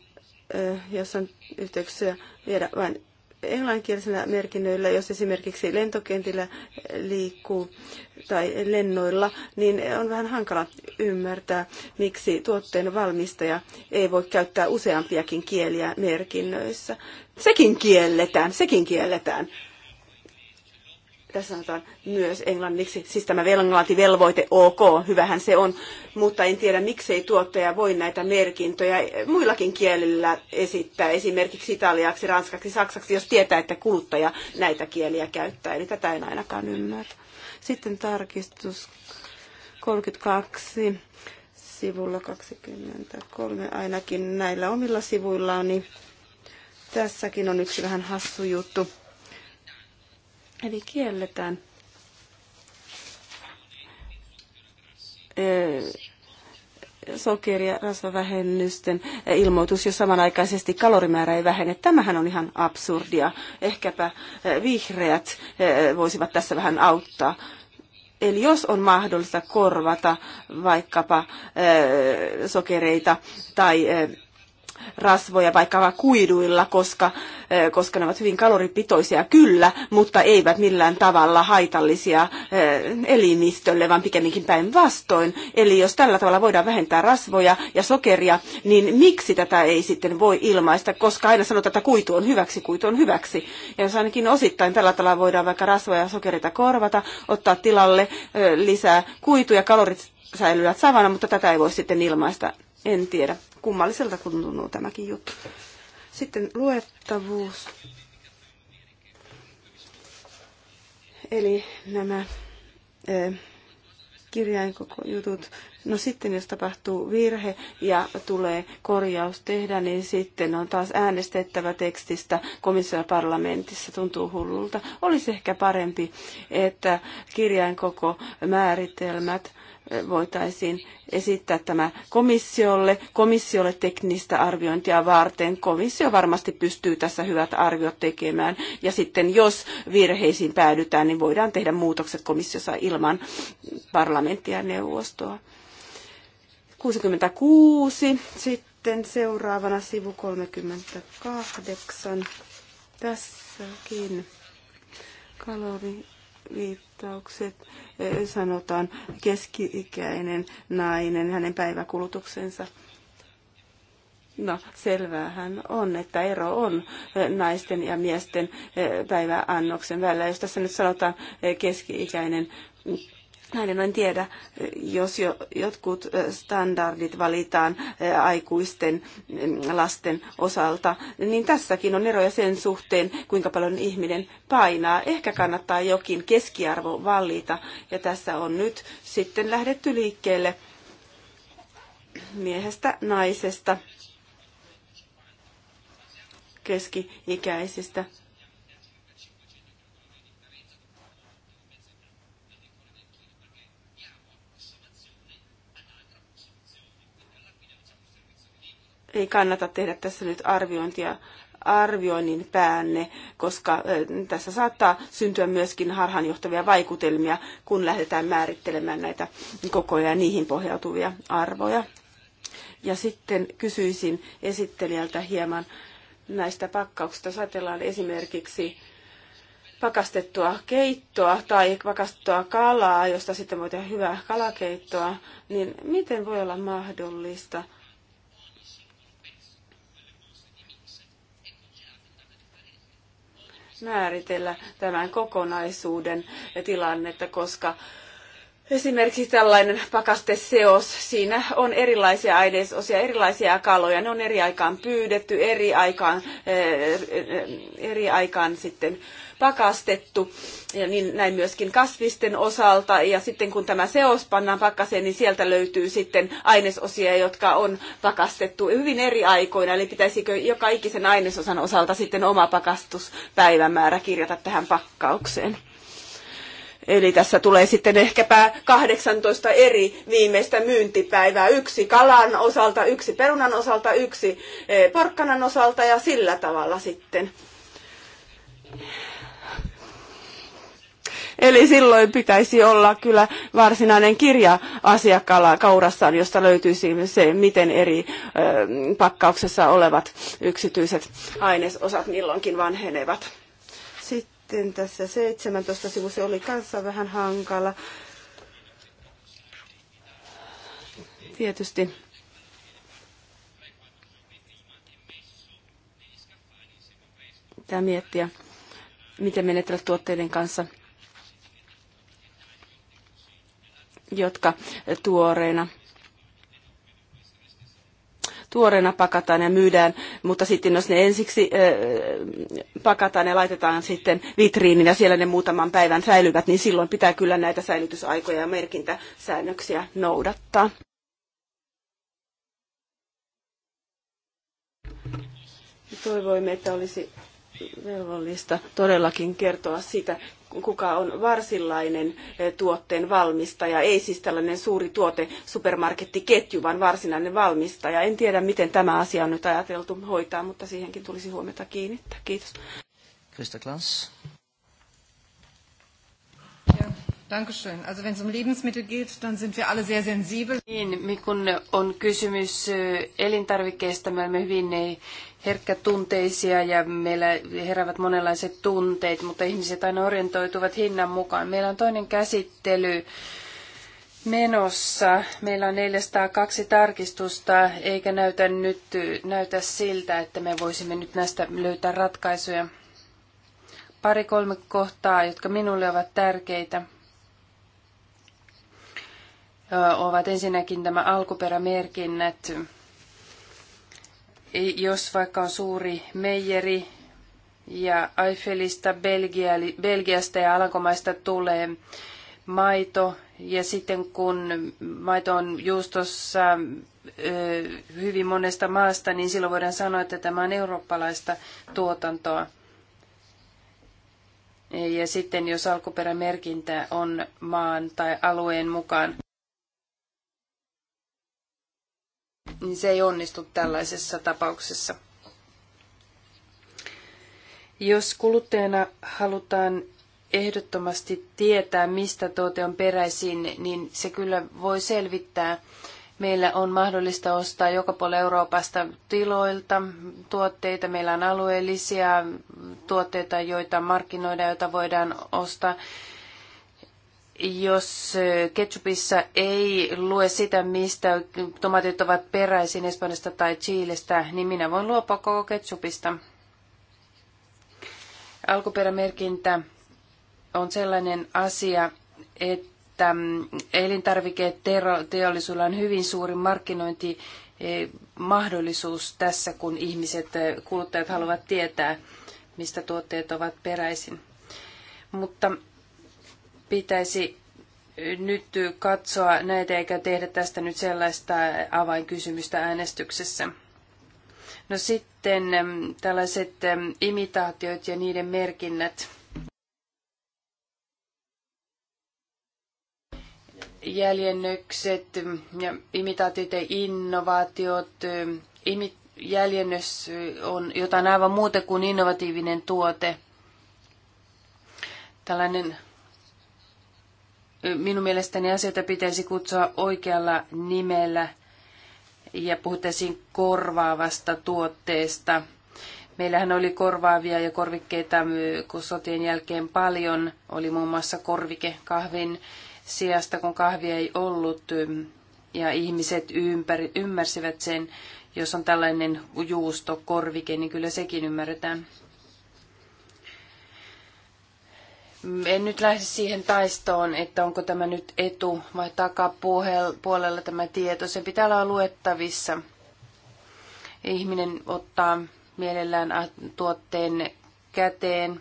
eh, jossain yhteyksissä viedä vain englanninkielisillä merkinnöillä, jos esimerkiksi lentokentillä liikkuu tai lennoilla, niin on vähän hankala ymmärtää, miksi tuotteen valmistaja ei voi käyttää useampiakin kieliä merkinnöissä. Sekin kielletään, sekin kielletään. Tässä sanotaan myös englanniksi, siis tämä velvoite ok, hyvähän se on, mutta en tiedä miksei tuottaja voi näitä merkintöjä muillakin kielillä esittää, esimerkiksi italiaksi, ranskaksi, saksaksi, jos tietää, että kuluttaja näitä kieliä käyttää, eli tätä en ainakaan ymmärrä. Sitten tarkistus 32 sivulla 23 ainakin näillä omilla sivuillaan, niin Tässäkin on yksi vähän hassu juttu. Eli kielletään sokeri- ja rasvavähennysten e, ilmoitus, jos samanaikaisesti kalorimäärä ei vähene. Tämähän on ihan absurdia. Ehkäpä e, vihreät e, voisivat tässä vähän auttaa. Eli jos on mahdollista korvata vaikkapa sokereita tai rasvoja vaikka kuiduilla, koska, e, koska ne ovat hyvin kaloripitoisia kyllä, mutta eivät millään tavalla haitallisia e, elimistölle, vaan pikemminkin päinvastoin. Eli jos tällä tavalla voidaan vähentää rasvoja ja sokeria, niin miksi tätä ei sitten voi ilmaista, koska aina sanotaan, että kuitu on hyväksi, kuitu on hyväksi. Ja jos ainakin osittain tällä tavalla voidaan vaikka rasvoja ja sokerita korvata, ottaa tilalle e, lisää kuituja, kalorit säilyvät savana, mutta tätä ei voi sitten ilmaista en tiedä. Kummalliselta tuntuu tämäkin juttu. Sitten luettavuus. Eli nämä ö, kirjainkokojutut. No sitten jos tapahtuu virhe ja tulee korjaus tehdä, niin sitten on taas äänestettävä tekstistä komissio- parlamentissa. Tuntuu hullulta. Olisi ehkä parempi, että kirjainkoko määritelmät voitaisiin esittää tämä komissiolle, komissiolle teknistä arviointia varten. Komissio varmasti pystyy tässä hyvät arviot tekemään ja sitten jos virheisiin päädytään, niin voidaan tehdä muutokset komissiossa ilman parlamenttia ja neuvostoa. 66 sitten seuraavana sivu 38. Tässäkin kalori viittaukset, e, sanotaan keski-ikäinen nainen, hänen päiväkulutuksensa. No, selväähän on, että ero on naisten ja miesten e, päiväannoksen välillä. Jos tässä nyt sanotaan e, keski-ikäinen näin en noin tiedä, jos jo jotkut standardit valitaan aikuisten lasten osalta, niin tässäkin on eroja sen suhteen, kuinka paljon ihminen painaa. Ehkä kannattaa jokin keskiarvo valita, ja tässä on nyt sitten lähdetty liikkeelle miehestä, naisesta, keski-ikäisistä ei kannata tehdä tässä nyt arviointia arvioinnin päänne, koska tässä saattaa syntyä myöskin harhaanjohtavia vaikutelmia, kun lähdetään määrittelemään näitä kokoja ja niihin pohjautuvia arvoja. Ja sitten kysyisin esittelijältä hieman näistä pakkauksista. satellaan esimerkiksi pakastettua keittoa tai pakastettua kalaa, josta sitten voi tehdä hyvää kalakeittoa, niin miten voi olla mahdollista – määritellä tämän kokonaisuuden tilannetta, koska Esimerkiksi tällainen pakasteseos, siinä on erilaisia ainesosia, erilaisia kaloja, ne on eri aikaan pyydetty, eri aikaan, eh, eh, eri aikaan sitten pakastettu, ja niin näin myöskin kasvisten osalta. Ja sitten kun tämä seos pannaan pakkaseen, niin sieltä löytyy sitten ainesosia, jotka on pakastettu hyvin eri aikoina. Eli pitäisikö joka ikisen ainesosan osalta sitten oma pakastuspäivämäärä kirjata tähän pakkaukseen? Eli tässä tulee sitten ehkäpä 18 eri viimeistä myyntipäivää. Yksi kalan osalta, yksi perunan osalta, yksi eh, porkkanan osalta ja sillä tavalla sitten. Eli silloin pitäisi olla kyllä varsinainen kirja asiakkaalla kaurassaan, josta löytyisi se, miten eri pakkauksessa olevat yksityiset ainesosat milloinkin vanhenevat. Sitten tässä 17 sivu, se oli kanssa vähän hankala. Tietysti pitää miettiä, miten menetellä tuotteiden kanssa – jotka tuoreena tuoreena pakataan ja myydään, mutta sitten jos ne ensiksi pakataan ja laitetaan sitten vitriinin ja siellä ne muutaman päivän säilyvät, niin silloin pitää kyllä näitä säilytysaikoja ja merkintäsäännöksiä noudattaa. Toivoimme, että olisi velvollista todellakin kertoa sitä, kuka on varsillainen eh, tuotteen valmistaja, ei siis tällainen suuri tuote supermarkettiketju, vaan varsinainen valmistaja. En tiedä, miten tämä asia on nyt ajateltu hoitaa, mutta siihenkin tulisi huomiota kiinnittää. Kiitos. Christa Klans. Ja, Dankeschön. Also wenn es um Lebensmittel geht, dann sind wir alle sehr sensibel. Niin, kun on kysymys eh, elintarvikkeista, me olemme hyvin eh, herkkätunteisia ja meillä heräävät monenlaiset tunteet, mutta ihmiset aina orientoituvat hinnan mukaan. Meillä on toinen käsittely menossa. Meillä on 402 tarkistusta, eikä näytä nyt näytä siltä, että me voisimme nyt näistä löytää ratkaisuja. Pari-kolme kohtaa, jotka minulle ovat tärkeitä ovat ensinnäkin tämä alkuperämerkinnät jos vaikka on suuri meijeri ja Eiffelistä, Belgia, Belgiasta ja Alankomaista tulee maito ja sitten kun maito on juustossa hyvin monesta maasta, niin silloin voidaan sanoa, että tämä on eurooppalaista tuotantoa. Ja sitten jos alkuperämerkintä on maan tai alueen mukaan. niin se ei onnistu tällaisessa tapauksessa. Jos kuluttajana halutaan ehdottomasti tietää, mistä tuote on peräisin, niin se kyllä voi selvittää. Meillä on mahdollista ostaa joka puolella Euroopasta tiloilta tuotteita. Meillä on alueellisia tuotteita, joita markkinoidaan, joita voidaan ostaa jos ketchupissa ei lue sitä, mistä tomaatit ovat peräisin Espanjasta tai Chiilestä, niin minä voin luopua koko ketchupista. Alkuperämerkintä on sellainen asia, että mm, elintarviketeollisuudella on hyvin suuri markkinointimahdollisuus e, tässä, kun ihmiset, e, kuluttajat haluavat tietää, mistä tuotteet ovat peräisin. Mutta pitäisi nyt katsoa näitä eikä tehdä tästä nyt sellaista avainkysymystä äänestyksessä. No sitten tällaiset imitaatiot ja niiden merkinnät. Jäljennökset ja imitaatiot ja innovaatiot. jäljennös on jotain aivan muuta kuin innovatiivinen tuote. Tällainen minun mielestäni asioita pitäisi kutsua oikealla nimellä ja puhuttaisiin korvaavasta tuotteesta. Meillähän oli korvaavia ja korvikkeita kun sotien jälkeen paljon. Oli muun muassa korvike kahvin sijasta, kun kahvia ei ollut. Ja ihmiset ympäri, ymmärsivät sen, jos on tällainen juusto korvike, niin kyllä sekin ymmärretään. En nyt lähde siihen taistoon, että onko tämä nyt etu- vai takapuolella tämä tieto. Se pitää olla luettavissa. Ihminen ottaa mielellään tuotteen käteen.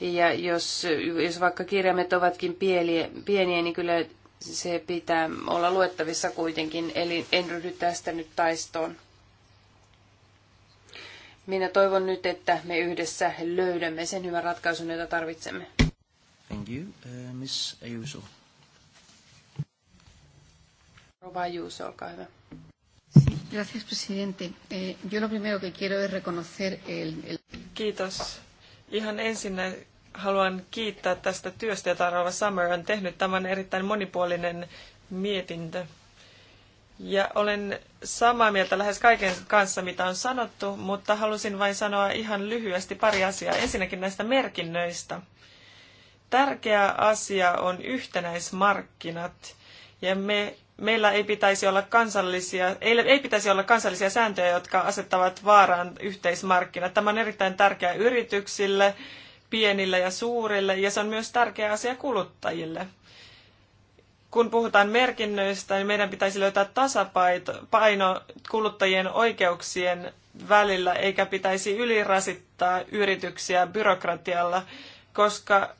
Ja jos, jos vaikka kirjaimet ovatkin pieniä, pieniä, niin kyllä se pitää olla luettavissa kuitenkin. Eli en ryhdy tästä nyt taistoon. Minä toivon nyt, että me yhdessä löydämme sen hyvän ratkaisun, jota tarvitsemme. Thank you. Uh, Miss Ayuso. Rouva Ayuso, olkaa Gracias, presidente. Eh, yo lo primero que quiero es reconocer el, el... Kiitos. Ihan ensin haluan kiittää tästä työstä, jota Rova Summer on tehnyt. Tämä on erittäin monipuolinen mietintö. Ja olen samaa mieltä lähes kaiken kanssa, mitä on sanottu, mutta halusin vain sanoa ihan lyhyesti pari asiaa. Ensinnäkin näistä merkinnöistä. Tärkeä asia on yhtenäismarkkinat ja me, meillä ei pitäisi olla kansallisia, ei, ei pitäisi olla kansallisia sääntöjä, jotka asettavat vaaraan yhteismarkkinat. Tämä on erittäin tärkeä yrityksille, pienille ja suurille ja se on myös tärkeä asia kuluttajille kun puhutaan merkinnöistä, niin meidän pitäisi löytää tasapaino kuluttajien oikeuksien välillä, eikä pitäisi ylirasittaa yrityksiä byrokratialla, koska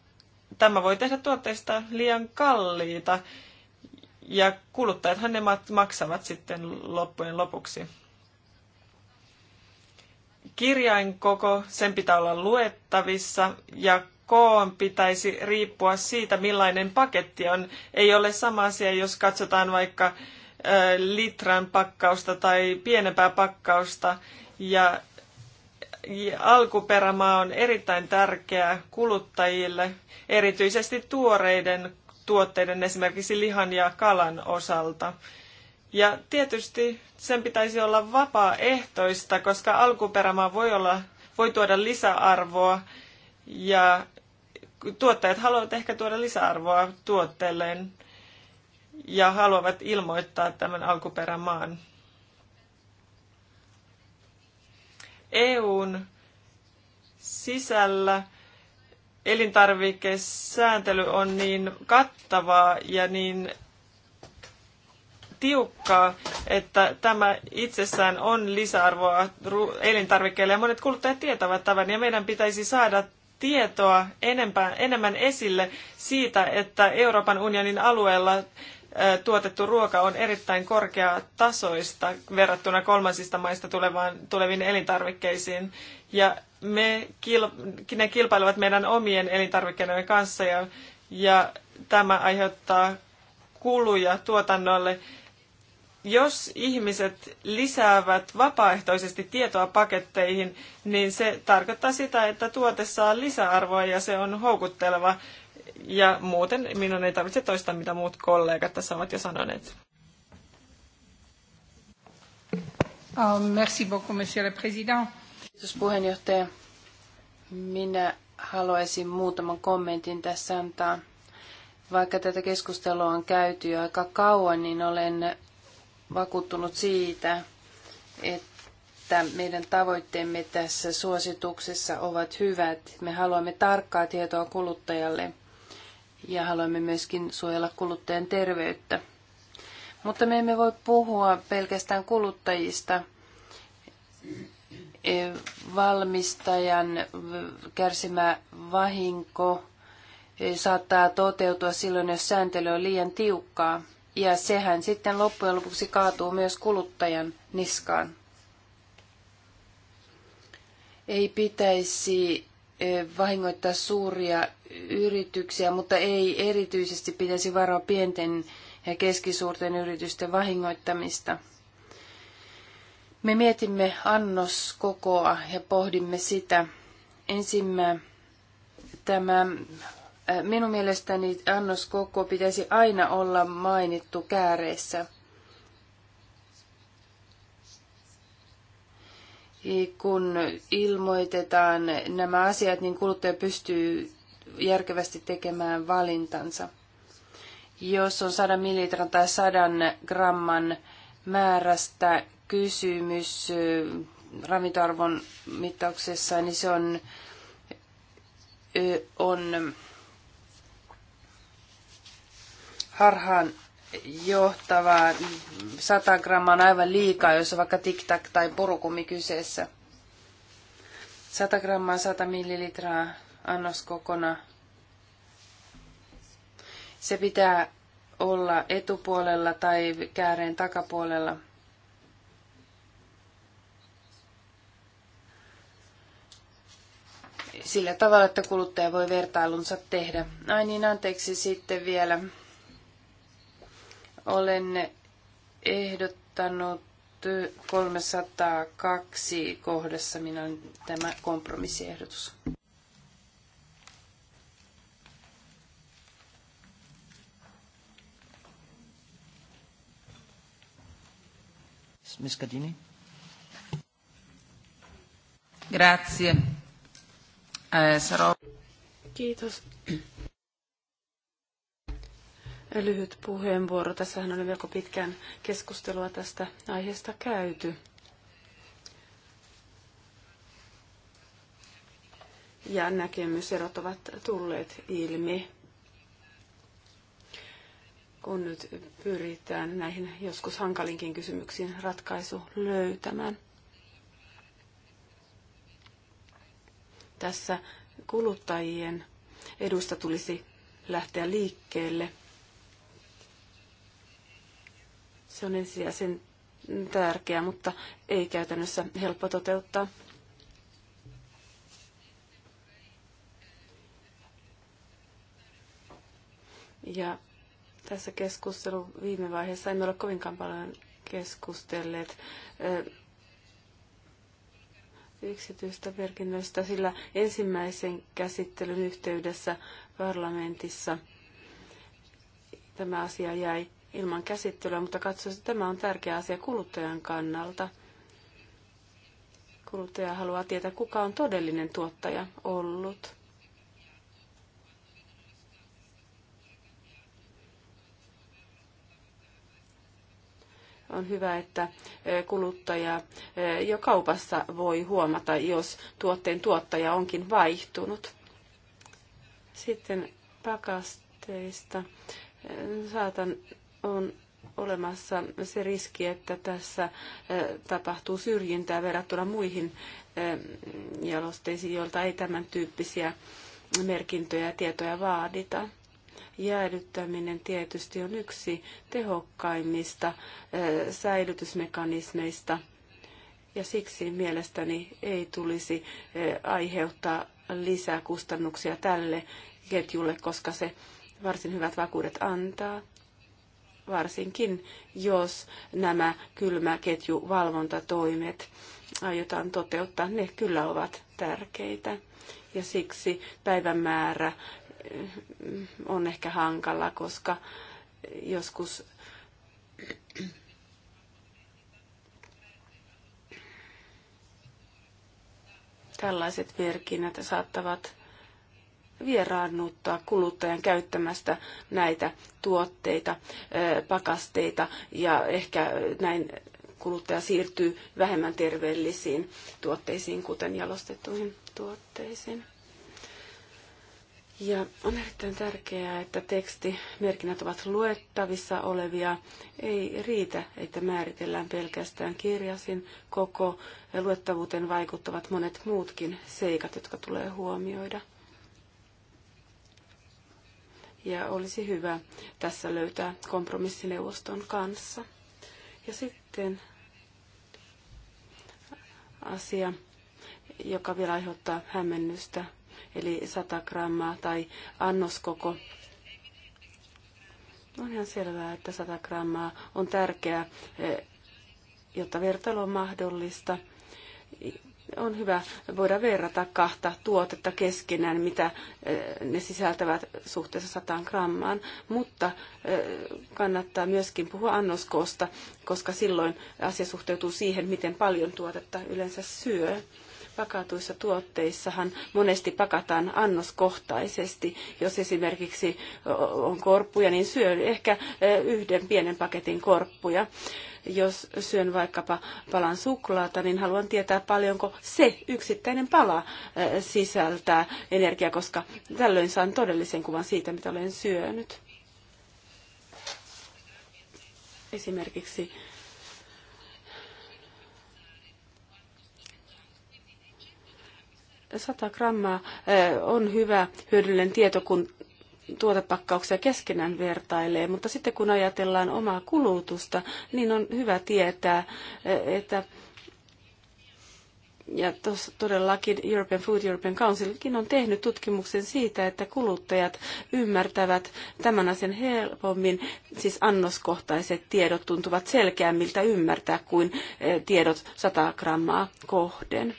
tämä voi tehdä tuotteista liian kalliita ja kuluttajathan ne maksavat sitten loppujen lopuksi. koko, sen pitää olla luettavissa ja koon pitäisi riippua siitä, millainen paketti on. Ei ole sama asia, jos katsotaan vaikka litran pakkausta tai pienempää pakkausta ja alkuperämaa on erittäin tärkeä kuluttajille, erityisesti tuoreiden tuotteiden, esimerkiksi lihan ja kalan osalta. Ja tietysti sen pitäisi olla vapaaehtoista, koska alkuperämaa voi, olla, voi tuoda lisäarvoa ja tuottajat haluavat ehkä tuoda lisäarvoa tuotteelleen ja haluavat ilmoittaa tämän alkuperämaan. EUn sisällä elintarvikesääntely on niin kattavaa ja niin tiukkaa, että tämä itsessään on lisäarvoa elintarvikkeille ja monet kuluttajat tietävät tämän ja meidän pitäisi saada tietoa enempää, enemmän esille siitä, että Euroopan unionin alueella tuotettu ruoka on erittäin korkeatasoista verrattuna kolmansista maista tulevaan, tuleviin elintarvikkeisiin. Ja me, ne kilpailevat meidän omien elintarvikkeidemme kanssa ja, ja tämä aiheuttaa kuluja tuotannolle. Jos ihmiset lisäävät vapaaehtoisesti tietoa paketteihin, niin se tarkoittaa sitä, että tuote saa lisäarvoa ja se on houkutteleva ja muuten minun ei tarvitse toistaa, mitä muut kollegat tässä ovat jo sanoneet. Ah, merci beaucoup, monsieur le président. Kiitos puheenjohtaja. Minä haluaisin muutaman kommentin tässä antaa. Vaikka tätä keskustelua on käyty jo aika kauan, niin olen vakuuttunut siitä, että meidän tavoitteemme tässä suosituksessa ovat hyvät. Me haluamme tarkkaa tietoa kuluttajalle ja haluamme myöskin suojella kuluttajan terveyttä. Mutta me emme voi puhua pelkästään kuluttajista. E, valmistajan kärsimä vahinko e, saattaa toteutua silloin, jos sääntely on liian tiukkaa. Ja sehän sitten loppujen lopuksi kaatuu myös kuluttajan niskaan. Ei pitäisi vahingoittaa suuria yrityksiä, mutta ei erityisesti pitäisi varoa pienten ja keskisuurten yritysten vahingoittamista. Me mietimme annoskokoa ja pohdimme sitä. Ensimmä tämä, äh, minun mielestäni annoskoko pitäisi aina olla mainittu kääreissä – kun ilmoitetaan nämä asiat, niin kuluttaja pystyy järkevästi tekemään valintansa. Jos on 100 millilitran tai 100 gramman määrästä kysymys ravintoarvon mittauksessa, niin se on, on harhaan johtavaa 100 grammaa on aivan liikaa, jos on vaikka tiktak tai purukumi kyseessä. 100 grammaa 100 millilitraa annos kokona. Se pitää olla etupuolella tai kääreen takapuolella. Sillä tavalla, että kuluttaja voi vertailunsa tehdä. Ai niin, anteeksi sitten vielä olen ehdottanut 302 kohdassa minä on tämä kompromissiehdotus. Miskadini. Grazie. Eh, sarò... Kiitos lyhyt puheenvuoro. Tässähän oli melko pitkään keskustelua tästä aiheesta käyty. Ja näkemyserot ovat tulleet ilmi, kun nyt pyritään näihin joskus hankalinkin kysymyksiin ratkaisu löytämään. Tässä kuluttajien edusta tulisi lähteä liikkeelle – Se on ensisijaisen tärkeää, mutta ei käytännössä helppo toteuttaa. Ja tässä keskustelu viime vaiheessa emme ole kovinkaan paljon keskustelleet yksityistä merkinnöistä, sillä ensimmäisen käsittelyn yhteydessä parlamentissa tämä asia jäi ilman käsittelyä, mutta katsoisin, että tämä on tärkeä asia kuluttajan kannalta. Kuluttaja haluaa tietää, kuka on todellinen tuottaja ollut. on hyvä, että e, kuluttaja e, jo kaupassa voi huomata, jos tuotteen tuottaja onkin vaihtunut. Sitten pakasteista. E, saatan on olemassa se riski, että tässä tapahtuu syrjintää verrattuna muihin jalosteisiin, joilta ei tämän tyyppisiä merkintöjä ja tietoja vaadita. Jäädyttäminen tietysti on yksi tehokkaimmista säilytysmekanismeista, ja siksi mielestäni ei tulisi aiheuttaa lisää kustannuksia tälle ketjulle, koska se varsin hyvät vakuudet antaa varsinkin jos nämä kylmäketjuvalvontatoimet aiotaan toteuttaa, ne kyllä ovat tärkeitä. Ja siksi päivämäärä eh, on ehkä hankala, koska joskus tällaiset merkinnät saattavat vieraannuttaa kuluttajan käyttämästä näitä tuotteita, pakasteita ja ehkä näin kuluttaja siirtyy vähemmän terveellisiin tuotteisiin, kuten jalostettuihin tuotteisiin. Ja on erittäin tärkeää, että tekstimerkinnät ovat luettavissa olevia. Ei riitä, että määritellään pelkästään kirjasin koko ja luettavuuteen vaikuttavat monet muutkin seikat, jotka tulee huomioida ja olisi hyvä tässä löytää kompromissineuvoston kanssa. Ja sitten asia, joka vielä aiheuttaa hämmennystä, eli 100 grammaa tai annoskoko. On ihan selvää, että 100 grammaa on tärkeää, eh, jotta vertailu on mahdollista on hyvä voida verrata kahta tuotetta keskenään, mitä eh, ne sisältävät suhteessa 100 grammaan, mutta eh, kannattaa myöskin puhua annoskoosta, koska silloin asia suhteutuu siihen, miten paljon tuotetta yleensä syö. Pakatuissa tuotteissahan monesti pakataan annoskohtaisesti. Jos esimerkiksi on korppuja, niin syö ehkä yhden pienen paketin korppuja. Jos syön vaikkapa palan suklaata, niin haluan tietää paljonko se yksittäinen pala sisältää energiaa, koska tällöin saan todellisen kuvan siitä, mitä olen syönyt. Esimerkiksi 100 grammaa eh, on hyvä hyödyllinen tieto, kun tuotepakkauksia keskenään vertailee, mutta sitten kun ajatellaan omaa kulutusta, niin on hyvä tietää, eh, että ja tos, todellakin European Food European Councilkin on tehnyt tutkimuksen siitä, että kuluttajat ymmärtävät tämän asian helpommin, siis annoskohtaiset tiedot tuntuvat selkeämmiltä ymmärtää kuin eh, tiedot 100 grammaa kohden.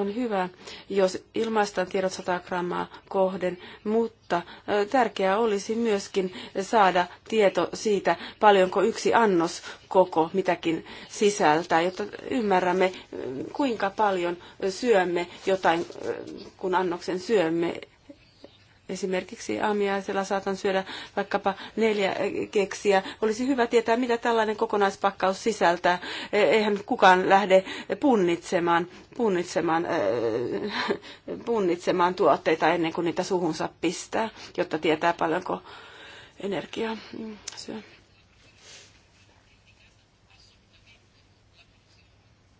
On hyvä, jos ilmaistaan tiedot 100 grammaa kohden, mutta tärkeää olisi myöskin saada tieto siitä, paljonko yksi annos koko mitäkin sisältää, jotta ymmärrämme, kuinka paljon syömme jotain, kun annoksen syömme, Esimerkiksi aamiaisella saatan syödä vaikkapa neljä keksiä. Olisi hyvä tietää, mitä tällainen kokonaispakkaus sisältää. E, eihän kukaan lähde punnitsemaan, punnitsemaan, e, punnitsemaan tuotteita ennen kuin niitä suhunsa pistää, jotta tietää paljonko energiaa syö.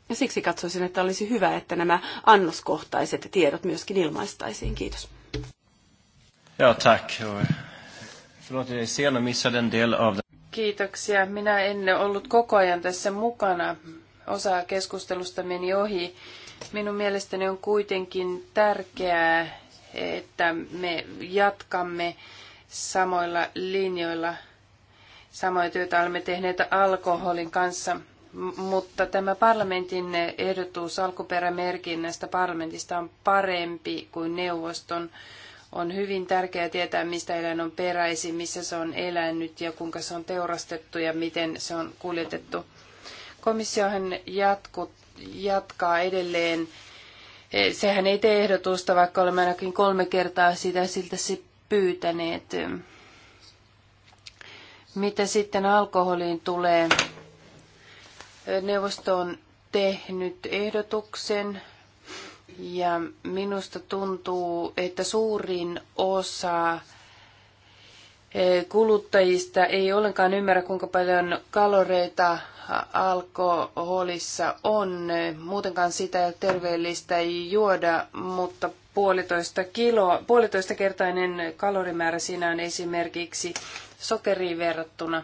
Ja siksi katsoisin, että olisi hyvä, että nämä annoskohtaiset tiedot myöskin ilmaistaisiin. Kiitos. Ja, tack. Förlåt, jag är sen och missade en del av Kiitoksia. Minä en ollut koko ajan tässä mukana. Osa keskustelusta meni ohi. Minun mielestäni on kuitenkin tärkeää, että me jatkamme samoilla linjoilla samoja työtä olemme tehneet alkoholin kanssa. Mutta tämä parlamentin ehdotus alkuperämerkinnästä parlamentista on parempi kuin neuvoston on hyvin tärkeää tietää, mistä eläin on peräisin, missä se on elänyt ja kuinka se on teurastettu ja miten se on kuljetettu. Komissiohan jatku, jatkaa edelleen. Eh, sehän ei tee ehdotusta, vaikka olemme ainakin kolme kertaa sitä siltä pyytäneet. Mitä sitten alkoholiin tulee? Eh, neuvosto on tehnyt ehdotuksen ja minusta tuntuu, että suurin osa eh, kuluttajista ei ollenkaan ymmärrä, kuinka paljon kaloreita alkoholissa on. Muutenkaan sitä ei ole terveellistä ei juoda, mutta puolitoista, kilo, puolitoista kertainen kalorimäärä siinä on esimerkiksi sokeriin verrattuna.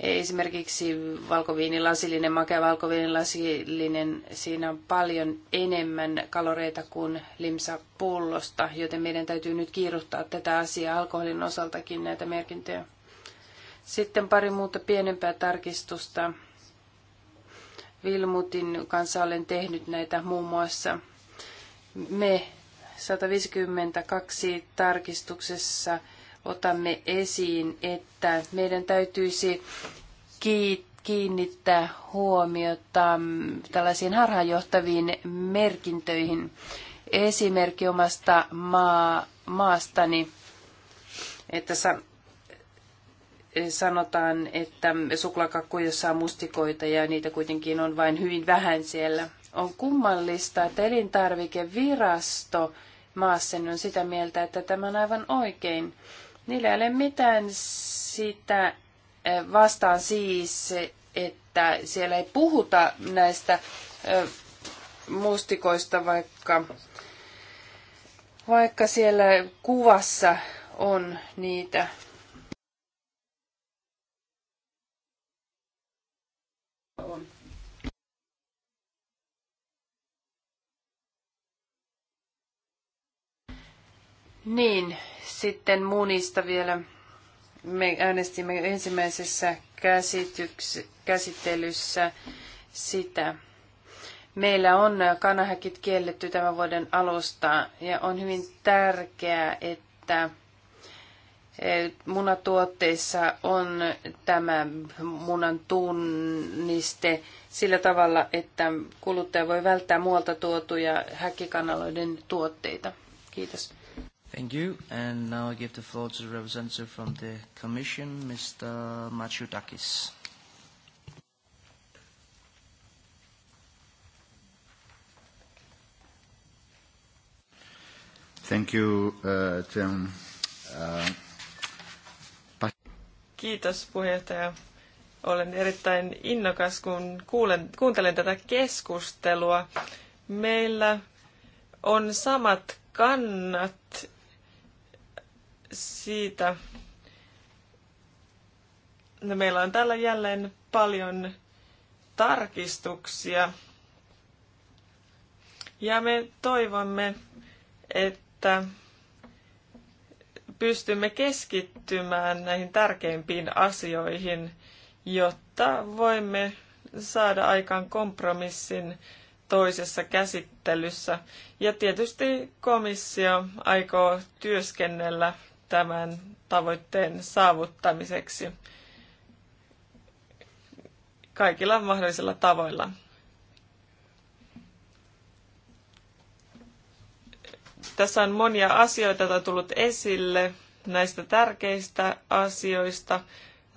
Esimerkiksi valkoviinilasillinen, makea valkoviinilasillinen, siinä on paljon enemmän kaloreita kuin limsapullosta, joten meidän täytyy nyt kiiruhtaa tätä asiaa alkoholin osaltakin näitä merkintöjä. Sitten pari muuta pienempää tarkistusta. Vilmutin kanssa olen tehnyt näitä muun muassa. Me 152 tarkistuksessa otamme esiin, että meidän täytyisi kiinnittää huomiota tällaisiin harhaanjohtaviin merkintöihin. Esimerkki omasta maa, maastani, että sa, sanotaan, että suklaakakku, jossa on mustikoita ja niitä kuitenkin on vain hyvin vähän siellä. On kummallista, että elintarvikevirasto maassa on sitä mieltä, että tämä on aivan oikein. Niillä ei ole mitään sitä vastaan siis, että siellä ei puhuta näistä mustikoista, vaikka, vaikka siellä kuvassa on niitä. Niin, sitten muunista vielä. Me äänestimme ensimmäisessä käsityks- käsittelyssä sitä. Meillä on kanahäkit kielletty tämän vuoden alusta ja on hyvin tärkeää, että e, munatuotteissa on tämä munan tunniste sillä tavalla, että kuluttaja voi välttää muualta tuotuja häkkikanaloiden tuotteita. Kiitos. Thank you. And now I give the floor to the representative from the Commission, Mr. Matsoutakis. Thank you, uh, Tim. Uh, Kiitos puheenjohtaja. Olen erittäin innokas, kun kuulen, kuuntelen tätä keskustelua. Meillä on samat kannat siitä, no meillä on täällä jälleen paljon tarkistuksia. Ja me toivomme, että pystymme keskittymään näihin tärkeimpiin asioihin, jotta voimme saada aikaan kompromissin toisessa käsittelyssä. Ja tietysti komissio aikoo työskennellä tämän tavoitteen saavuttamiseksi kaikilla mahdollisilla tavoilla. Tässä on monia asioita, joita on tullut esille näistä tärkeistä asioista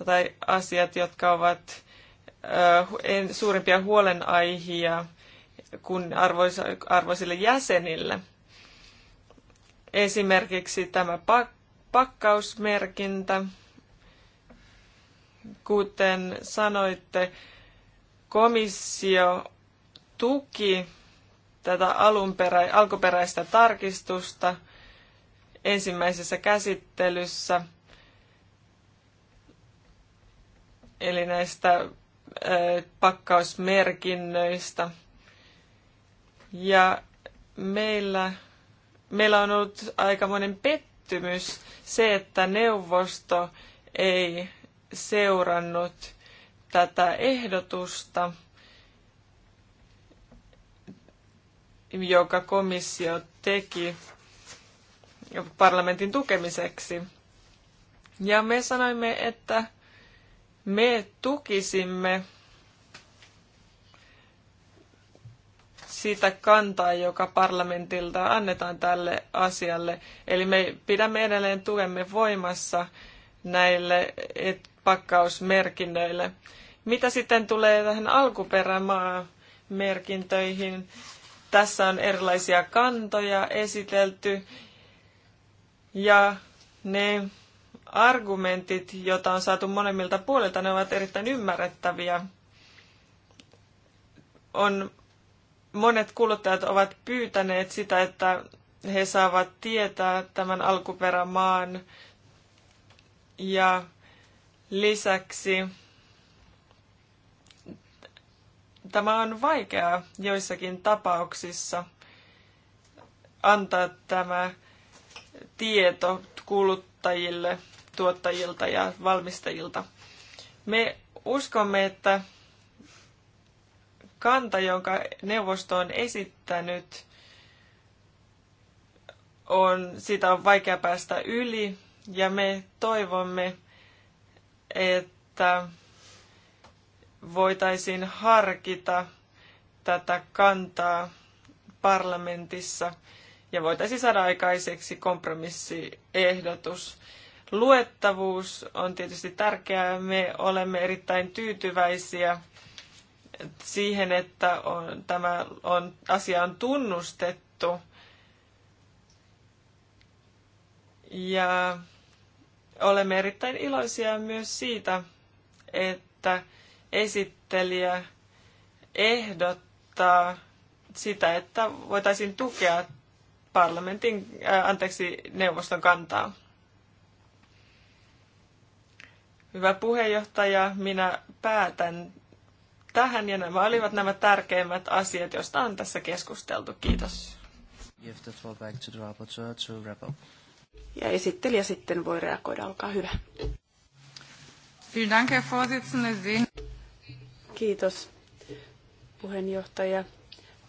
tai asiat, jotka ovat suurimpia huolenaiheja kuin arvoisille jäsenille. Esimerkiksi tämä pak- pakkausmerkintä, kuten sanoitte, komissio tuki tätä alunperä, alkuperäistä tarkistusta ensimmäisessä käsittelyssä. Eli näistä ö, pakkausmerkinnöistä. Ja meillä, meillä on ollut aikamoinen pettymys pettymys se, että neuvosto ei seurannut tätä ehdotusta, joka komissio teki parlamentin tukemiseksi. Ja me sanoimme, että me tukisimme sitä kantaa, joka parlamentilta annetaan tälle asialle. Eli me pidämme edelleen tuemme voimassa näille pakkausmerkinnöille. Mitä sitten tulee tähän alkuperämaa merkintöihin? Tässä on erilaisia kantoja esitelty ja ne argumentit, joita on saatu molemmilta puolilta, ne ovat erittäin ymmärrettäviä. On monet kuluttajat ovat pyytäneet sitä, että he saavat tietää tämän alkuperämaan ja lisäksi tämä on vaikeaa joissakin tapauksissa antaa tämä tieto kuluttajille, tuottajilta ja valmistajilta. Me uskomme, että kanta, jonka neuvosto on esittänyt, on, sitä on vaikea päästä yli, ja me toivomme, että voitaisiin harkita tätä kantaa parlamentissa ja voitaisiin saada aikaiseksi kompromissiehdotus. Luettavuus on tietysti tärkeää. Me olemme erittäin tyytyväisiä siihen, että on, tämä on, asia on tunnustettu. Ja olemme erittäin iloisia myös siitä, että esittelijä ehdottaa sitä, että voitaisiin tukea parlamentin, äh, anteeksi, neuvoston kantaa. Hyvä puheenjohtaja, minä päätän tähän ja nämä olivat nämä tärkeimmät asiat, joista on tässä keskusteltu. Kiitos. Ja esittelijä sitten voi reagoida, olkaa hyvä. Kiitos puheenjohtaja.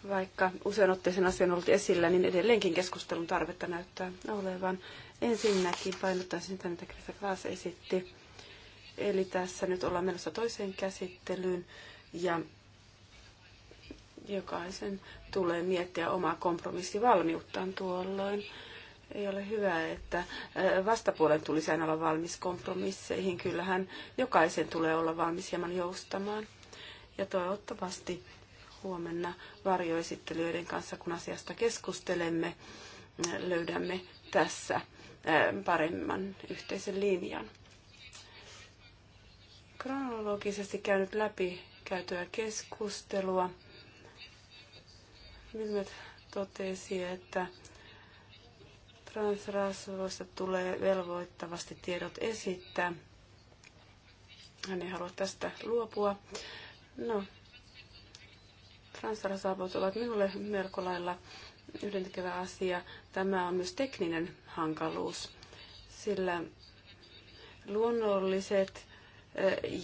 Vaikka usein otteisen asian ollut esillä, niin edelleenkin keskustelun tarvetta näyttää olevan. Ensinnäkin painottaisin sitä, mitä Krista Klaas esitti. Eli tässä nyt ollaan menossa toiseen käsittelyyn ja jokaisen tulee miettiä omaa kompromissivalmiuttaan tuolloin. Ei ole hyvä, että vastapuolen tulisi aina olla valmis kompromisseihin. Kyllähän jokaisen tulee olla valmis hieman joustamaan. Ja toivottavasti huomenna varjoesittelyiden kanssa, kun asiasta keskustelemme, löydämme tässä paremman yhteisen linjan. Kronologisesti käynyt läpi käytyä keskustelua. Milmet totesi, että transrasvoista tulee velvoittavasti tiedot esittää. Hän ei halua tästä luopua. No, transrasvot ovat minulle melko lailla yhdentekevä asia. Tämä on myös tekninen hankaluus, sillä luonnolliset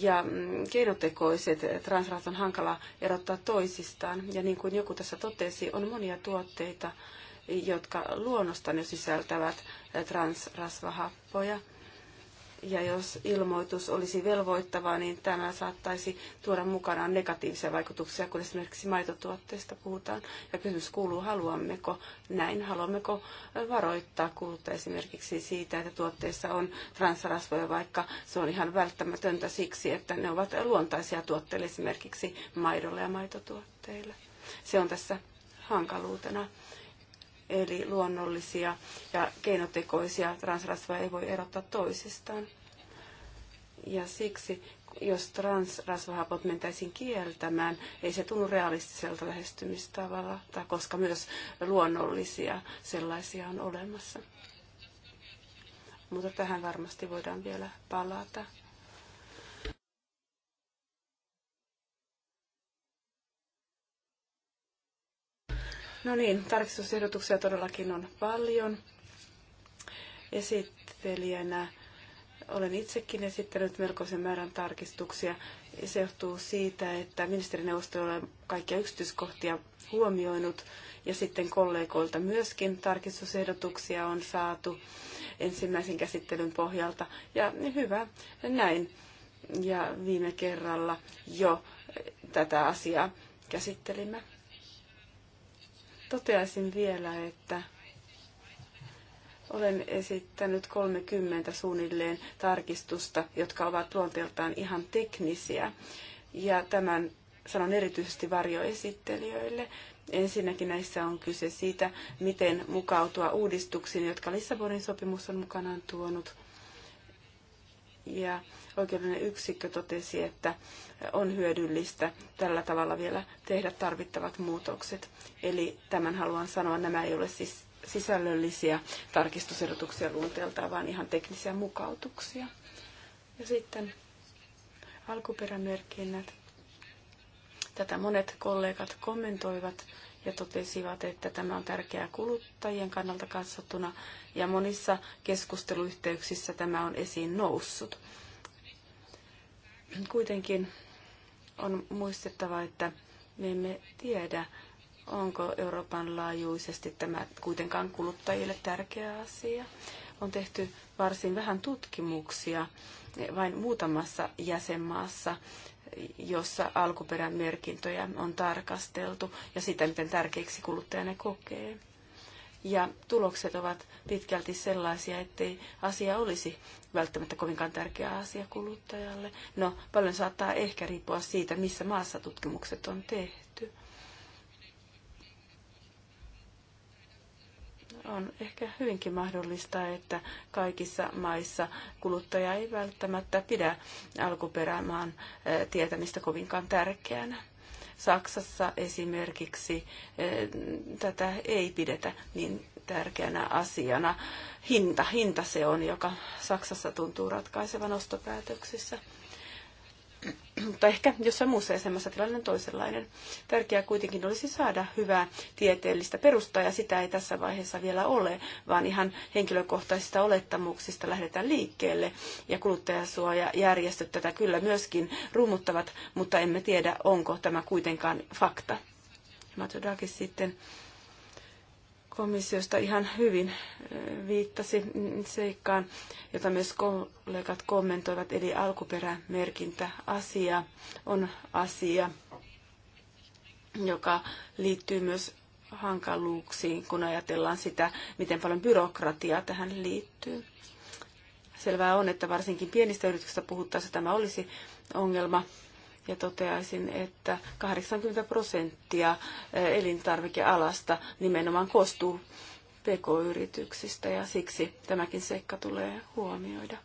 ja mm, keinotekoiset transrahat on hankala erottaa toisistaan. Ja niin kuin joku tässä totesi, on monia tuotteita, jotka luonnostaan jo sisältävät eh, transrasvahappoja ja jos ilmoitus olisi velvoittava, niin tämä saattaisi tuoda mukanaan negatiivisia vaikutuksia, kun esimerkiksi maitotuotteista puhutaan. Ja kysymys kuuluu, haluammeko näin, haluammeko varoittaa kuluttajia esimerkiksi siitä, että tuotteissa on transrasvoja, vaikka se on ihan välttämätöntä siksi, että ne ovat luontaisia tuotteille esimerkiksi maidolle ja maitotuotteille. Se on tässä hankaluutena. Eli luonnollisia ja keinotekoisia transrasvoja ei voi erottaa toisistaan. Ja siksi, jos transrasvahapot mentäisiin kieltämään, ei se tunnu realistiselta lähestymistavalla, tai koska myös luonnollisia sellaisia on olemassa. Mutta tähän varmasti voidaan vielä palata. No niin, tarkistusehdotuksia todellakin on paljon. Esittelijänä olen itsekin esittänyt melkoisen määrän tarkistuksia. Se johtuu siitä, että ministerineuvosto on kaikkia yksityiskohtia huomioinut ja sitten kollegoilta myöskin tarkistusehdotuksia on saatu ensimmäisen käsittelyn pohjalta. Ja niin hyvä, näin. Ja viime kerralla jo tätä asiaa käsittelimme. Toteaisin vielä, että olen esittänyt 30 suunnilleen tarkistusta, jotka ovat luonteeltaan ihan teknisiä. Ja tämän sanon erityisesti varjoesittelijöille. Ensinnäkin näissä on kyse siitä, miten mukautua uudistuksiin, jotka Lissabonin sopimus on mukanaan tuonut. Ja oikeudellinen yksikkö totesi, että on hyödyllistä tällä tavalla vielä tehdä tarvittavat muutokset. Eli tämän haluan sanoa, nämä ei ole siis sisällöllisiä tarkistusehdotuksia luonteeltaan, vaan ihan teknisiä mukautuksia. Ja sitten alkuperämerkinnät. Tätä monet kollegat kommentoivat ja totesivat, että tämä on tärkeää kuluttajien kannalta katsottuna ja monissa keskusteluyhteyksissä tämä on esiin noussut. Kuitenkin on muistettava, että me emme tiedä, onko Euroopan laajuisesti tämä kuitenkaan kuluttajille tärkeä asia. On tehty varsin vähän tutkimuksia vain muutamassa jäsenmaassa, jossa alkuperämerkintöjä on tarkasteltu ja sitä, miten tärkeiksi kuluttaja ne kokee ja tulokset ovat pitkälti sellaisia, ettei asia olisi välttämättä kovinkaan tärkeä asia kuluttajalle. No, paljon saattaa ehkä riippua siitä, missä maassa tutkimukset on tehty. on ehkä hyvinkin mahdollista, että kaikissa maissa kuluttaja ei välttämättä pidä alkuperämaan tietämistä kovinkaan tärkeänä. Saksassa esimerkiksi e, tätä ei pidetä niin tärkeänä asiana. Hinta, hinta se on, joka Saksassa tuntuu ratkaisevan ostopäätöksissä. Mutta ehkä jossain muussa asemassa tilanne on toisenlainen. Tärkeää kuitenkin olisi saada hyvää tieteellistä perustaa, ja sitä ei tässä vaiheessa vielä ole, vaan ihan henkilökohtaisista olettamuksista lähdetään liikkeelle. Ja kuluttajasuojajärjestöt tätä kyllä myöskin rummuttavat, mutta emme tiedä, onko tämä kuitenkaan fakta. Matodakis sitten komissiosta ihan hyvin viittasi seikkaan, jota myös kollegat kommentoivat, eli alkuperämerkintä asia on asia, joka liittyy myös hankaluuksiin, kun ajatellaan sitä, miten paljon byrokratiaa tähän liittyy. Selvää on, että varsinkin pienistä yrityksistä puhuttaessa tämä olisi ongelma, ja toteaisin, että 80 prosenttia eh, elintarvikealasta nimenomaan koostuu pk-yrityksistä ja siksi tämäkin seikka tulee huomioida.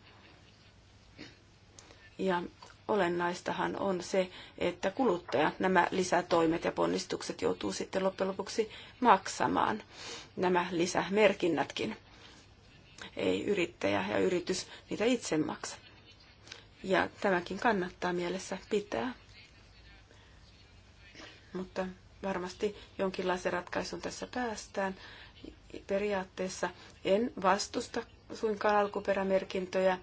Ja olennaistahan on se, että kuluttaja nämä lisätoimet ja ponnistukset joutuu sitten loppujen lopuksi maksamaan, nämä lisämerkinnätkin. Ei yrittäjä ja yritys niitä itse maksa. Ja tämäkin kannattaa mielessä pitää. Mutta varmasti jonkinlaisen ratkaisun tässä päästään. Periaatteessa en vastusta suinkaan alkuperämerkintöjä,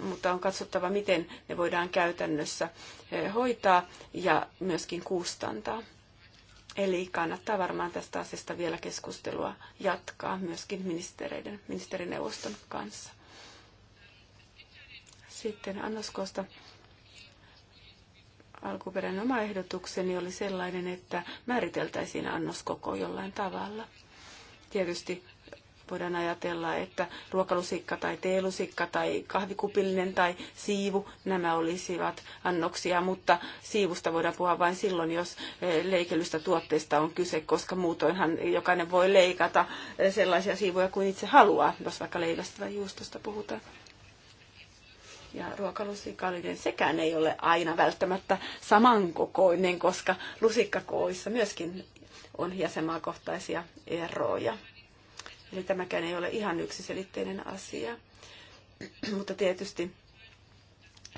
mutta on katsottava, miten ne voidaan käytännössä eh, hoitaa ja myöskin kustantaa. Eli kannattaa varmaan tästä asiasta vielä keskustelua jatkaa myöskin ministereiden, ministerineuvoston kanssa. Sitten annoskosta alkuperäinen oma ehdotukseni oli sellainen, että määriteltäisiin annoskoko jollain tavalla. Tietysti voidaan ajatella, että ruokalusikka tai teelusikka tai kahvikupillinen tai siivu, nämä olisivat annoksia, mutta siivusta voidaan puhua vain silloin, jos eh, leikelystä tuotteesta on kyse, koska muutoinhan jokainen voi leikata eh, sellaisia siivuja kuin itse haluaa, jos vaikka leivästä tai juustosta puhutaan ja ruokalusikallinen sekään ei ole aina välttämättä samankokoinen, koska lusikkakooissa myöskin on jäsenmaakohtaisia eroja. Eli tämäkään ei ole ihan yksiselitteinen asia. Mutta tietysti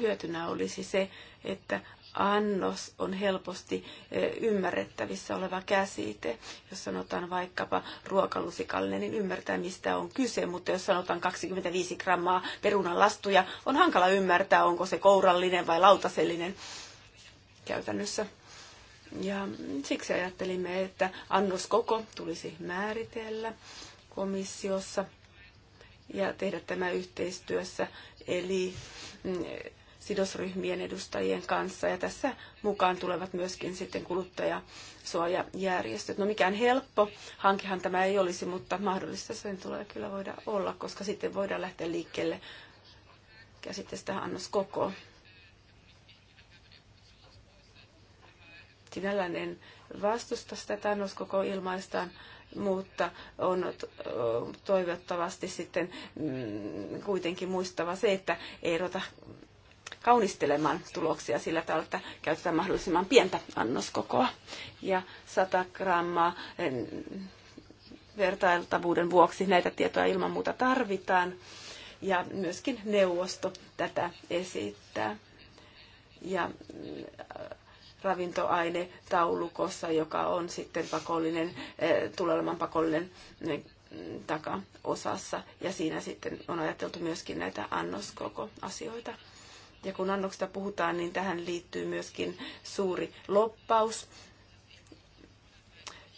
hyötynä olisi se, että annos on helposti eh, ymmärrettävissä oleva käsite. Jos sanotaan vaikkapa ruokalusikallinen, niin ymmärtää mistä on kyse, mutta jos sanotaan 25 grammaa lastuja, on hankala ymmärtää, onko se kourallinen vai lautasellinen käytännössä. Ja siksi ajattelimme, että annoskoko tulisi määritellä komissiossa ja tehdä tämä yhteistyössä. Eli mm, sidosryhmien edustajien kanssa ja tässä mukaan tulevat myöskin sitten kuluttajasuojajärjestöt. No mikään helppo hankehan tämä ei olisi, mutta mahdollista sen tulee kyllä voida olla, koska sitten voidaan lähteä liikkeelle käsitteestä annos koko. Sinällään en vastusta sitä annos koko ilmaistaan, mutta on toivottavasti sitten mm, kuitenkin muistava se, että ei erota kaunistelemaan tuloksia sillä tavalla, että käytetään mahdollisimman pientä annoskokoa. Ja 100 grammaa vertailtavuuden vuoksi näitä tietoja ilman muuta tarvitaan. Ja myöskin neuvosto tätä esittää. Ja äh, ravintoaine taulukossa joka on sitten pakollinen, äh, tulee olemaan pakollinen äh, takaosassa. Ja siinä sitten on ajateltu myöskin näitä annoskokoasioita ja kun annoksesta puhutaan, niin tähän liittyy myöskin suuri loppaus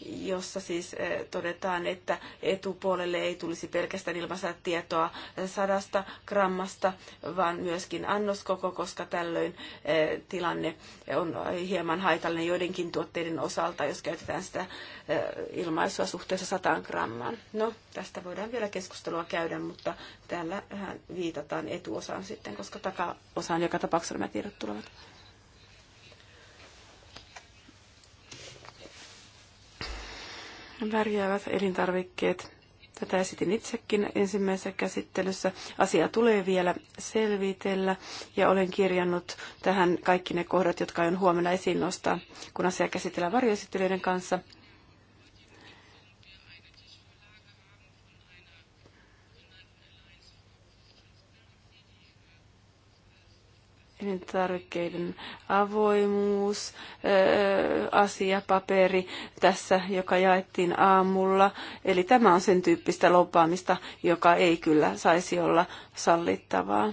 jossa siis eh, todetaan, että etupuolelle ei tulisi pelkästään ilmaista tietoa eh, sadasta grammasta, vaan myöskin annoskoko, koska tällöin eh, tilanne on hieman haitallinen joidenkin tuotteiden osalta, jos käytetään sitä ilmaisua suhteessa sataan grammaan. No, tästä voidaan vielä keskustelua käydä, mutta täällä viitataan etuosaan sitten, koska takaosaan joka tapauksessa nämä tiedot tulevat. värjäävät elintarvikkeet. Tätä esitin itsekin ensimmäisessä käsittelyssä. Asia tulee vielä selvitellä ja olen kirjannut tähän kaikki ne kohdat, jotka on huomenna esiin nostaa, kun asia käsitellään varjoesittelyiden kanssa. elintarvikkeiden avoimuus, asiapaperi tässä, joka jaettiin aamulla. Eli tämä on sen tyyppistä lopaamista, joka ei kyllä saisi olla sallittavaa.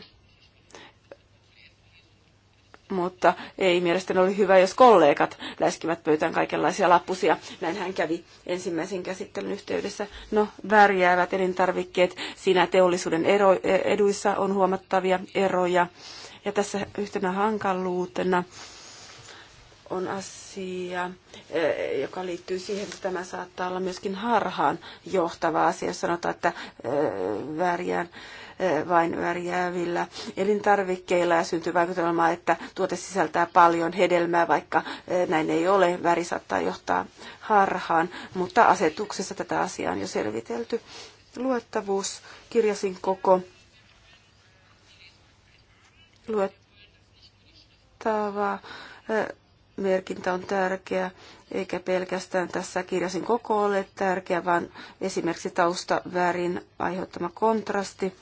Mutta ei mielestäni oli hyvä, jos kollegat läskivät pöytään kaikenlaisia lappusia. Näin hän kävi ensimmäisen käsittelyn yhteydessä. No, värjäävät elintarvikkeet. Siinä teollisuuden ero, e, eduissa on huomattavia eroja ja tässä yhtenä hankaluutena on asia, e, joka liittyy siihen, että tämä saattaa olla myöskin harhaan johtava asia, jos sanotaan, että e, väriään, e, vain värjäävillä elintarvikkeilla ja syntyy vaikutelma, että tuote sisältää paljon hedelmää, vaikka näin ei ole. Väri saattaa johtaa harhaan, mutta asetuksessa tätä asiaa on jo selvitelty. Luettavuus, kirjasin koko luettava merkintä on tärkeä, eikä pelkästään tässä kirjasin koko ole tärkeä, vaan esimerkiksi taustavärin aiheuttama kontrasti.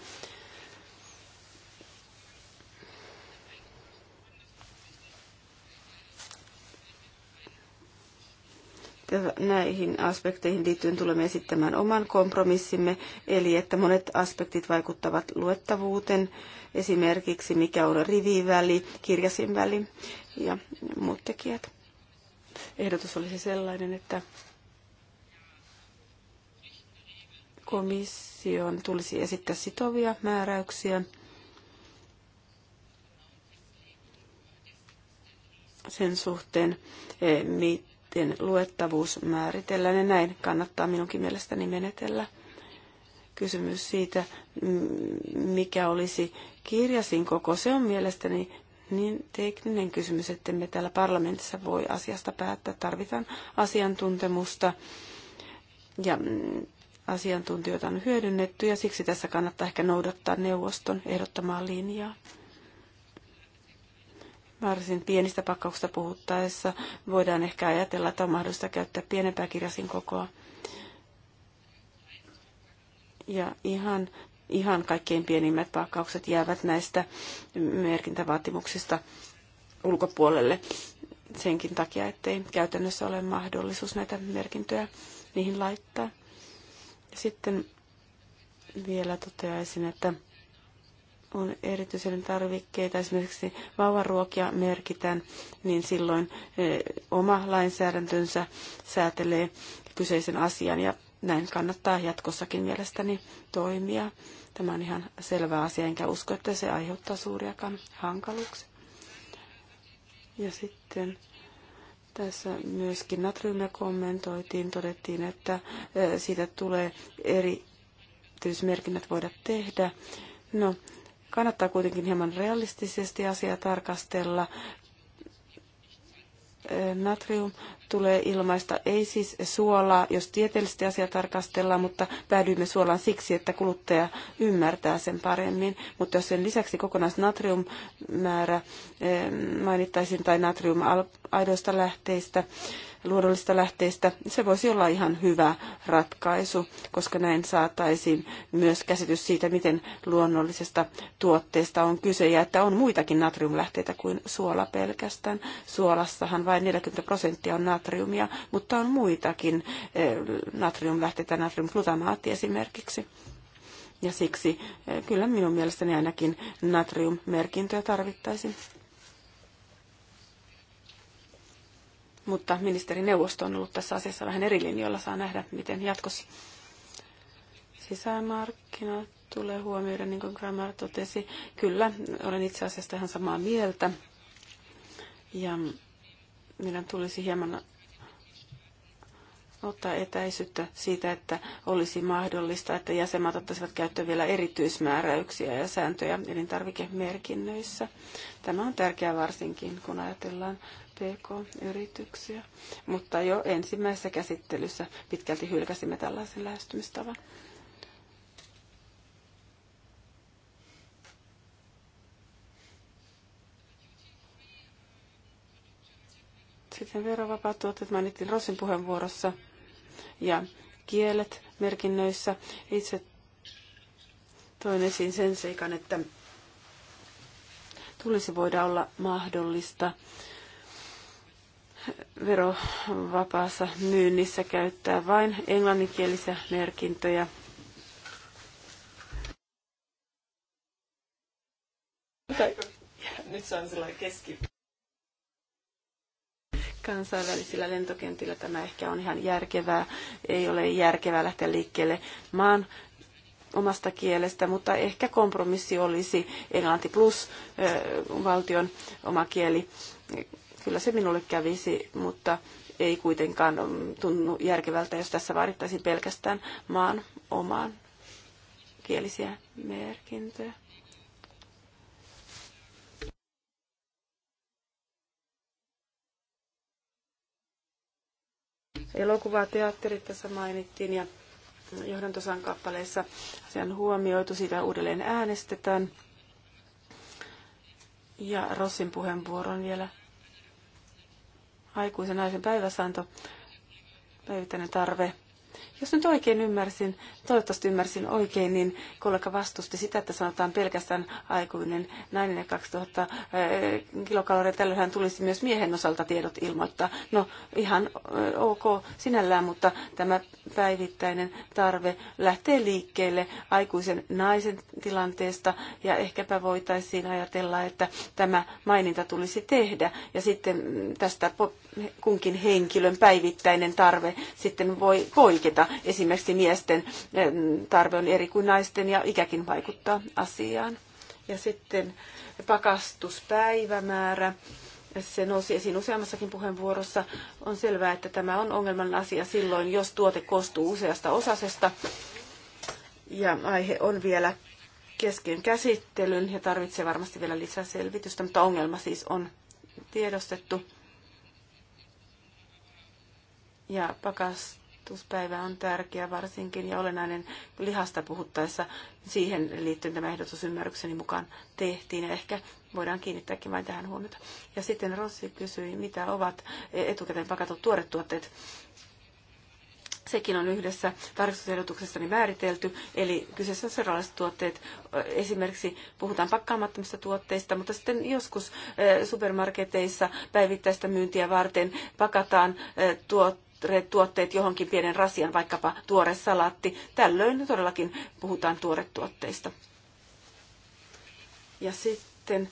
Näihin aspekteihin liittyen tulemme esittämään oman kompromissimme, eli että monet aspektit vaikuttavat luettavuuteen esimerkiksi mikä on riviväli, kirjasinväli ja muut tekijät. Ehdotus olisi sellainen, että komission tulisi esittää sitovia määräyksiä sen suhteen, eh, miten luettavuus määritellään. Ja näin kannattaa minunkin mielestäni menetellä kysymys siitä, mikä olisi kirjasin koko, se on mielestäni niin tekninen kysymys, että me täällä parlamentissa voi asiasta päättää. Tarvitaan asiantuntemusta ja asiantuntijoita on hyödynnetty ja siksi tässä kannattaa ehkä noudattaa neuvoston ehdottamaa linjaa. Varsin pienistä pakkauksista puhuttaessa voidaan ehkä ajatella, että on mahdollista käyttää pienempää kirjasin kokoa. Ja ihan, ihan kaikkein pienimmät pakkaukset jäävät näistä merkintävaatimuksista ulkopuolelle senkin takia, ettei käytännössä ole mahdollisuus näitä merkintöjä niihin laittaa. Ja sitten vielä toteaisin, että on erityisen tarvikkeita, esimerkiksi vauvaruokia merkitään, niin silloin eh, oma lainsäädäntönsä säätelee kyseisen asian ja näin kannattaa jatkossakin mielestäni toimia. Tämä on ihan selvä asia, enkä usko, että se aiheuttaa suuriakaan hankaluuksia. Ja sitten tässä myöskin natriumia kommentoitiin, todettiin, että e, siitä tulee erityismerkinnät voida tehdä. No, kannattaa kuitenkin hieman realistisesti asiaa tarkastella, natrium tulee ilmaista, ei siis suolaa, jos tieteellisesti asiaa tarkastellaan, mutta päädyimme suolaan siksi, että kuluttaja ymmärtää sen paremmin. Mutta jos sen lisäksi kokonaisnatriummäärä eh, mainittaisiin tai natrium aidoista lähteistä, luonnollisista lähteistä, se voisi olla ihan hyvä ratkaisu, koska näin saataisiin myös käsitys siitä, miten luonnollisesta tuotteesta on kyse ja että on muitakin natriumlähteitä kuin suola pelkästään. Suolassahan vain 40 prosenttia on natriumia, mutta on muitakin eh, natriumlähteitä, natriumglutamaatti esimerkiksi. Ja siksi eh, kyllä minun mielestäni ainakin natriummerkintöä tarvittaisiin. mutta ministerineuvosto on ollut tässä asiassa vähän eri linjoilla. Saa nähdä, miten jatkossa sisämarkkinat tulee huomioida, niin kuin Grammar totesi. Kyllä, olen itse asiassa ihan samaa mieltä. Ja meidän tulisi hieman ottaa etäisyyttä siitä, että olisi mahdollista, että jäsenmaat ottaisivat käyttöön vielä erityismääräyksiä ja sääntöjä elintarvikemerkinnöissä. Tämä on tärkeää varsinkin, kun ajatellaan PK-yrityksiä, mutta jo ensimmäisessä käsittelyssä pitkälti hylkäsimme tällaisen lähestymistavan. Sitten verovapaat tuotteet mainittiin Rosin puheenvuorossa ja kielet merkinnöissä. Itse toin esiin sen seikan, että tulisi voida olla mahdollista verovapaassa myynnissä käyttää vain englanninkielisiä merkintöjä. Nyt se on sellainen keski. Kansainvälisillä lentokentillä tämä ehkä on ihan järkevää. Ei ole järkevää lähteä liikkeelle maan omasta kielestä, mutta ehkä kompromissi olisi englanti plus valtion oma kieli Kyllä se minulle kävisi, mutta ei kuitenkaan tunnu järkevältä, jos tässä vaadittaisiin pelkästään maan omaan kielisiä merkintöjä. Elokuvateatterit tässä mainittiin ja johdantosan kappaleissa on huomioitu, sitä uudelleen äänestetään. Ja Rossin puheenvuoron vielä aikuisen naisen päiväsanto, päivittäinen tarve. Jos nyt oikein ymmärsin, toivottavasti ymmärsin oikein, niin kollega vastusti sitä, että sanotaan pelkästään aikuinen nainen ja 2000 eh, kilokaloria. Tällöinhän tulisi myös miehen osalta tiedot ilmoittaa. No ihan eh, ok sinällään, mutta tämä päivittäinen tarve lähtee liikkeelle aikuisen naisen tilanteesta ja ehkäpä voitaisiin ajatella, että tämä maininta tulisi tehdä ja sitten tästä kunkin henkilön päivittäinen tarve sitten voi poiketa esimerkiksi miesten tarve on eri kuin naisten ja ikäkin vaikuttaa asiaan. Ja sitten pakastuspäivämäärä se nousi esiin useammassakin puheenvuorossa, on selvää, että tämä on ongelman asia silloin, jos tuote koostuu useasta osasesta. Ja aihe on vielä kesken käsittelyn ja tarvitsee varmasti vielä lisää selvitystä, mutta ongelma siis on tiedostettu. Ja pakastuspäivämäärä. Tuspäivä on tärkeä varsinkin ja olennainen lihasta puhuttaessa. Siihen liittyen tämä ehdotus ymmärrykseni mukaan tehtiin ja ehkä voidaan kiinnittääkin vain tähän huomiota. Ja sitten Rossi kysyi, mitä ovat etukäteen pakatut tuoretuotteet. Sekin on yhdessä tarkastusehdotuksessani määritelty, eli kyseessä on seuraavalliset tuotteet. Esimerkiksi puhutaan pakkaamattomista tuotteista, mutta sitten joskus eh, supermarketeissa päivittäistä myyntiä varten pakataan eh, tuotteita tuotteet johonkin pienen rasian, vaikkapa tuore salaatti. Tällöin todellakin puhutaan tuoretuotteista. Ja sitten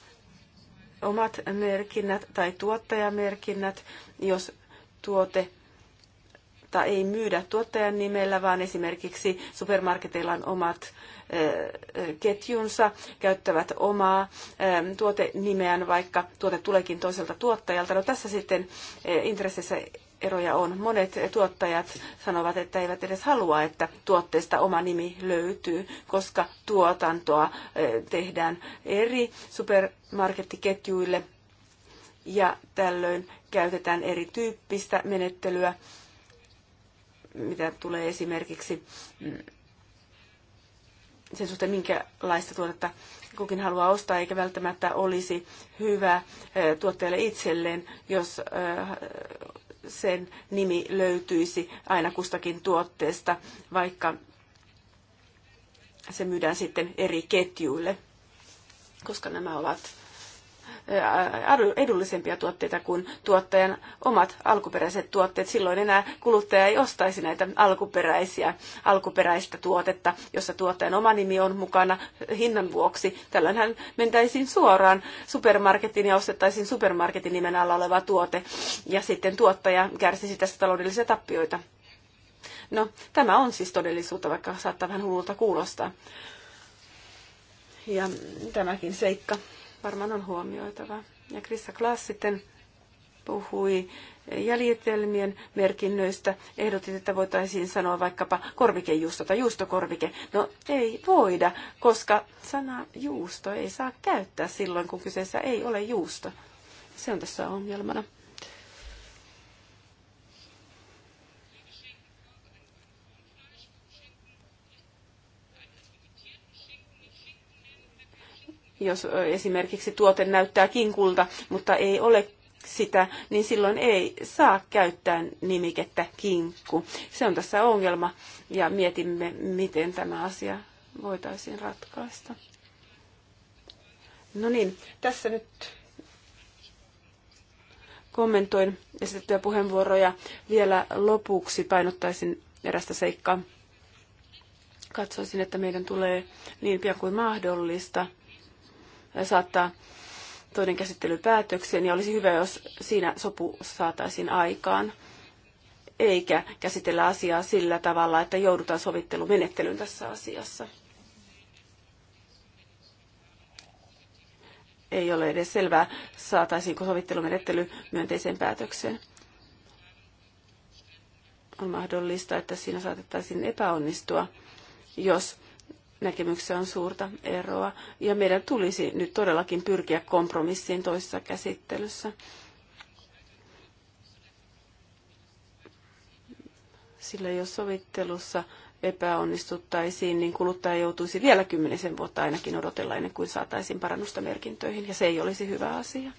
omat merkinnät tai tuottajamerkinnät, jos tuote tai ei myydä tuottajan nimellä, vaan esimerkiksi supermarketeilla on omat ketjunsa, käyttävät omaa tuotenimeään, vaikka tuote tuleekin toiselta tuottajalta. No tässä sitten intressissä eroja on. Monet tuottajat sanovat, että eivät edes halua, että tuotteesta oma nimi löytyy, koska tuotantoa eh, tehdään eri supermarkettiketjuille ja tällöin käytetään erityyppistä menettelyä, mitä tulee esimerkiksi mm, sen suhteen, minkälaista tuotetta kukin haluaa ostaa, eikä välttämättä olisi hyvä eh, tuotteelle itselleen, jos eh, sen nimi löytyisi aina kustakin tuotteesta, vaikka se myydään sitten eri ketjuille, koska nämä ovat edullisempia tuotteita kuin tuottajan omat alkuperäiset tuotteet. Silloin enää kuluttaja ei ostaisi näitä alkuperäisiä, alkuperäistä tuotetta, jossa tuottajan oma nimi on mukana hinnan vuoksi. tällöin hän mentäisiin suoraan supermarketin ja ostettaisiin supermarketin nimen alla oleva tuote ja sitten tuottaja kärsisi tästä taloudellisia tappioita. No, tämä on siis todellisuutta, vaikka saattaa vähän hullulta kuulostaa. Ja tämäkin seikka varmaan on huomioitava. Ja Krista Klaas sitten puhui jäljitelmien merkinnöistä. Ehdotit, että voitaisiin sanoa vaikkapa korvikejuusto tai juustokorvike. No ei voida, koska sana juusto ei saa käyttää silloin, kun kyseessä ei ole juusto. Se on tässä ongelmana. Jos esimerkiksi tuote näyttää kinkulta, mutta ei ole sitä, niin silloin ei saa käyttää nimikettä kinkku. Se on tässä ongelma ja mietimme, miten tämä asia voitaisiin ratkaista. No niin, tässä nyt kommentoin esitettyjä puheenvuoroja. Vielä lopuksi painottaisin erästä seikkaa. Katsoisin, että meidän tulee niin pian kuin mahdollista – saattaa toinen käsittely päätökseen ja niin olisi hyvä, jos siinä sopu saataisiin aikaan eikä käsitellä asiaa sillä tavalla, että joudutaan sovittelumenettelyyn tässä asiassa. Ei ole edes selvää, saataisiinko sovittelumenettely myönteiseen päätökseen. On mahdollista, että siinä saatettaisiin epäonnistua, jos näkemyksessä on suurta eroa. Ja meidän tulisi nyt todellakin pyrkiä kompromissiin toisessa käsittelyssä. Sillä jos sovittelussa epäonnistuttaisiin, niin kuluttaja joutuisi vielä kymmenisen vuotta ainakin odotella ennen kuin saataisiin parannusta merkintöihin, ja se ei olisi hyvä asia.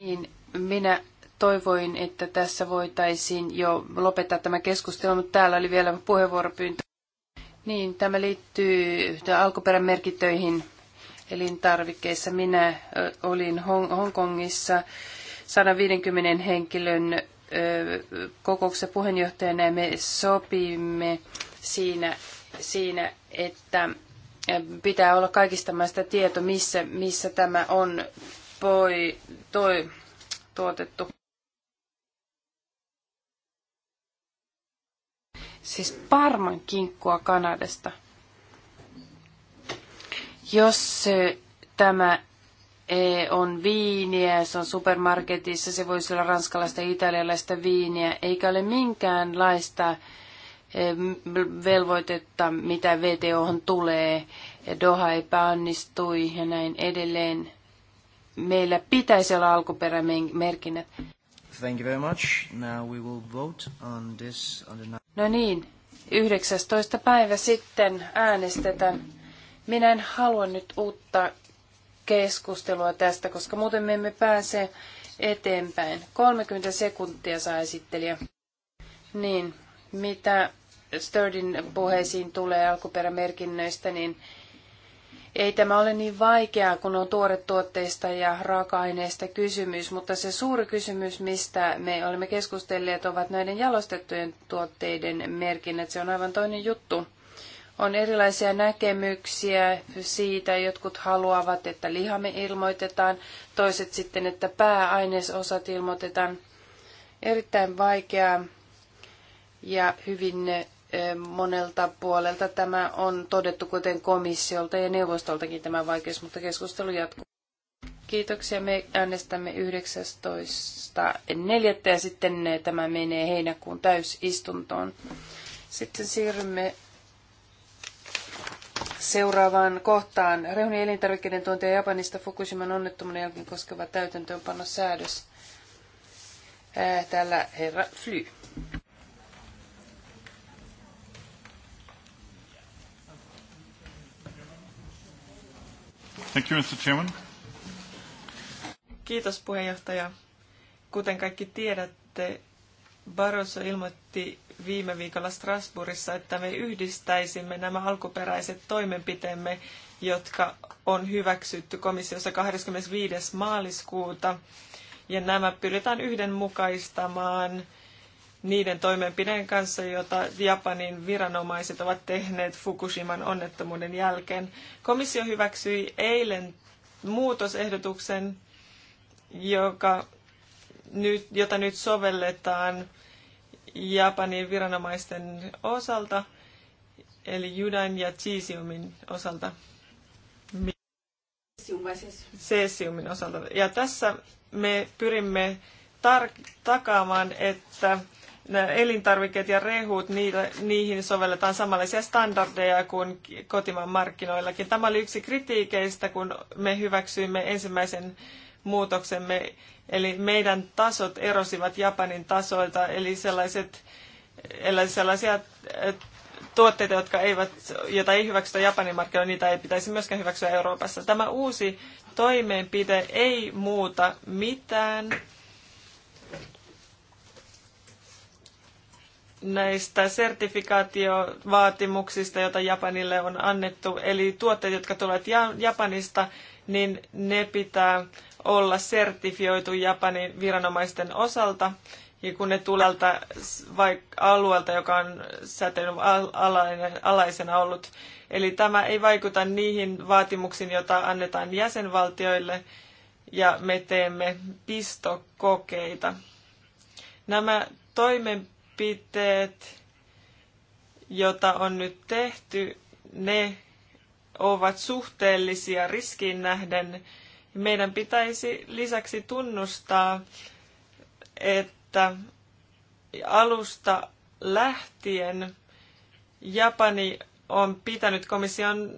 Niin, minä toivoin, että tässä voitaisiin jo lopettaa tämä keskustelu, mutta täällä oli vielä puheenvuoropyyntö. Niin, tämä liittyy alkuperämerkintöihin elintarvikkeissa. Minä olin Hongkongissa 150 henkilön kokouksessa puheenjohtajana ja me sopimme siinä, siinä että pitää olla kaikista maista tieto, missä, missä tämä on poi, toi, tuotettu. siis parman kinkkua Kanadasta. Jos tämä e, on viiniä, se on supermarketissa, se voisi olla ranskalaista ja italialaista viiniä, eikä ole minkäänlaista e, velvoitetta, mitä VTOhan tulee. Doha epäonnistui ja näin edelleen. Meillä pitäisi olla alkuperämerkinnät. Thank you very much. Now we will vote on this on the... No niin, 19. päivä sitten äänestetään. Minä en halua nyt uutta keskustelua tästä, koska muuten me emme pääse eteenpäin. 30 sekuntia saa esittelijä. Niin, mitä Sturdin puheisiin tulee alkuperämerkinnöistä, niin ei tämä ole niin vaikeaa, kun on tuotteista ja raaka-aineista kysymys, mutta se suuri kysymys, mistä me olemme keskustelleet, ovat näiden jalostettujen tuotteiden merkinnät. Se on aivan toinen juttu. On erilaisia näkemyksiä siitä, jotkut haluavat, että lihamme ilmoitetaan, toiset sitten, että pääainesosat ilmoitetaan. Erittäin vaikeaa ja hyvin monelta puolelta tämä on todettu, kuten komissiolta ja neuvostoltakin tämä vaikeus, mutta keskustelu jatkuu. Kiitoksia. Me äänestämme 19.4. ja sitten tämä menee heinäkuun täysistuntoon. Sitten siirrymme seuraavaan kohtaan. Rehun ja elintarvikkeiden tuontia Japanista Fukushiman onnettomuuden jälkeen koskeva täytäntöönpanosäädös. Täällä herra Fly. Thank you, Mr. Chairman. Kiitos puheenjohtaja. Kuten kaikki tiedätte, Barroso ilmoitti viime viikolla Strasbourgissa, että me yhdistäisimme nämä alkuperäiset toimenpiteemme, jotka on hyväksytty komissiossa 25. maaliskuuta. Ja nämä pyritään yhdenmukaistamaan niiden toimenpideen kanssa, jota Japanin viranomaiset ovat tehneet Fukushiman onnettomuuden jälkeen. Komissio hyväksyi eilen muutosehdotuksen, joka nyt, jota nyt sovelletaan Japanin viranomaisten osalta, eli Judan ja Cesiumin osalta. Cesiumin osalta. Ja tässä me pyrimme tar- takaamaan, että elintarvikkeet ja rehut, niihin sovelletaan samanlaisia standardeja kuin kotimaan markkinoillakin. Tämä oli yksi kritiikeistä, kun me hyväksyimme ensimmäisen muutoksemme, eli meidän tasot erosivat Japanin tasoilta, eli sellaiset, eli sellaisia eh, tuotteita, jotka eivät, joita ei hyväksytä Japanin markkinoilla, niitä ei pitäisi myöskään hyväksyä Euroopassa. Tämä uusi toimeenpide ei muuta mitään näistä sertifikaatiovaatimuksista, joita Japanille on annettu. Eli tuotteet, jotka tulevat Japanista, niin ne pitää olla sertifioitu Japanin viranomaisten osalta. Ja kun ne tulevat alueelta, joka on säteilyn alaisena ollut. Eli tämä ei vaikuta niihin vaatimuksiin, joita annetaan jäsenvaltioille, ja me teemme pistokokeita. Nämä toimenpiteet toimenpiteet, joita on nyt tehty, ne ovat suhteellisia riskiin nähden. Meidän pitäisi lisäksi tunnustaa, että alusta lähtien Japani on pitänyt komission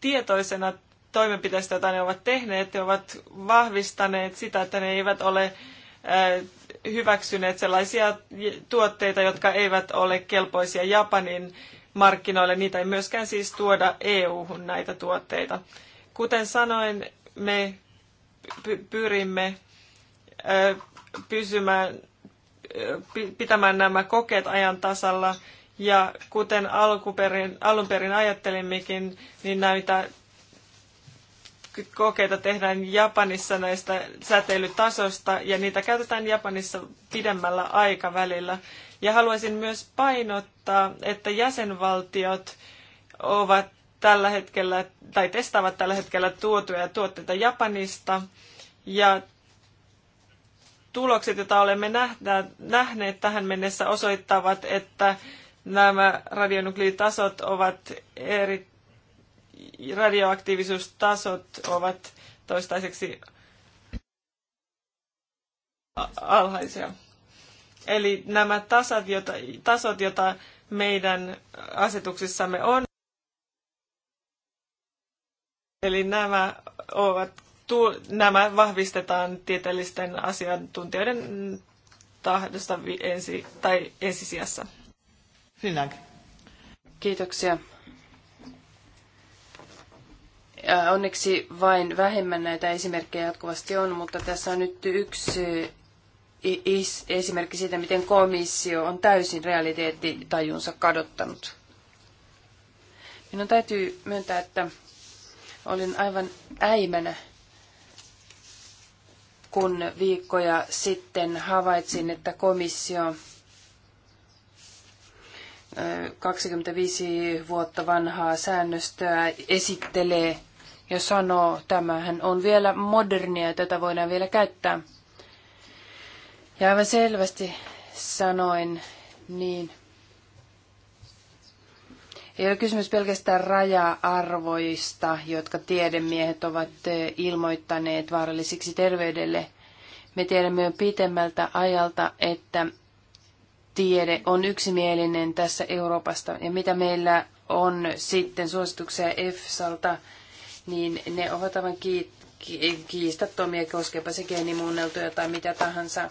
tietoisena toimenpiteistä, joita ne ovat tehneet. Ne ovat vahvistaneet sitä, että ne eivät ole äh, hyväksyneet sellaisia tuotteita, jotka eivät ole kelpoisia Japanin markkinoille. Niitä ei myöskään siis tuoda EU-hun näitä tuotteita. Kuten sanoin, me pyrimme pysymään, pitämään nämä kokeet ajan tasalla. Ja kuten alunperin alun perin ajattelimmekin, niin näitä kokeita tehdään Japanissa näistä säteilytasosta ja niitä käytetään Japanissa pidemmällä aikavälillä. Ja haluaisin myös painottaa, että jäsenvaltiot ovat tällä hetkellä tai testaavat tällä hetkellä tuotuja tuotteita Japanista ja tulokset, joita olemme nähneet tähän mennessä, osoittavat, että nämä radionukliitasot ovat eri, radioaktiivisuustasot ovat toistaiseksi alhaisia. Eli nämä tasat, jota, tasot, joita meidän asetuksissamme on, eli nämä, ovat, nämä vahvistetaan tieteellisten asiantuntijoiden tahdosta ensi, tai ensisijassa. Vielen Kiitoksia. Onneksi vain vähemmän näitä esimerkkejä jatkuvasti on, mutta tässä on nyt yksi esimerkki siitä, miten komissio on täysin realiteettitajunsa kadottanut. Minun täytyy myöntää, että olin aivan äimänä, kun viikkoja sitten havaitsin, että komissio 25 vuotta vanhaa säännöstöä esittelee ja sanoo, tämähän on vielä modernia ja tätä voidaan vielä käyttää. Ja aivan selvästi sanoin, niin ei ole kysymys pelkästään raja-arvoista, jotka tiedemiehet ovat e, ilmoittaneet vaarallisiksi terveydelle. Me tiedämme jo pitemmältä ajalta, että tiede on yksimielinen tässä Euroopasta. Ja mitä meillä on sitten suosituksia EFSAlta niin ne ovat aivan kiistattomia, koskepa se geenimuunneltuja tai mitä tahansa.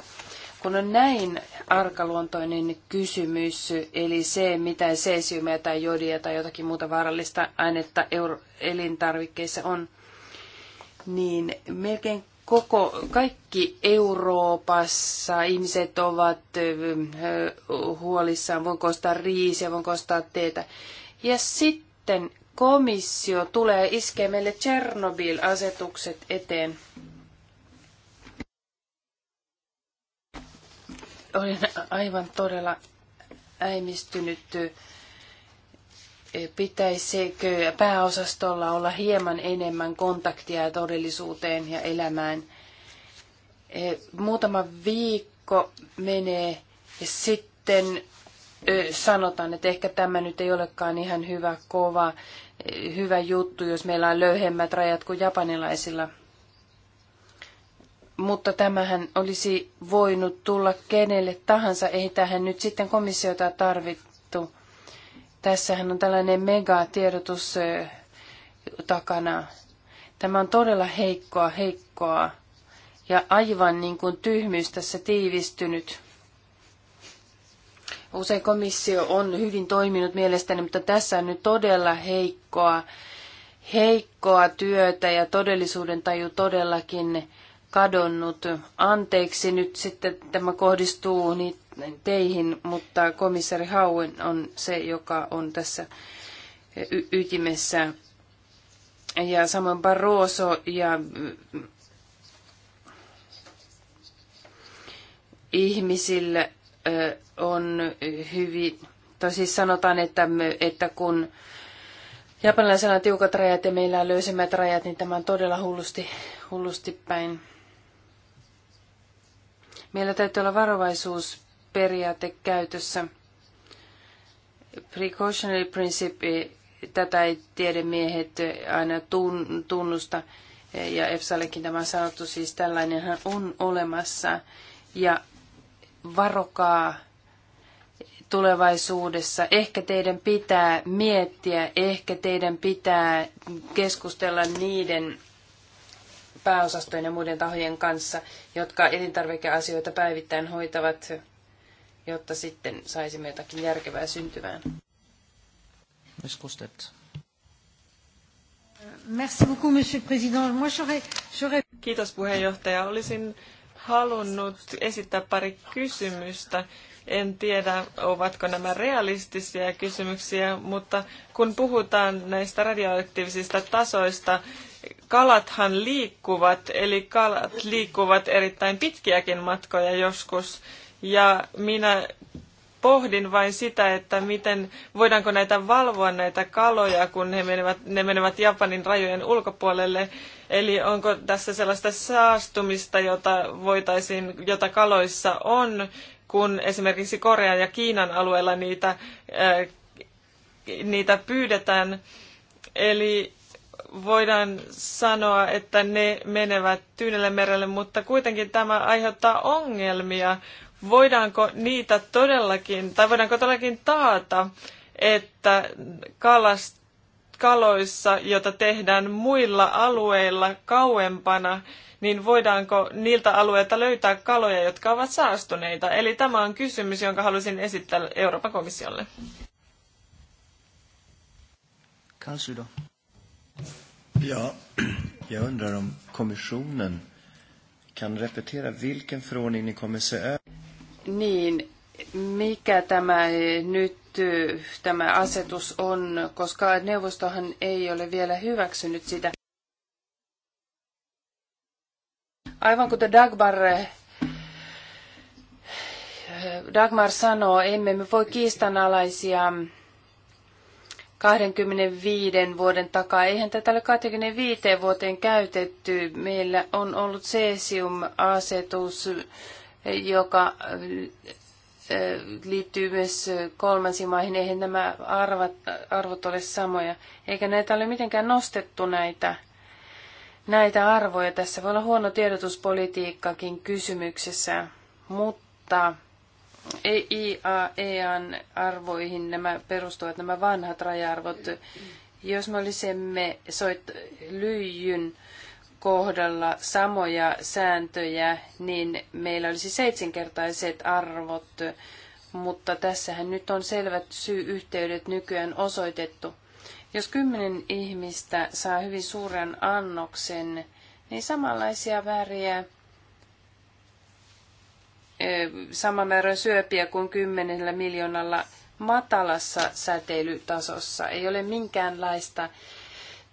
Kun on näin arkaluontoinen kysymys, eli se, mitä seesiumia tai jodia tai jotakin muuta vaarallista ainetta elintarvikkeissa on, niin melkein koko, kaikki Euroopassa ihmiset ovat huolissaan, voinko ostaa riisiä, voinko ostaa teetä. Ja sitten komissio tulee iskeä meille Chernobyl-asetukset eteen. Olen aivan todella äimistynyt. Pitäisikö pääosastolla olla hieman enemmän kontaktia todellisuuteen ja elämään? Muutama viikko menee ja sitten sanotaan, että ehkä tämä nyt ei olekaan ihan hyvä, kova, hyvä juttu, jos meillä on löyhemmät rajat kuin japanilaisilla. Mutta tämähän olisi voinut tulla kenelle tahansa, ei tähän nyt sitten komissiota tarvittu. Tässähän on tällainen megatiedotus takana. Tämä on todella heikkoa, heikkoa ja aivan niin kuin tyhmyys tässä tiivistynyt. Usein komissio on hyvin toiminut mielestäni, mutta tässä on nyt todella heikkoa, heikkoa työtä ja todellisuuden taju todellakin kadonnut. Anteeksi nyt sitten tämä kohdistuu teihin, mutta komissari Hauen on se, joka on tässä y- ytimessä. Ja samoin Barroso ja mm, ihmisille on hyvin, tai siis sanotaan, että, että kun japanilaisilla on tiukat rajat ja meillä on löysemmät rajat, niin tämä on todella hullusti, hullusti päin. Meillä täytyy olla varovaisuusperiaate käytössä. Precautionary principle, tätä ei tiedemiehet aina tunnusta, ja EFSAllekin tämä on sanottu, siis tällainenhan on olemassa. Ja varokaa tulevaisuudessa. Ehkä teidän pitää miettiä, ehkä teidän pitää keskustella niiden pääosastojen ja muiden tahojen kanssa, jotka elintarvikeasioita päivittäin hoitavat, jotta sitten saisimme jotakin järkevää syntymään. Kiitos puheenjohtaja. Olisin halunnut esittää pari kysymystä. En tiedä, ovatko nämä realistisia kysymyksiä, mutta kun puhutaan näistä radioaktiivisista tasoista, kalathan liikkuvat, eli kalat liikkuvat erittäin pitkiäkin matkoja joskus. Ja minä pohdin vain sitä, että miten voidaanko näitä valvoa näitä kaloja, kun he menevät, ne menevät Japanin rajojen ulkopuolelle. Eli onko tässä sellaista saastumista, jota, voitaisiin, jota kaloissa on, kun esimerkiksi Korean ja Kiinan alueella niitä, äh, niitä pyydetään. Eli voidaan sanoa, että ne menevät Tyynelle merelle, mutta kuitenkin tämä aiheuttaa ongelmia voidaanko niitä todellakin, tai voidaanko todellakin taata, että kalast, kaloissa, joita tehdään muilla alueilla kauempana, niin voidaanko niiltä alueilta löytää kaloja, jotka ovat saastuneita? Eli tämä on kysymys, jonka halusin esittää Euroopan komissiolle. Kansudo. Ja, jag undrar om kommissionen kan repetera vilken förordning ni kommer se över. Niin, mikä tämä nyt tämä asetus on, koska neuvostohan ei ole vielä hyväksynyt sitä. Aivan kuten Dagmar, Dagmar sanoo, emme me voi kiistanalaisia 25 vuoden takaa. Eihän tätä ole 25 vuoteen käytetty. Meillä on ollut cesium-asetus joka liittyy myös kolmansiin maihin. Eihän nämä arvat, arvot ole samoja, eikä näitä ole mitenkään nostettu näitä, näitä arvoja. Tässä voi olla huono tiedotuspolitiikkakin kysymyksessä, mutta EIAEAn arvoihin nämä perustuvat nämä vanhat raja-arvot. Jos me olisimme soit lyijyn kohdalla samoja sääntöjä, niin meillä olisi seitsemänkertaiset arvot, mutta tässähän nyt on selvät syy-yhteydet nykyään osoitettu. Jos kymmenen ihmistä saa hyvin suuren annoksen, niin samanlaisia väriä, sama määrä syöpiä kuin kymmenellä miljoonalla matalassa säteilytasossa. Ei ole minkäänlaista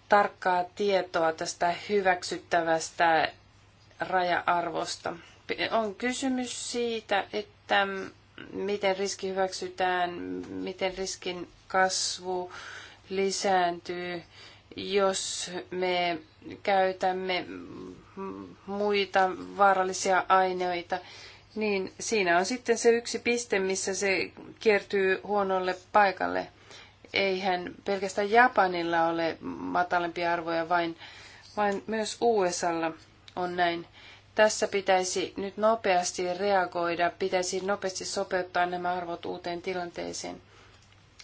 tarkkaa tietoa tästä hyväksyttävästä raja-arvosta. On kysymys siitä, että miten riski hyväksytään, miten riskin kasvu lisääntyy, jos me käytämme muita vaarallisia aineita, niin siinä on sitten se yksi piste, missä se kiertyy huonolle paikalle eihän pelkästään Japanilla ole matalampia arvoja, vain, vaan myös USAlla on näin. Tässä pitäisi nyt nopeasti reagoida, pitäisi nopeasti sopeuttaa nämä arvot uuteen tilanteeseen.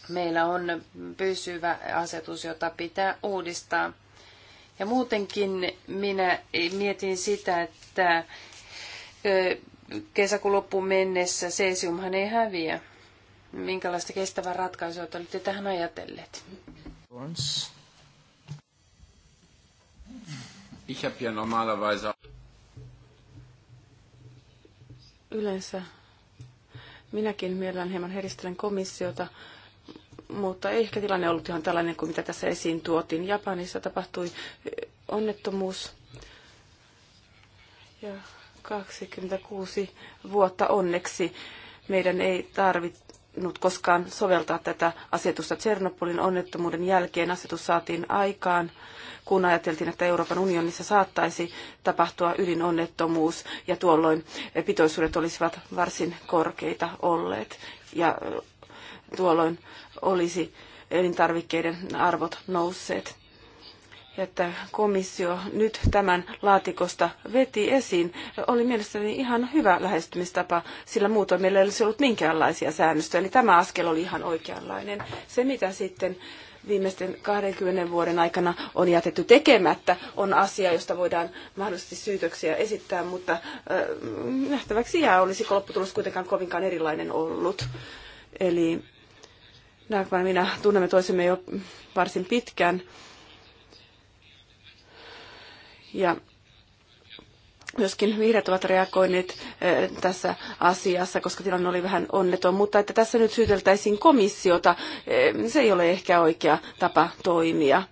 Meillä on pysyvä asetus, jota pitää uudistaa. Ja muutenkin minä mietin sitä, että kesäkuun loppuun mennessä seesiumhan ei häviä minkälaista kestävää ratkaisua te olette tähän ajatelleet? Ich habe ja normalerweise yleensä minäkin mielellään hieman heristelen komissiota, mutta ei ehkä tilanne ollut ihan tällainen kuin mitä tässä esiin tuotiin. Japanissa tapahtui eh, onnettomuus ja 26 vuotta onneksi meidän ei tarvitse voinut koskaan soveltaa tätä asetusta Tsernopolin onnettomuuden jälkeen. Asetus saatiin aikaan, kun ajateltiin, että Euroopan unionissa saattaisi tapahtua ydinonnettomuus ja tuolloin pitoisuudet olisivat varsin korkeita olleet ja tuolloin olisi elintarvikkeiden arvot nousseet että komissio nyt tämän laatikosta veti esiin, oli mielestäni ihan hyvä lähestymistapa, sillä muutoin meillä ei olisi ollut minkäänlaisia säännöstöjä. Eli tämä askel oli ihan oikeanlainen. Se, mitä sitten viimeisten 20 vuoden aikana on jätetty tekemättä, on asia, josta voidaan mahdollisesti syytöksiä esittää, mutta äh, nähtäväksi jää, olisiko lopputulos kuitenkaan kovinkaan erilainen ollut. Eli Nagman minä tunnemme toisemme jo varsin pitkään. Ja myöskin vihreät ovat reagoineet eh, tässä asiassa, koska tilanne oli vähän onneton, mutta että tässä nyt syyteltäisiin komissiota, eh, se ei ole ehkä oikea tapa toimia.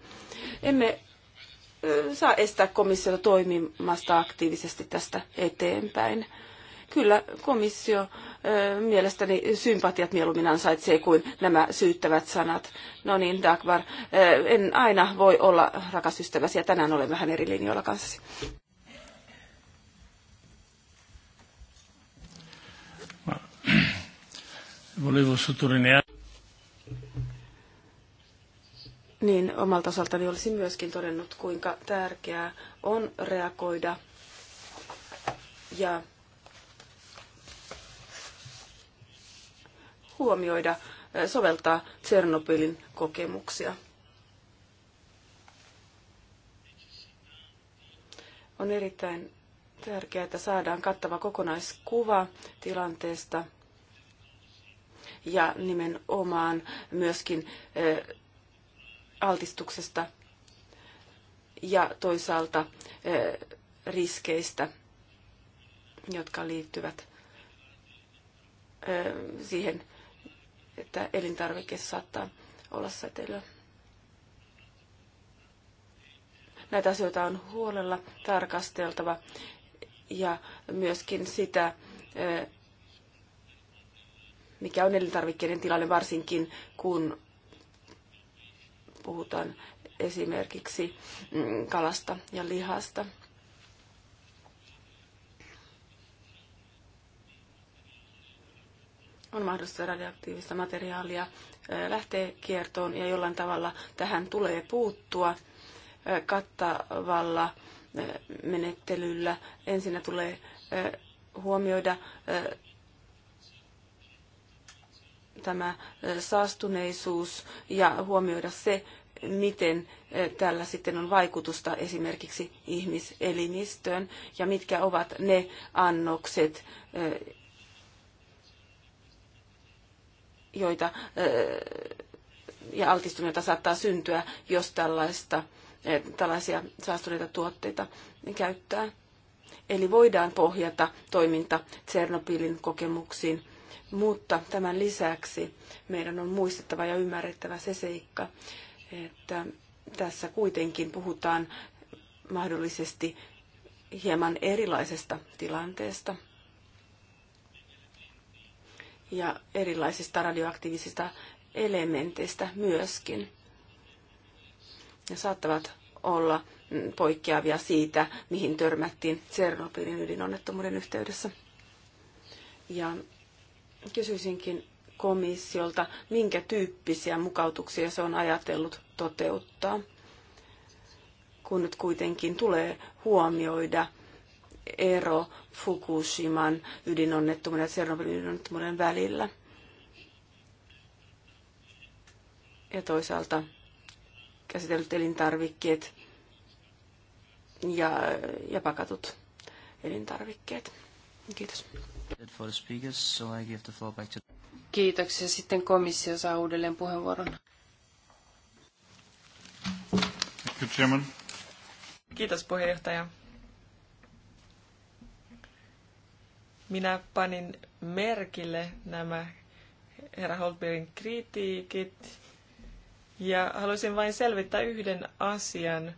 Emme eh, saa estää komissiota toimimasta aktiivisesti tästä eteenpäin kyllä komissio mielestäni sympatiat mieluummin ansaitsee kuin nämä syyttävät sanat. No niin, Dagmar, en aina voi olla rakas ystäväsi ja tänään olen vähän eri linjoilla kanssasi. Niin, omalta osaltani olisin myöskin todennut, kuinka tärkeää on reagoida ja huomioida, soveltaa Tsernobylin kokemuksia. On erittäin tärkeää, että saadaan kattava kokonaiskuva tilanteesta ja nimenomaan myöskin altistuksesta ja toisaalta riskeistä, jotka liittyvät siihen että elintarvikkeissa saattaa olla säteilyä. Näitä asioita on huolella tarkasteltava ja myöskin sitä, mikä on elintarvikkeiden tilanne, varsinkin kun puhutaan esimerkiksi mm, kalasta ja lihasta. on mahdollista radioaktiivista materiaalia lähtee kiertoon ja jollain tavalla tähän tulee puuttua kattavalla menettelyllä. Ensinnä tulee huomioida tämä saastuneisuus ja huomioida se, miten tällä sitten on vaikutusta esimerkiksi ihmiselimistöön ja mitkä ovat ne annokset, joita ja altistumia, saattaa syntyä, jos tällaista, tällaisia saastuneita tuotteita käyttää. Eli voidaan pohjata toiminta Tsernobylin kokemuksiin, mutta tämän lisäksi meidän on muistettava ja ymmärrettävä se seikka, että tässä kuitenkin puhutaan mahdollisesti hieman erilaisesta tilanteesta – ja erilaisista radioaktiivisista elementeistä myöskin. Ne saattavat olla poikkeavia siitä, mihin törmättiin Tsernobylin ydinonnettomuuden yhteydessä. Ja kysyisinkin komissiolta, minkä tyyppisiä mukautuksia se on ajatellut toteuttaa, kun nyt kuitenkin tulee huomioida – ero Fukushiman ydinonnettomuuden ja Tsernobylin ydinonnettomuuden välillä. Ja toisaalta käsitellyt elintarvikkeet ja, ja pakatut elintarvikkeet. Kiitos. Kiitoksia. Sitten komissio saa uudelleen puheenvuoron. Thank you, Chairman. Kiitos puheenjohtaja. Minä panin merkille nämä herra Holtbergin kritiikit ja haluaisin vain selvittää yhden asian.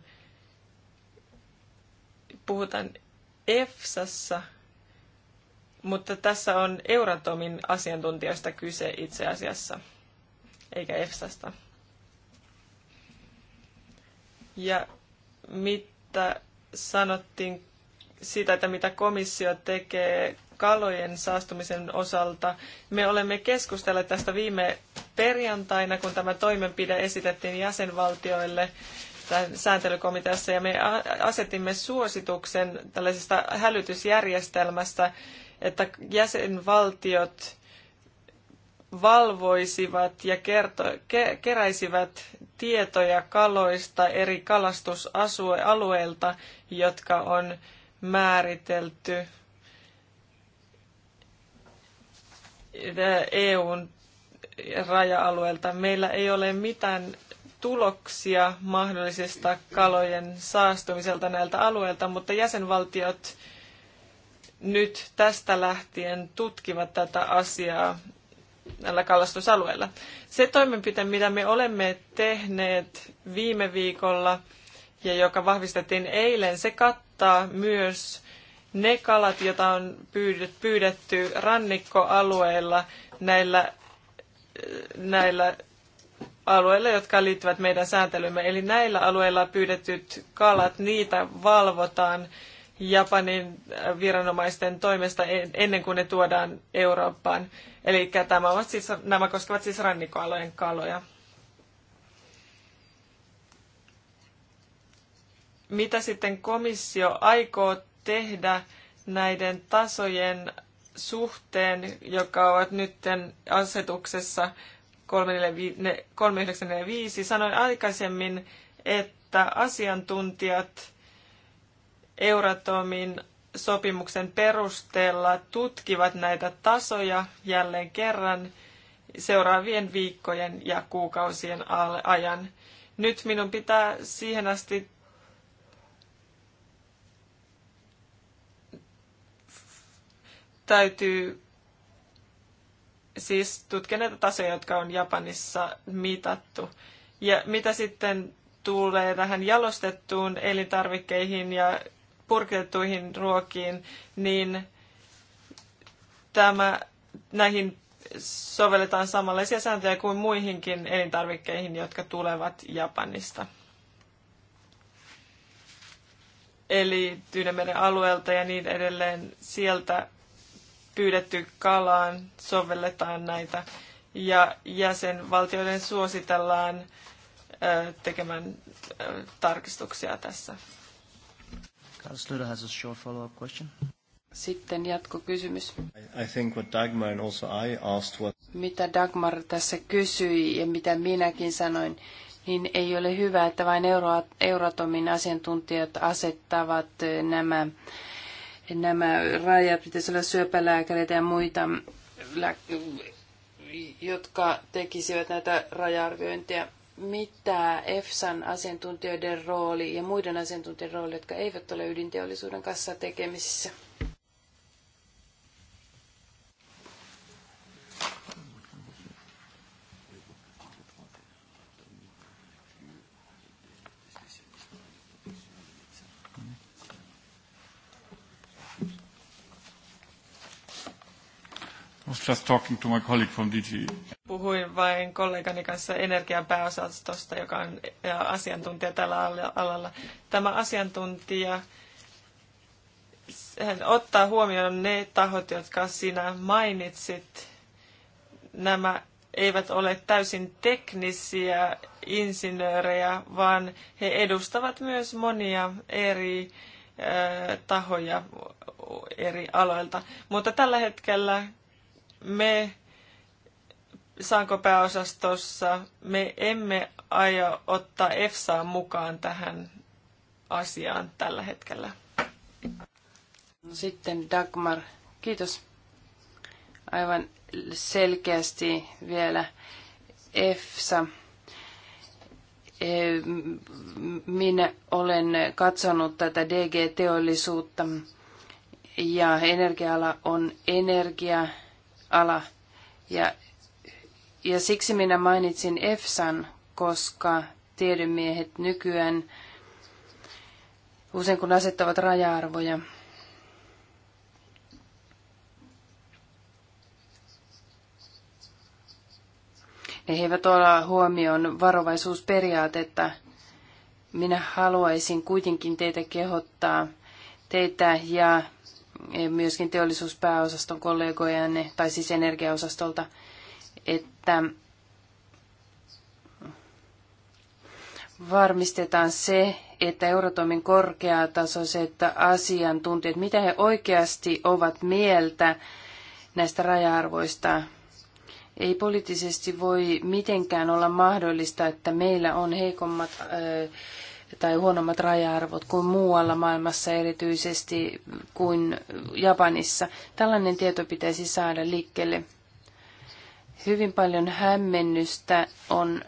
Puhutaan EFSassa, mutta tässä on Euratomin asiantuntijoista kyse itse asiassa, eikä EFSasta. Ja mitä sanottiin siitä, että mitä komissio tekee kalojen saastumisen osalta. Me olemme keskustelleet tästä viime perjantaina, kun tämä toimenpide esitettiin jäsenvaltioille sääntelykomiteassa ja me asetimme suosituksen tällaisesta hälytysjärjestelmästä, että jäsenvaltiot valvoisivat ja kerto, ke, keräisivät tietoja kaloista eri kalastusalueilta, jotka on määritelty EUn raja-alueelta. Meillä ei ole mitään tuloksia mahdollisesta kalojen saastumiselta näiltä alueilta, mutta jäsenvaltiot nyt tästä lähtien tutkivat tätä asiaa näillä kalastusalueilla. Se toimenpite, mitä me olemme tehneet viime viikolla ja joka vahvistettiin eilen, se kattaa myös ne kalat, joita on pyydetty rannikkoalueilla näillä, näillä alueilla, jotka liittyvät meidän sääntelymme. Eli näillä alueilla pyydetyt kalat, niitä valvotaan Japanin viranomaisten toimesta ennen kuin ne tuodaan Eurooppaan. Eli tämä ovat siis, nämä koskevat siis rannikkoalojen kaloja. Mitä sitten komissio aikoo tehdä näiden tasojen suhteen, joka ovat nyt asetuksessa 3945. Sanoin aikaisemmin, että asiantuntijat Euratomin sopimuksen perusteella tutkivat näitä tasoja jälleen kerran seuraavien viikkojen ja kuukausien ajan. Nyt minun pitää siihen asti täytyy siis tutkia näitä tasoja, jotka on Japanissa mitattu. Ja mitä sitten tulee tähän jalostettuun elintarvikkeihin ja purkitettuihin ruokiin, niin tämä, näihin sovelletaan samanlaisia sääntöjä kuin muihinkin elintarvikkeihin, jotka tulevat Japanista. Eli Tyynemeren alueelta ja niin edelleen sieltä pyydetty kalaan sovelletaan näitä ja jäsenvaltioiden suositellaan tekemään tarkistuksia tässä. Sitten jatkokysymys. I think what Dagmar and also I asked what... Mitä Dagmar tässä kysyi ja mitä minäkin sanoin, niin ei ole hyvä, että vain Euro- Euratomin asiantuntijat asettavat nämä nämä rajat, pitäisi olla syöpälääkäreitä ja muita, jotka tekisivät näitä raja-arviointeja. Mitä EFSAn asiantuntijoiden rooli ja muiden asiantuntijoiden rooli, jotka eivät ole ydinteollisuuden kanssa tekemisissä? was just talking to my colleague from DG. Puhuin vain kollegani kanssa energian pääosastosta, joka on asiantuntija tällä alalla. Tämä asiantuntija hän ottaa huomioon ne tahot, jotka sinä mainitsit. Nämä eivät ole täysin teknisiä insinöörejä, vaan he edustavat myös monia eri tahoja eri aloilta. Mutta tällä hetkellä me pääosastossa, me emme aio ottaa EFSAa mukaan tähän asiaan tällä hetkellä. No sitten Dagmar, kiitos. Aivan selkeästi vielä EFSA. E, minä olen katsonut tätä DG-teollisuutta ja energiala on energia ala. Ja, ja siksi minä mainitsin EFSAn, koska tiedemiehet nykyään usein kun asettavat raja-arvoja, ne eivät ole huomioon varovaisuusperiaatetta. Minä haluaisin kuitenkin teitä kehottaa, teitä ja myöskin teollisuuspääosaston kollegojanne, tai siis energiaosastolta, että varmistetaan se, että Euratomin korkeatasoiset asiantuntijat, mitä he oikeasti ovat mieltä näistä raja-arvoista, ei poliittisesti voi mitenkään olla mahdollista, että meillä on heikommat tai huonommat raja-arvot kuin muualla maailmassa, erityisesti kuin Japanissa. Tällainen tieto pitäisi saada liikkeelle. Hyvin paljon hämmennystä on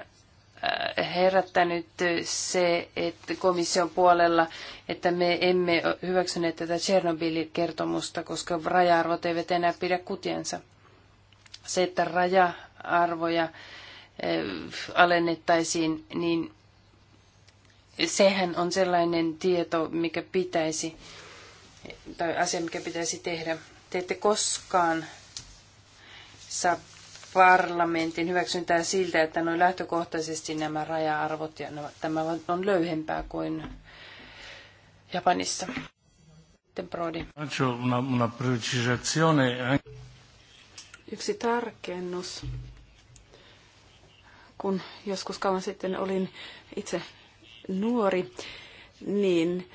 äh, herättänyt se, että komission puolella, että me emme hyväksyneet tätä Tchernobylin kertomusta, koska raja-arvot eivät enää pidä kutiensa. Se, että raja-arvoja äh, alennettaisiin, niin sehän on sellainen tieto, mikä pitäisi, tai asia, mikä pitäisi tehdä. Te ette koskaan saa parlamentin hyväksyntää siltä, että noin lähtökohtaisesti nämä raja-arvot ja nämä, tämä on löyhempää kuin Japanissa. Yksi tarkennus. Kun joskus kauan sitten olin itse nuori, niin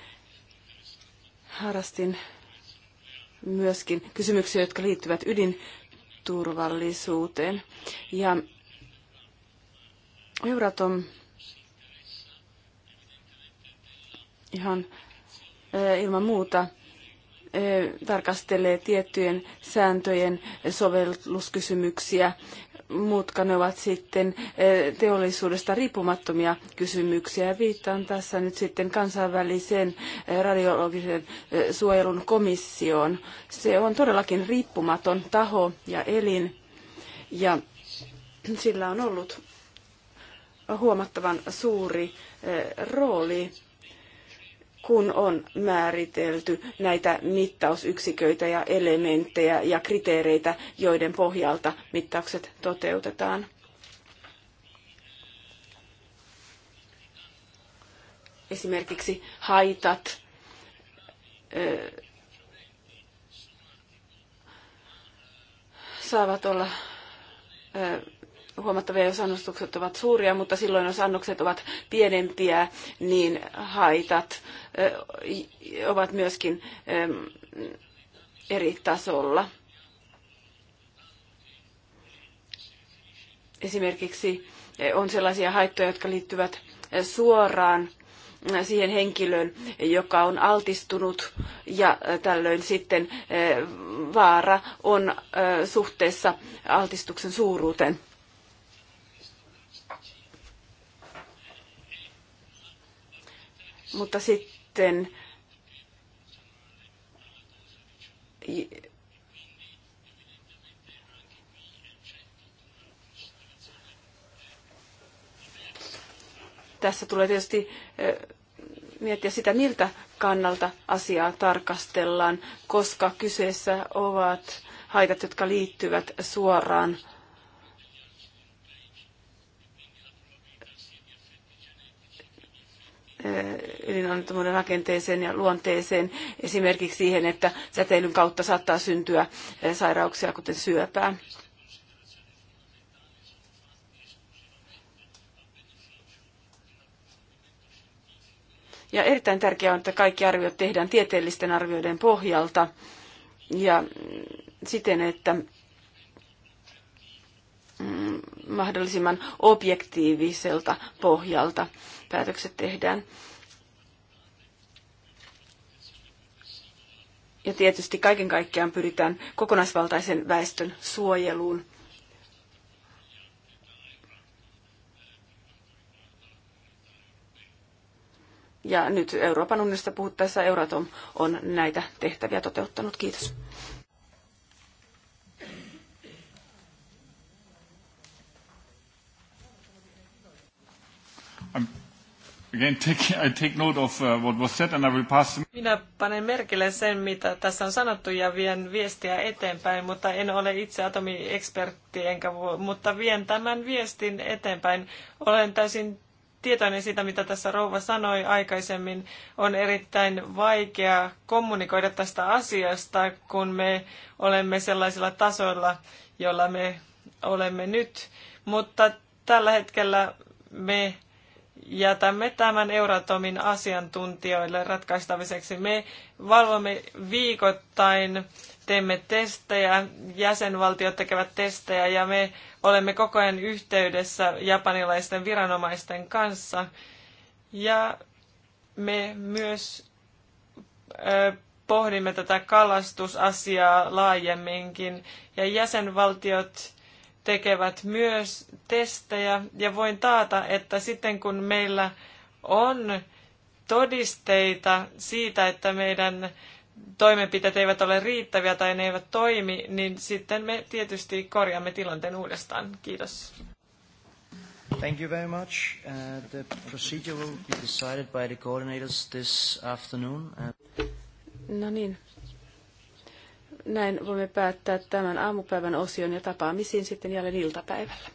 harrastin myöskin kysymyksiä, jotka liittyvät ydinturvallisuuteen. Ja Euratom ihan eh, ilman muuta eh, tarkastelee tiettyjen sääntöjen sovelluskysymyksiä mutta ne ovat sitten eh, teollisuudesta riippumattomia kysymyksiä. viittaan tässä nyt sitten kansainväliseen eh, radiologisen eh, suojelun komissioon. Se on todellakin riippumaton taho ja elin, ja sillä on ollut huomattavan suuri rooli kun on määritelty näitä mittausyksiköitä ja elementtejä ja kriteereitä, joiden pohjalta mittaukset toteutetaan. Esimerkiksi haitat, saavat olla huomattavia, jos annostukset ovat suuria, mutta silloin jos annokset ovat pienempiä, niin haitat ovat myöskin eri tasolla. Esimerkiksi e, on sellaisia haittoja, jotka liittyvät e, suoraan e, siihen henkilöön, joka on altistunut ja tällöin sitten vaara on suhteessa altistuksen suuruuteen. Mutta sitten tässä tulee tietysti miettiä sitä, miltä kannalta asiaa tarkastellaan, koska kyseessä ovat haitat, jotka liittyvät suoraan Eh, ydinonnettomuuden rakenteeseen ja luonteeseen, esimerkiksi siihen, että säteilyn kautta saattaa syntyä eh, sairauksia, kuten syöpää. Ja erittäin tärkeää on, että kaikki arviot tehdään tieteellisten arvioiden pohjalta ja mm, siten, että Mm, mahdollisimman objektiiviselta pohjalta päätökset tehdään. Ja tietysti kaiken kaikkiaan pyritään kokonaisvaltaisen väestön suojeluun. Ja nyt Euroopan unionista puhuttaessa Euratom on näitä tehtäviä toteuttanut. Kiitos. Again, take, I take note of uh, what was said and I will pass. Minä panen merkille sen, mitä tässä on sanottu ja vien viestiä eteenpäin, mutta en ole itse atomiekspertti, enkä vo, mutta vien tämän viestin eteenpäin. Olen täysin tietoinen siitä, mitä tässä rouva sanoi aikaisemmin. On erittäin vaikea kommunikoida tästä asiasta, kun me olemme sellaisilla tasoilla, jolla me olemme nyt. Mutta tällä hetkellä me jätämme tämän Euratomin asiantuntijoille ratkaistaviseksi. Me valvomme viikoittain, teemme testejä, jäsenvaltiot tekevät testejä ja me olemme koko ajan yhteydessä japanilaisten viranomaisten kanssa. Ja me myös pohdimme tätä kalastusasiaa laajemminkin ja jäsenvaltiot tekevät myös testejä ja voin taata, että sitten kun meillä on todisteita siitä, että meidän toimenpiteet eivät ole riittäviä tai ne eivät toimi, niin sitten me tietysti korjaamme tilanteen uudestaan. Kiitos. Thank you very much. Uh, the procedure will be decided by the coordinators this afternoon. Uh... No niin, näin voimme päättää tämän aamupäivän osion ja tapaamisiin sitten jälleen iltapäivällä.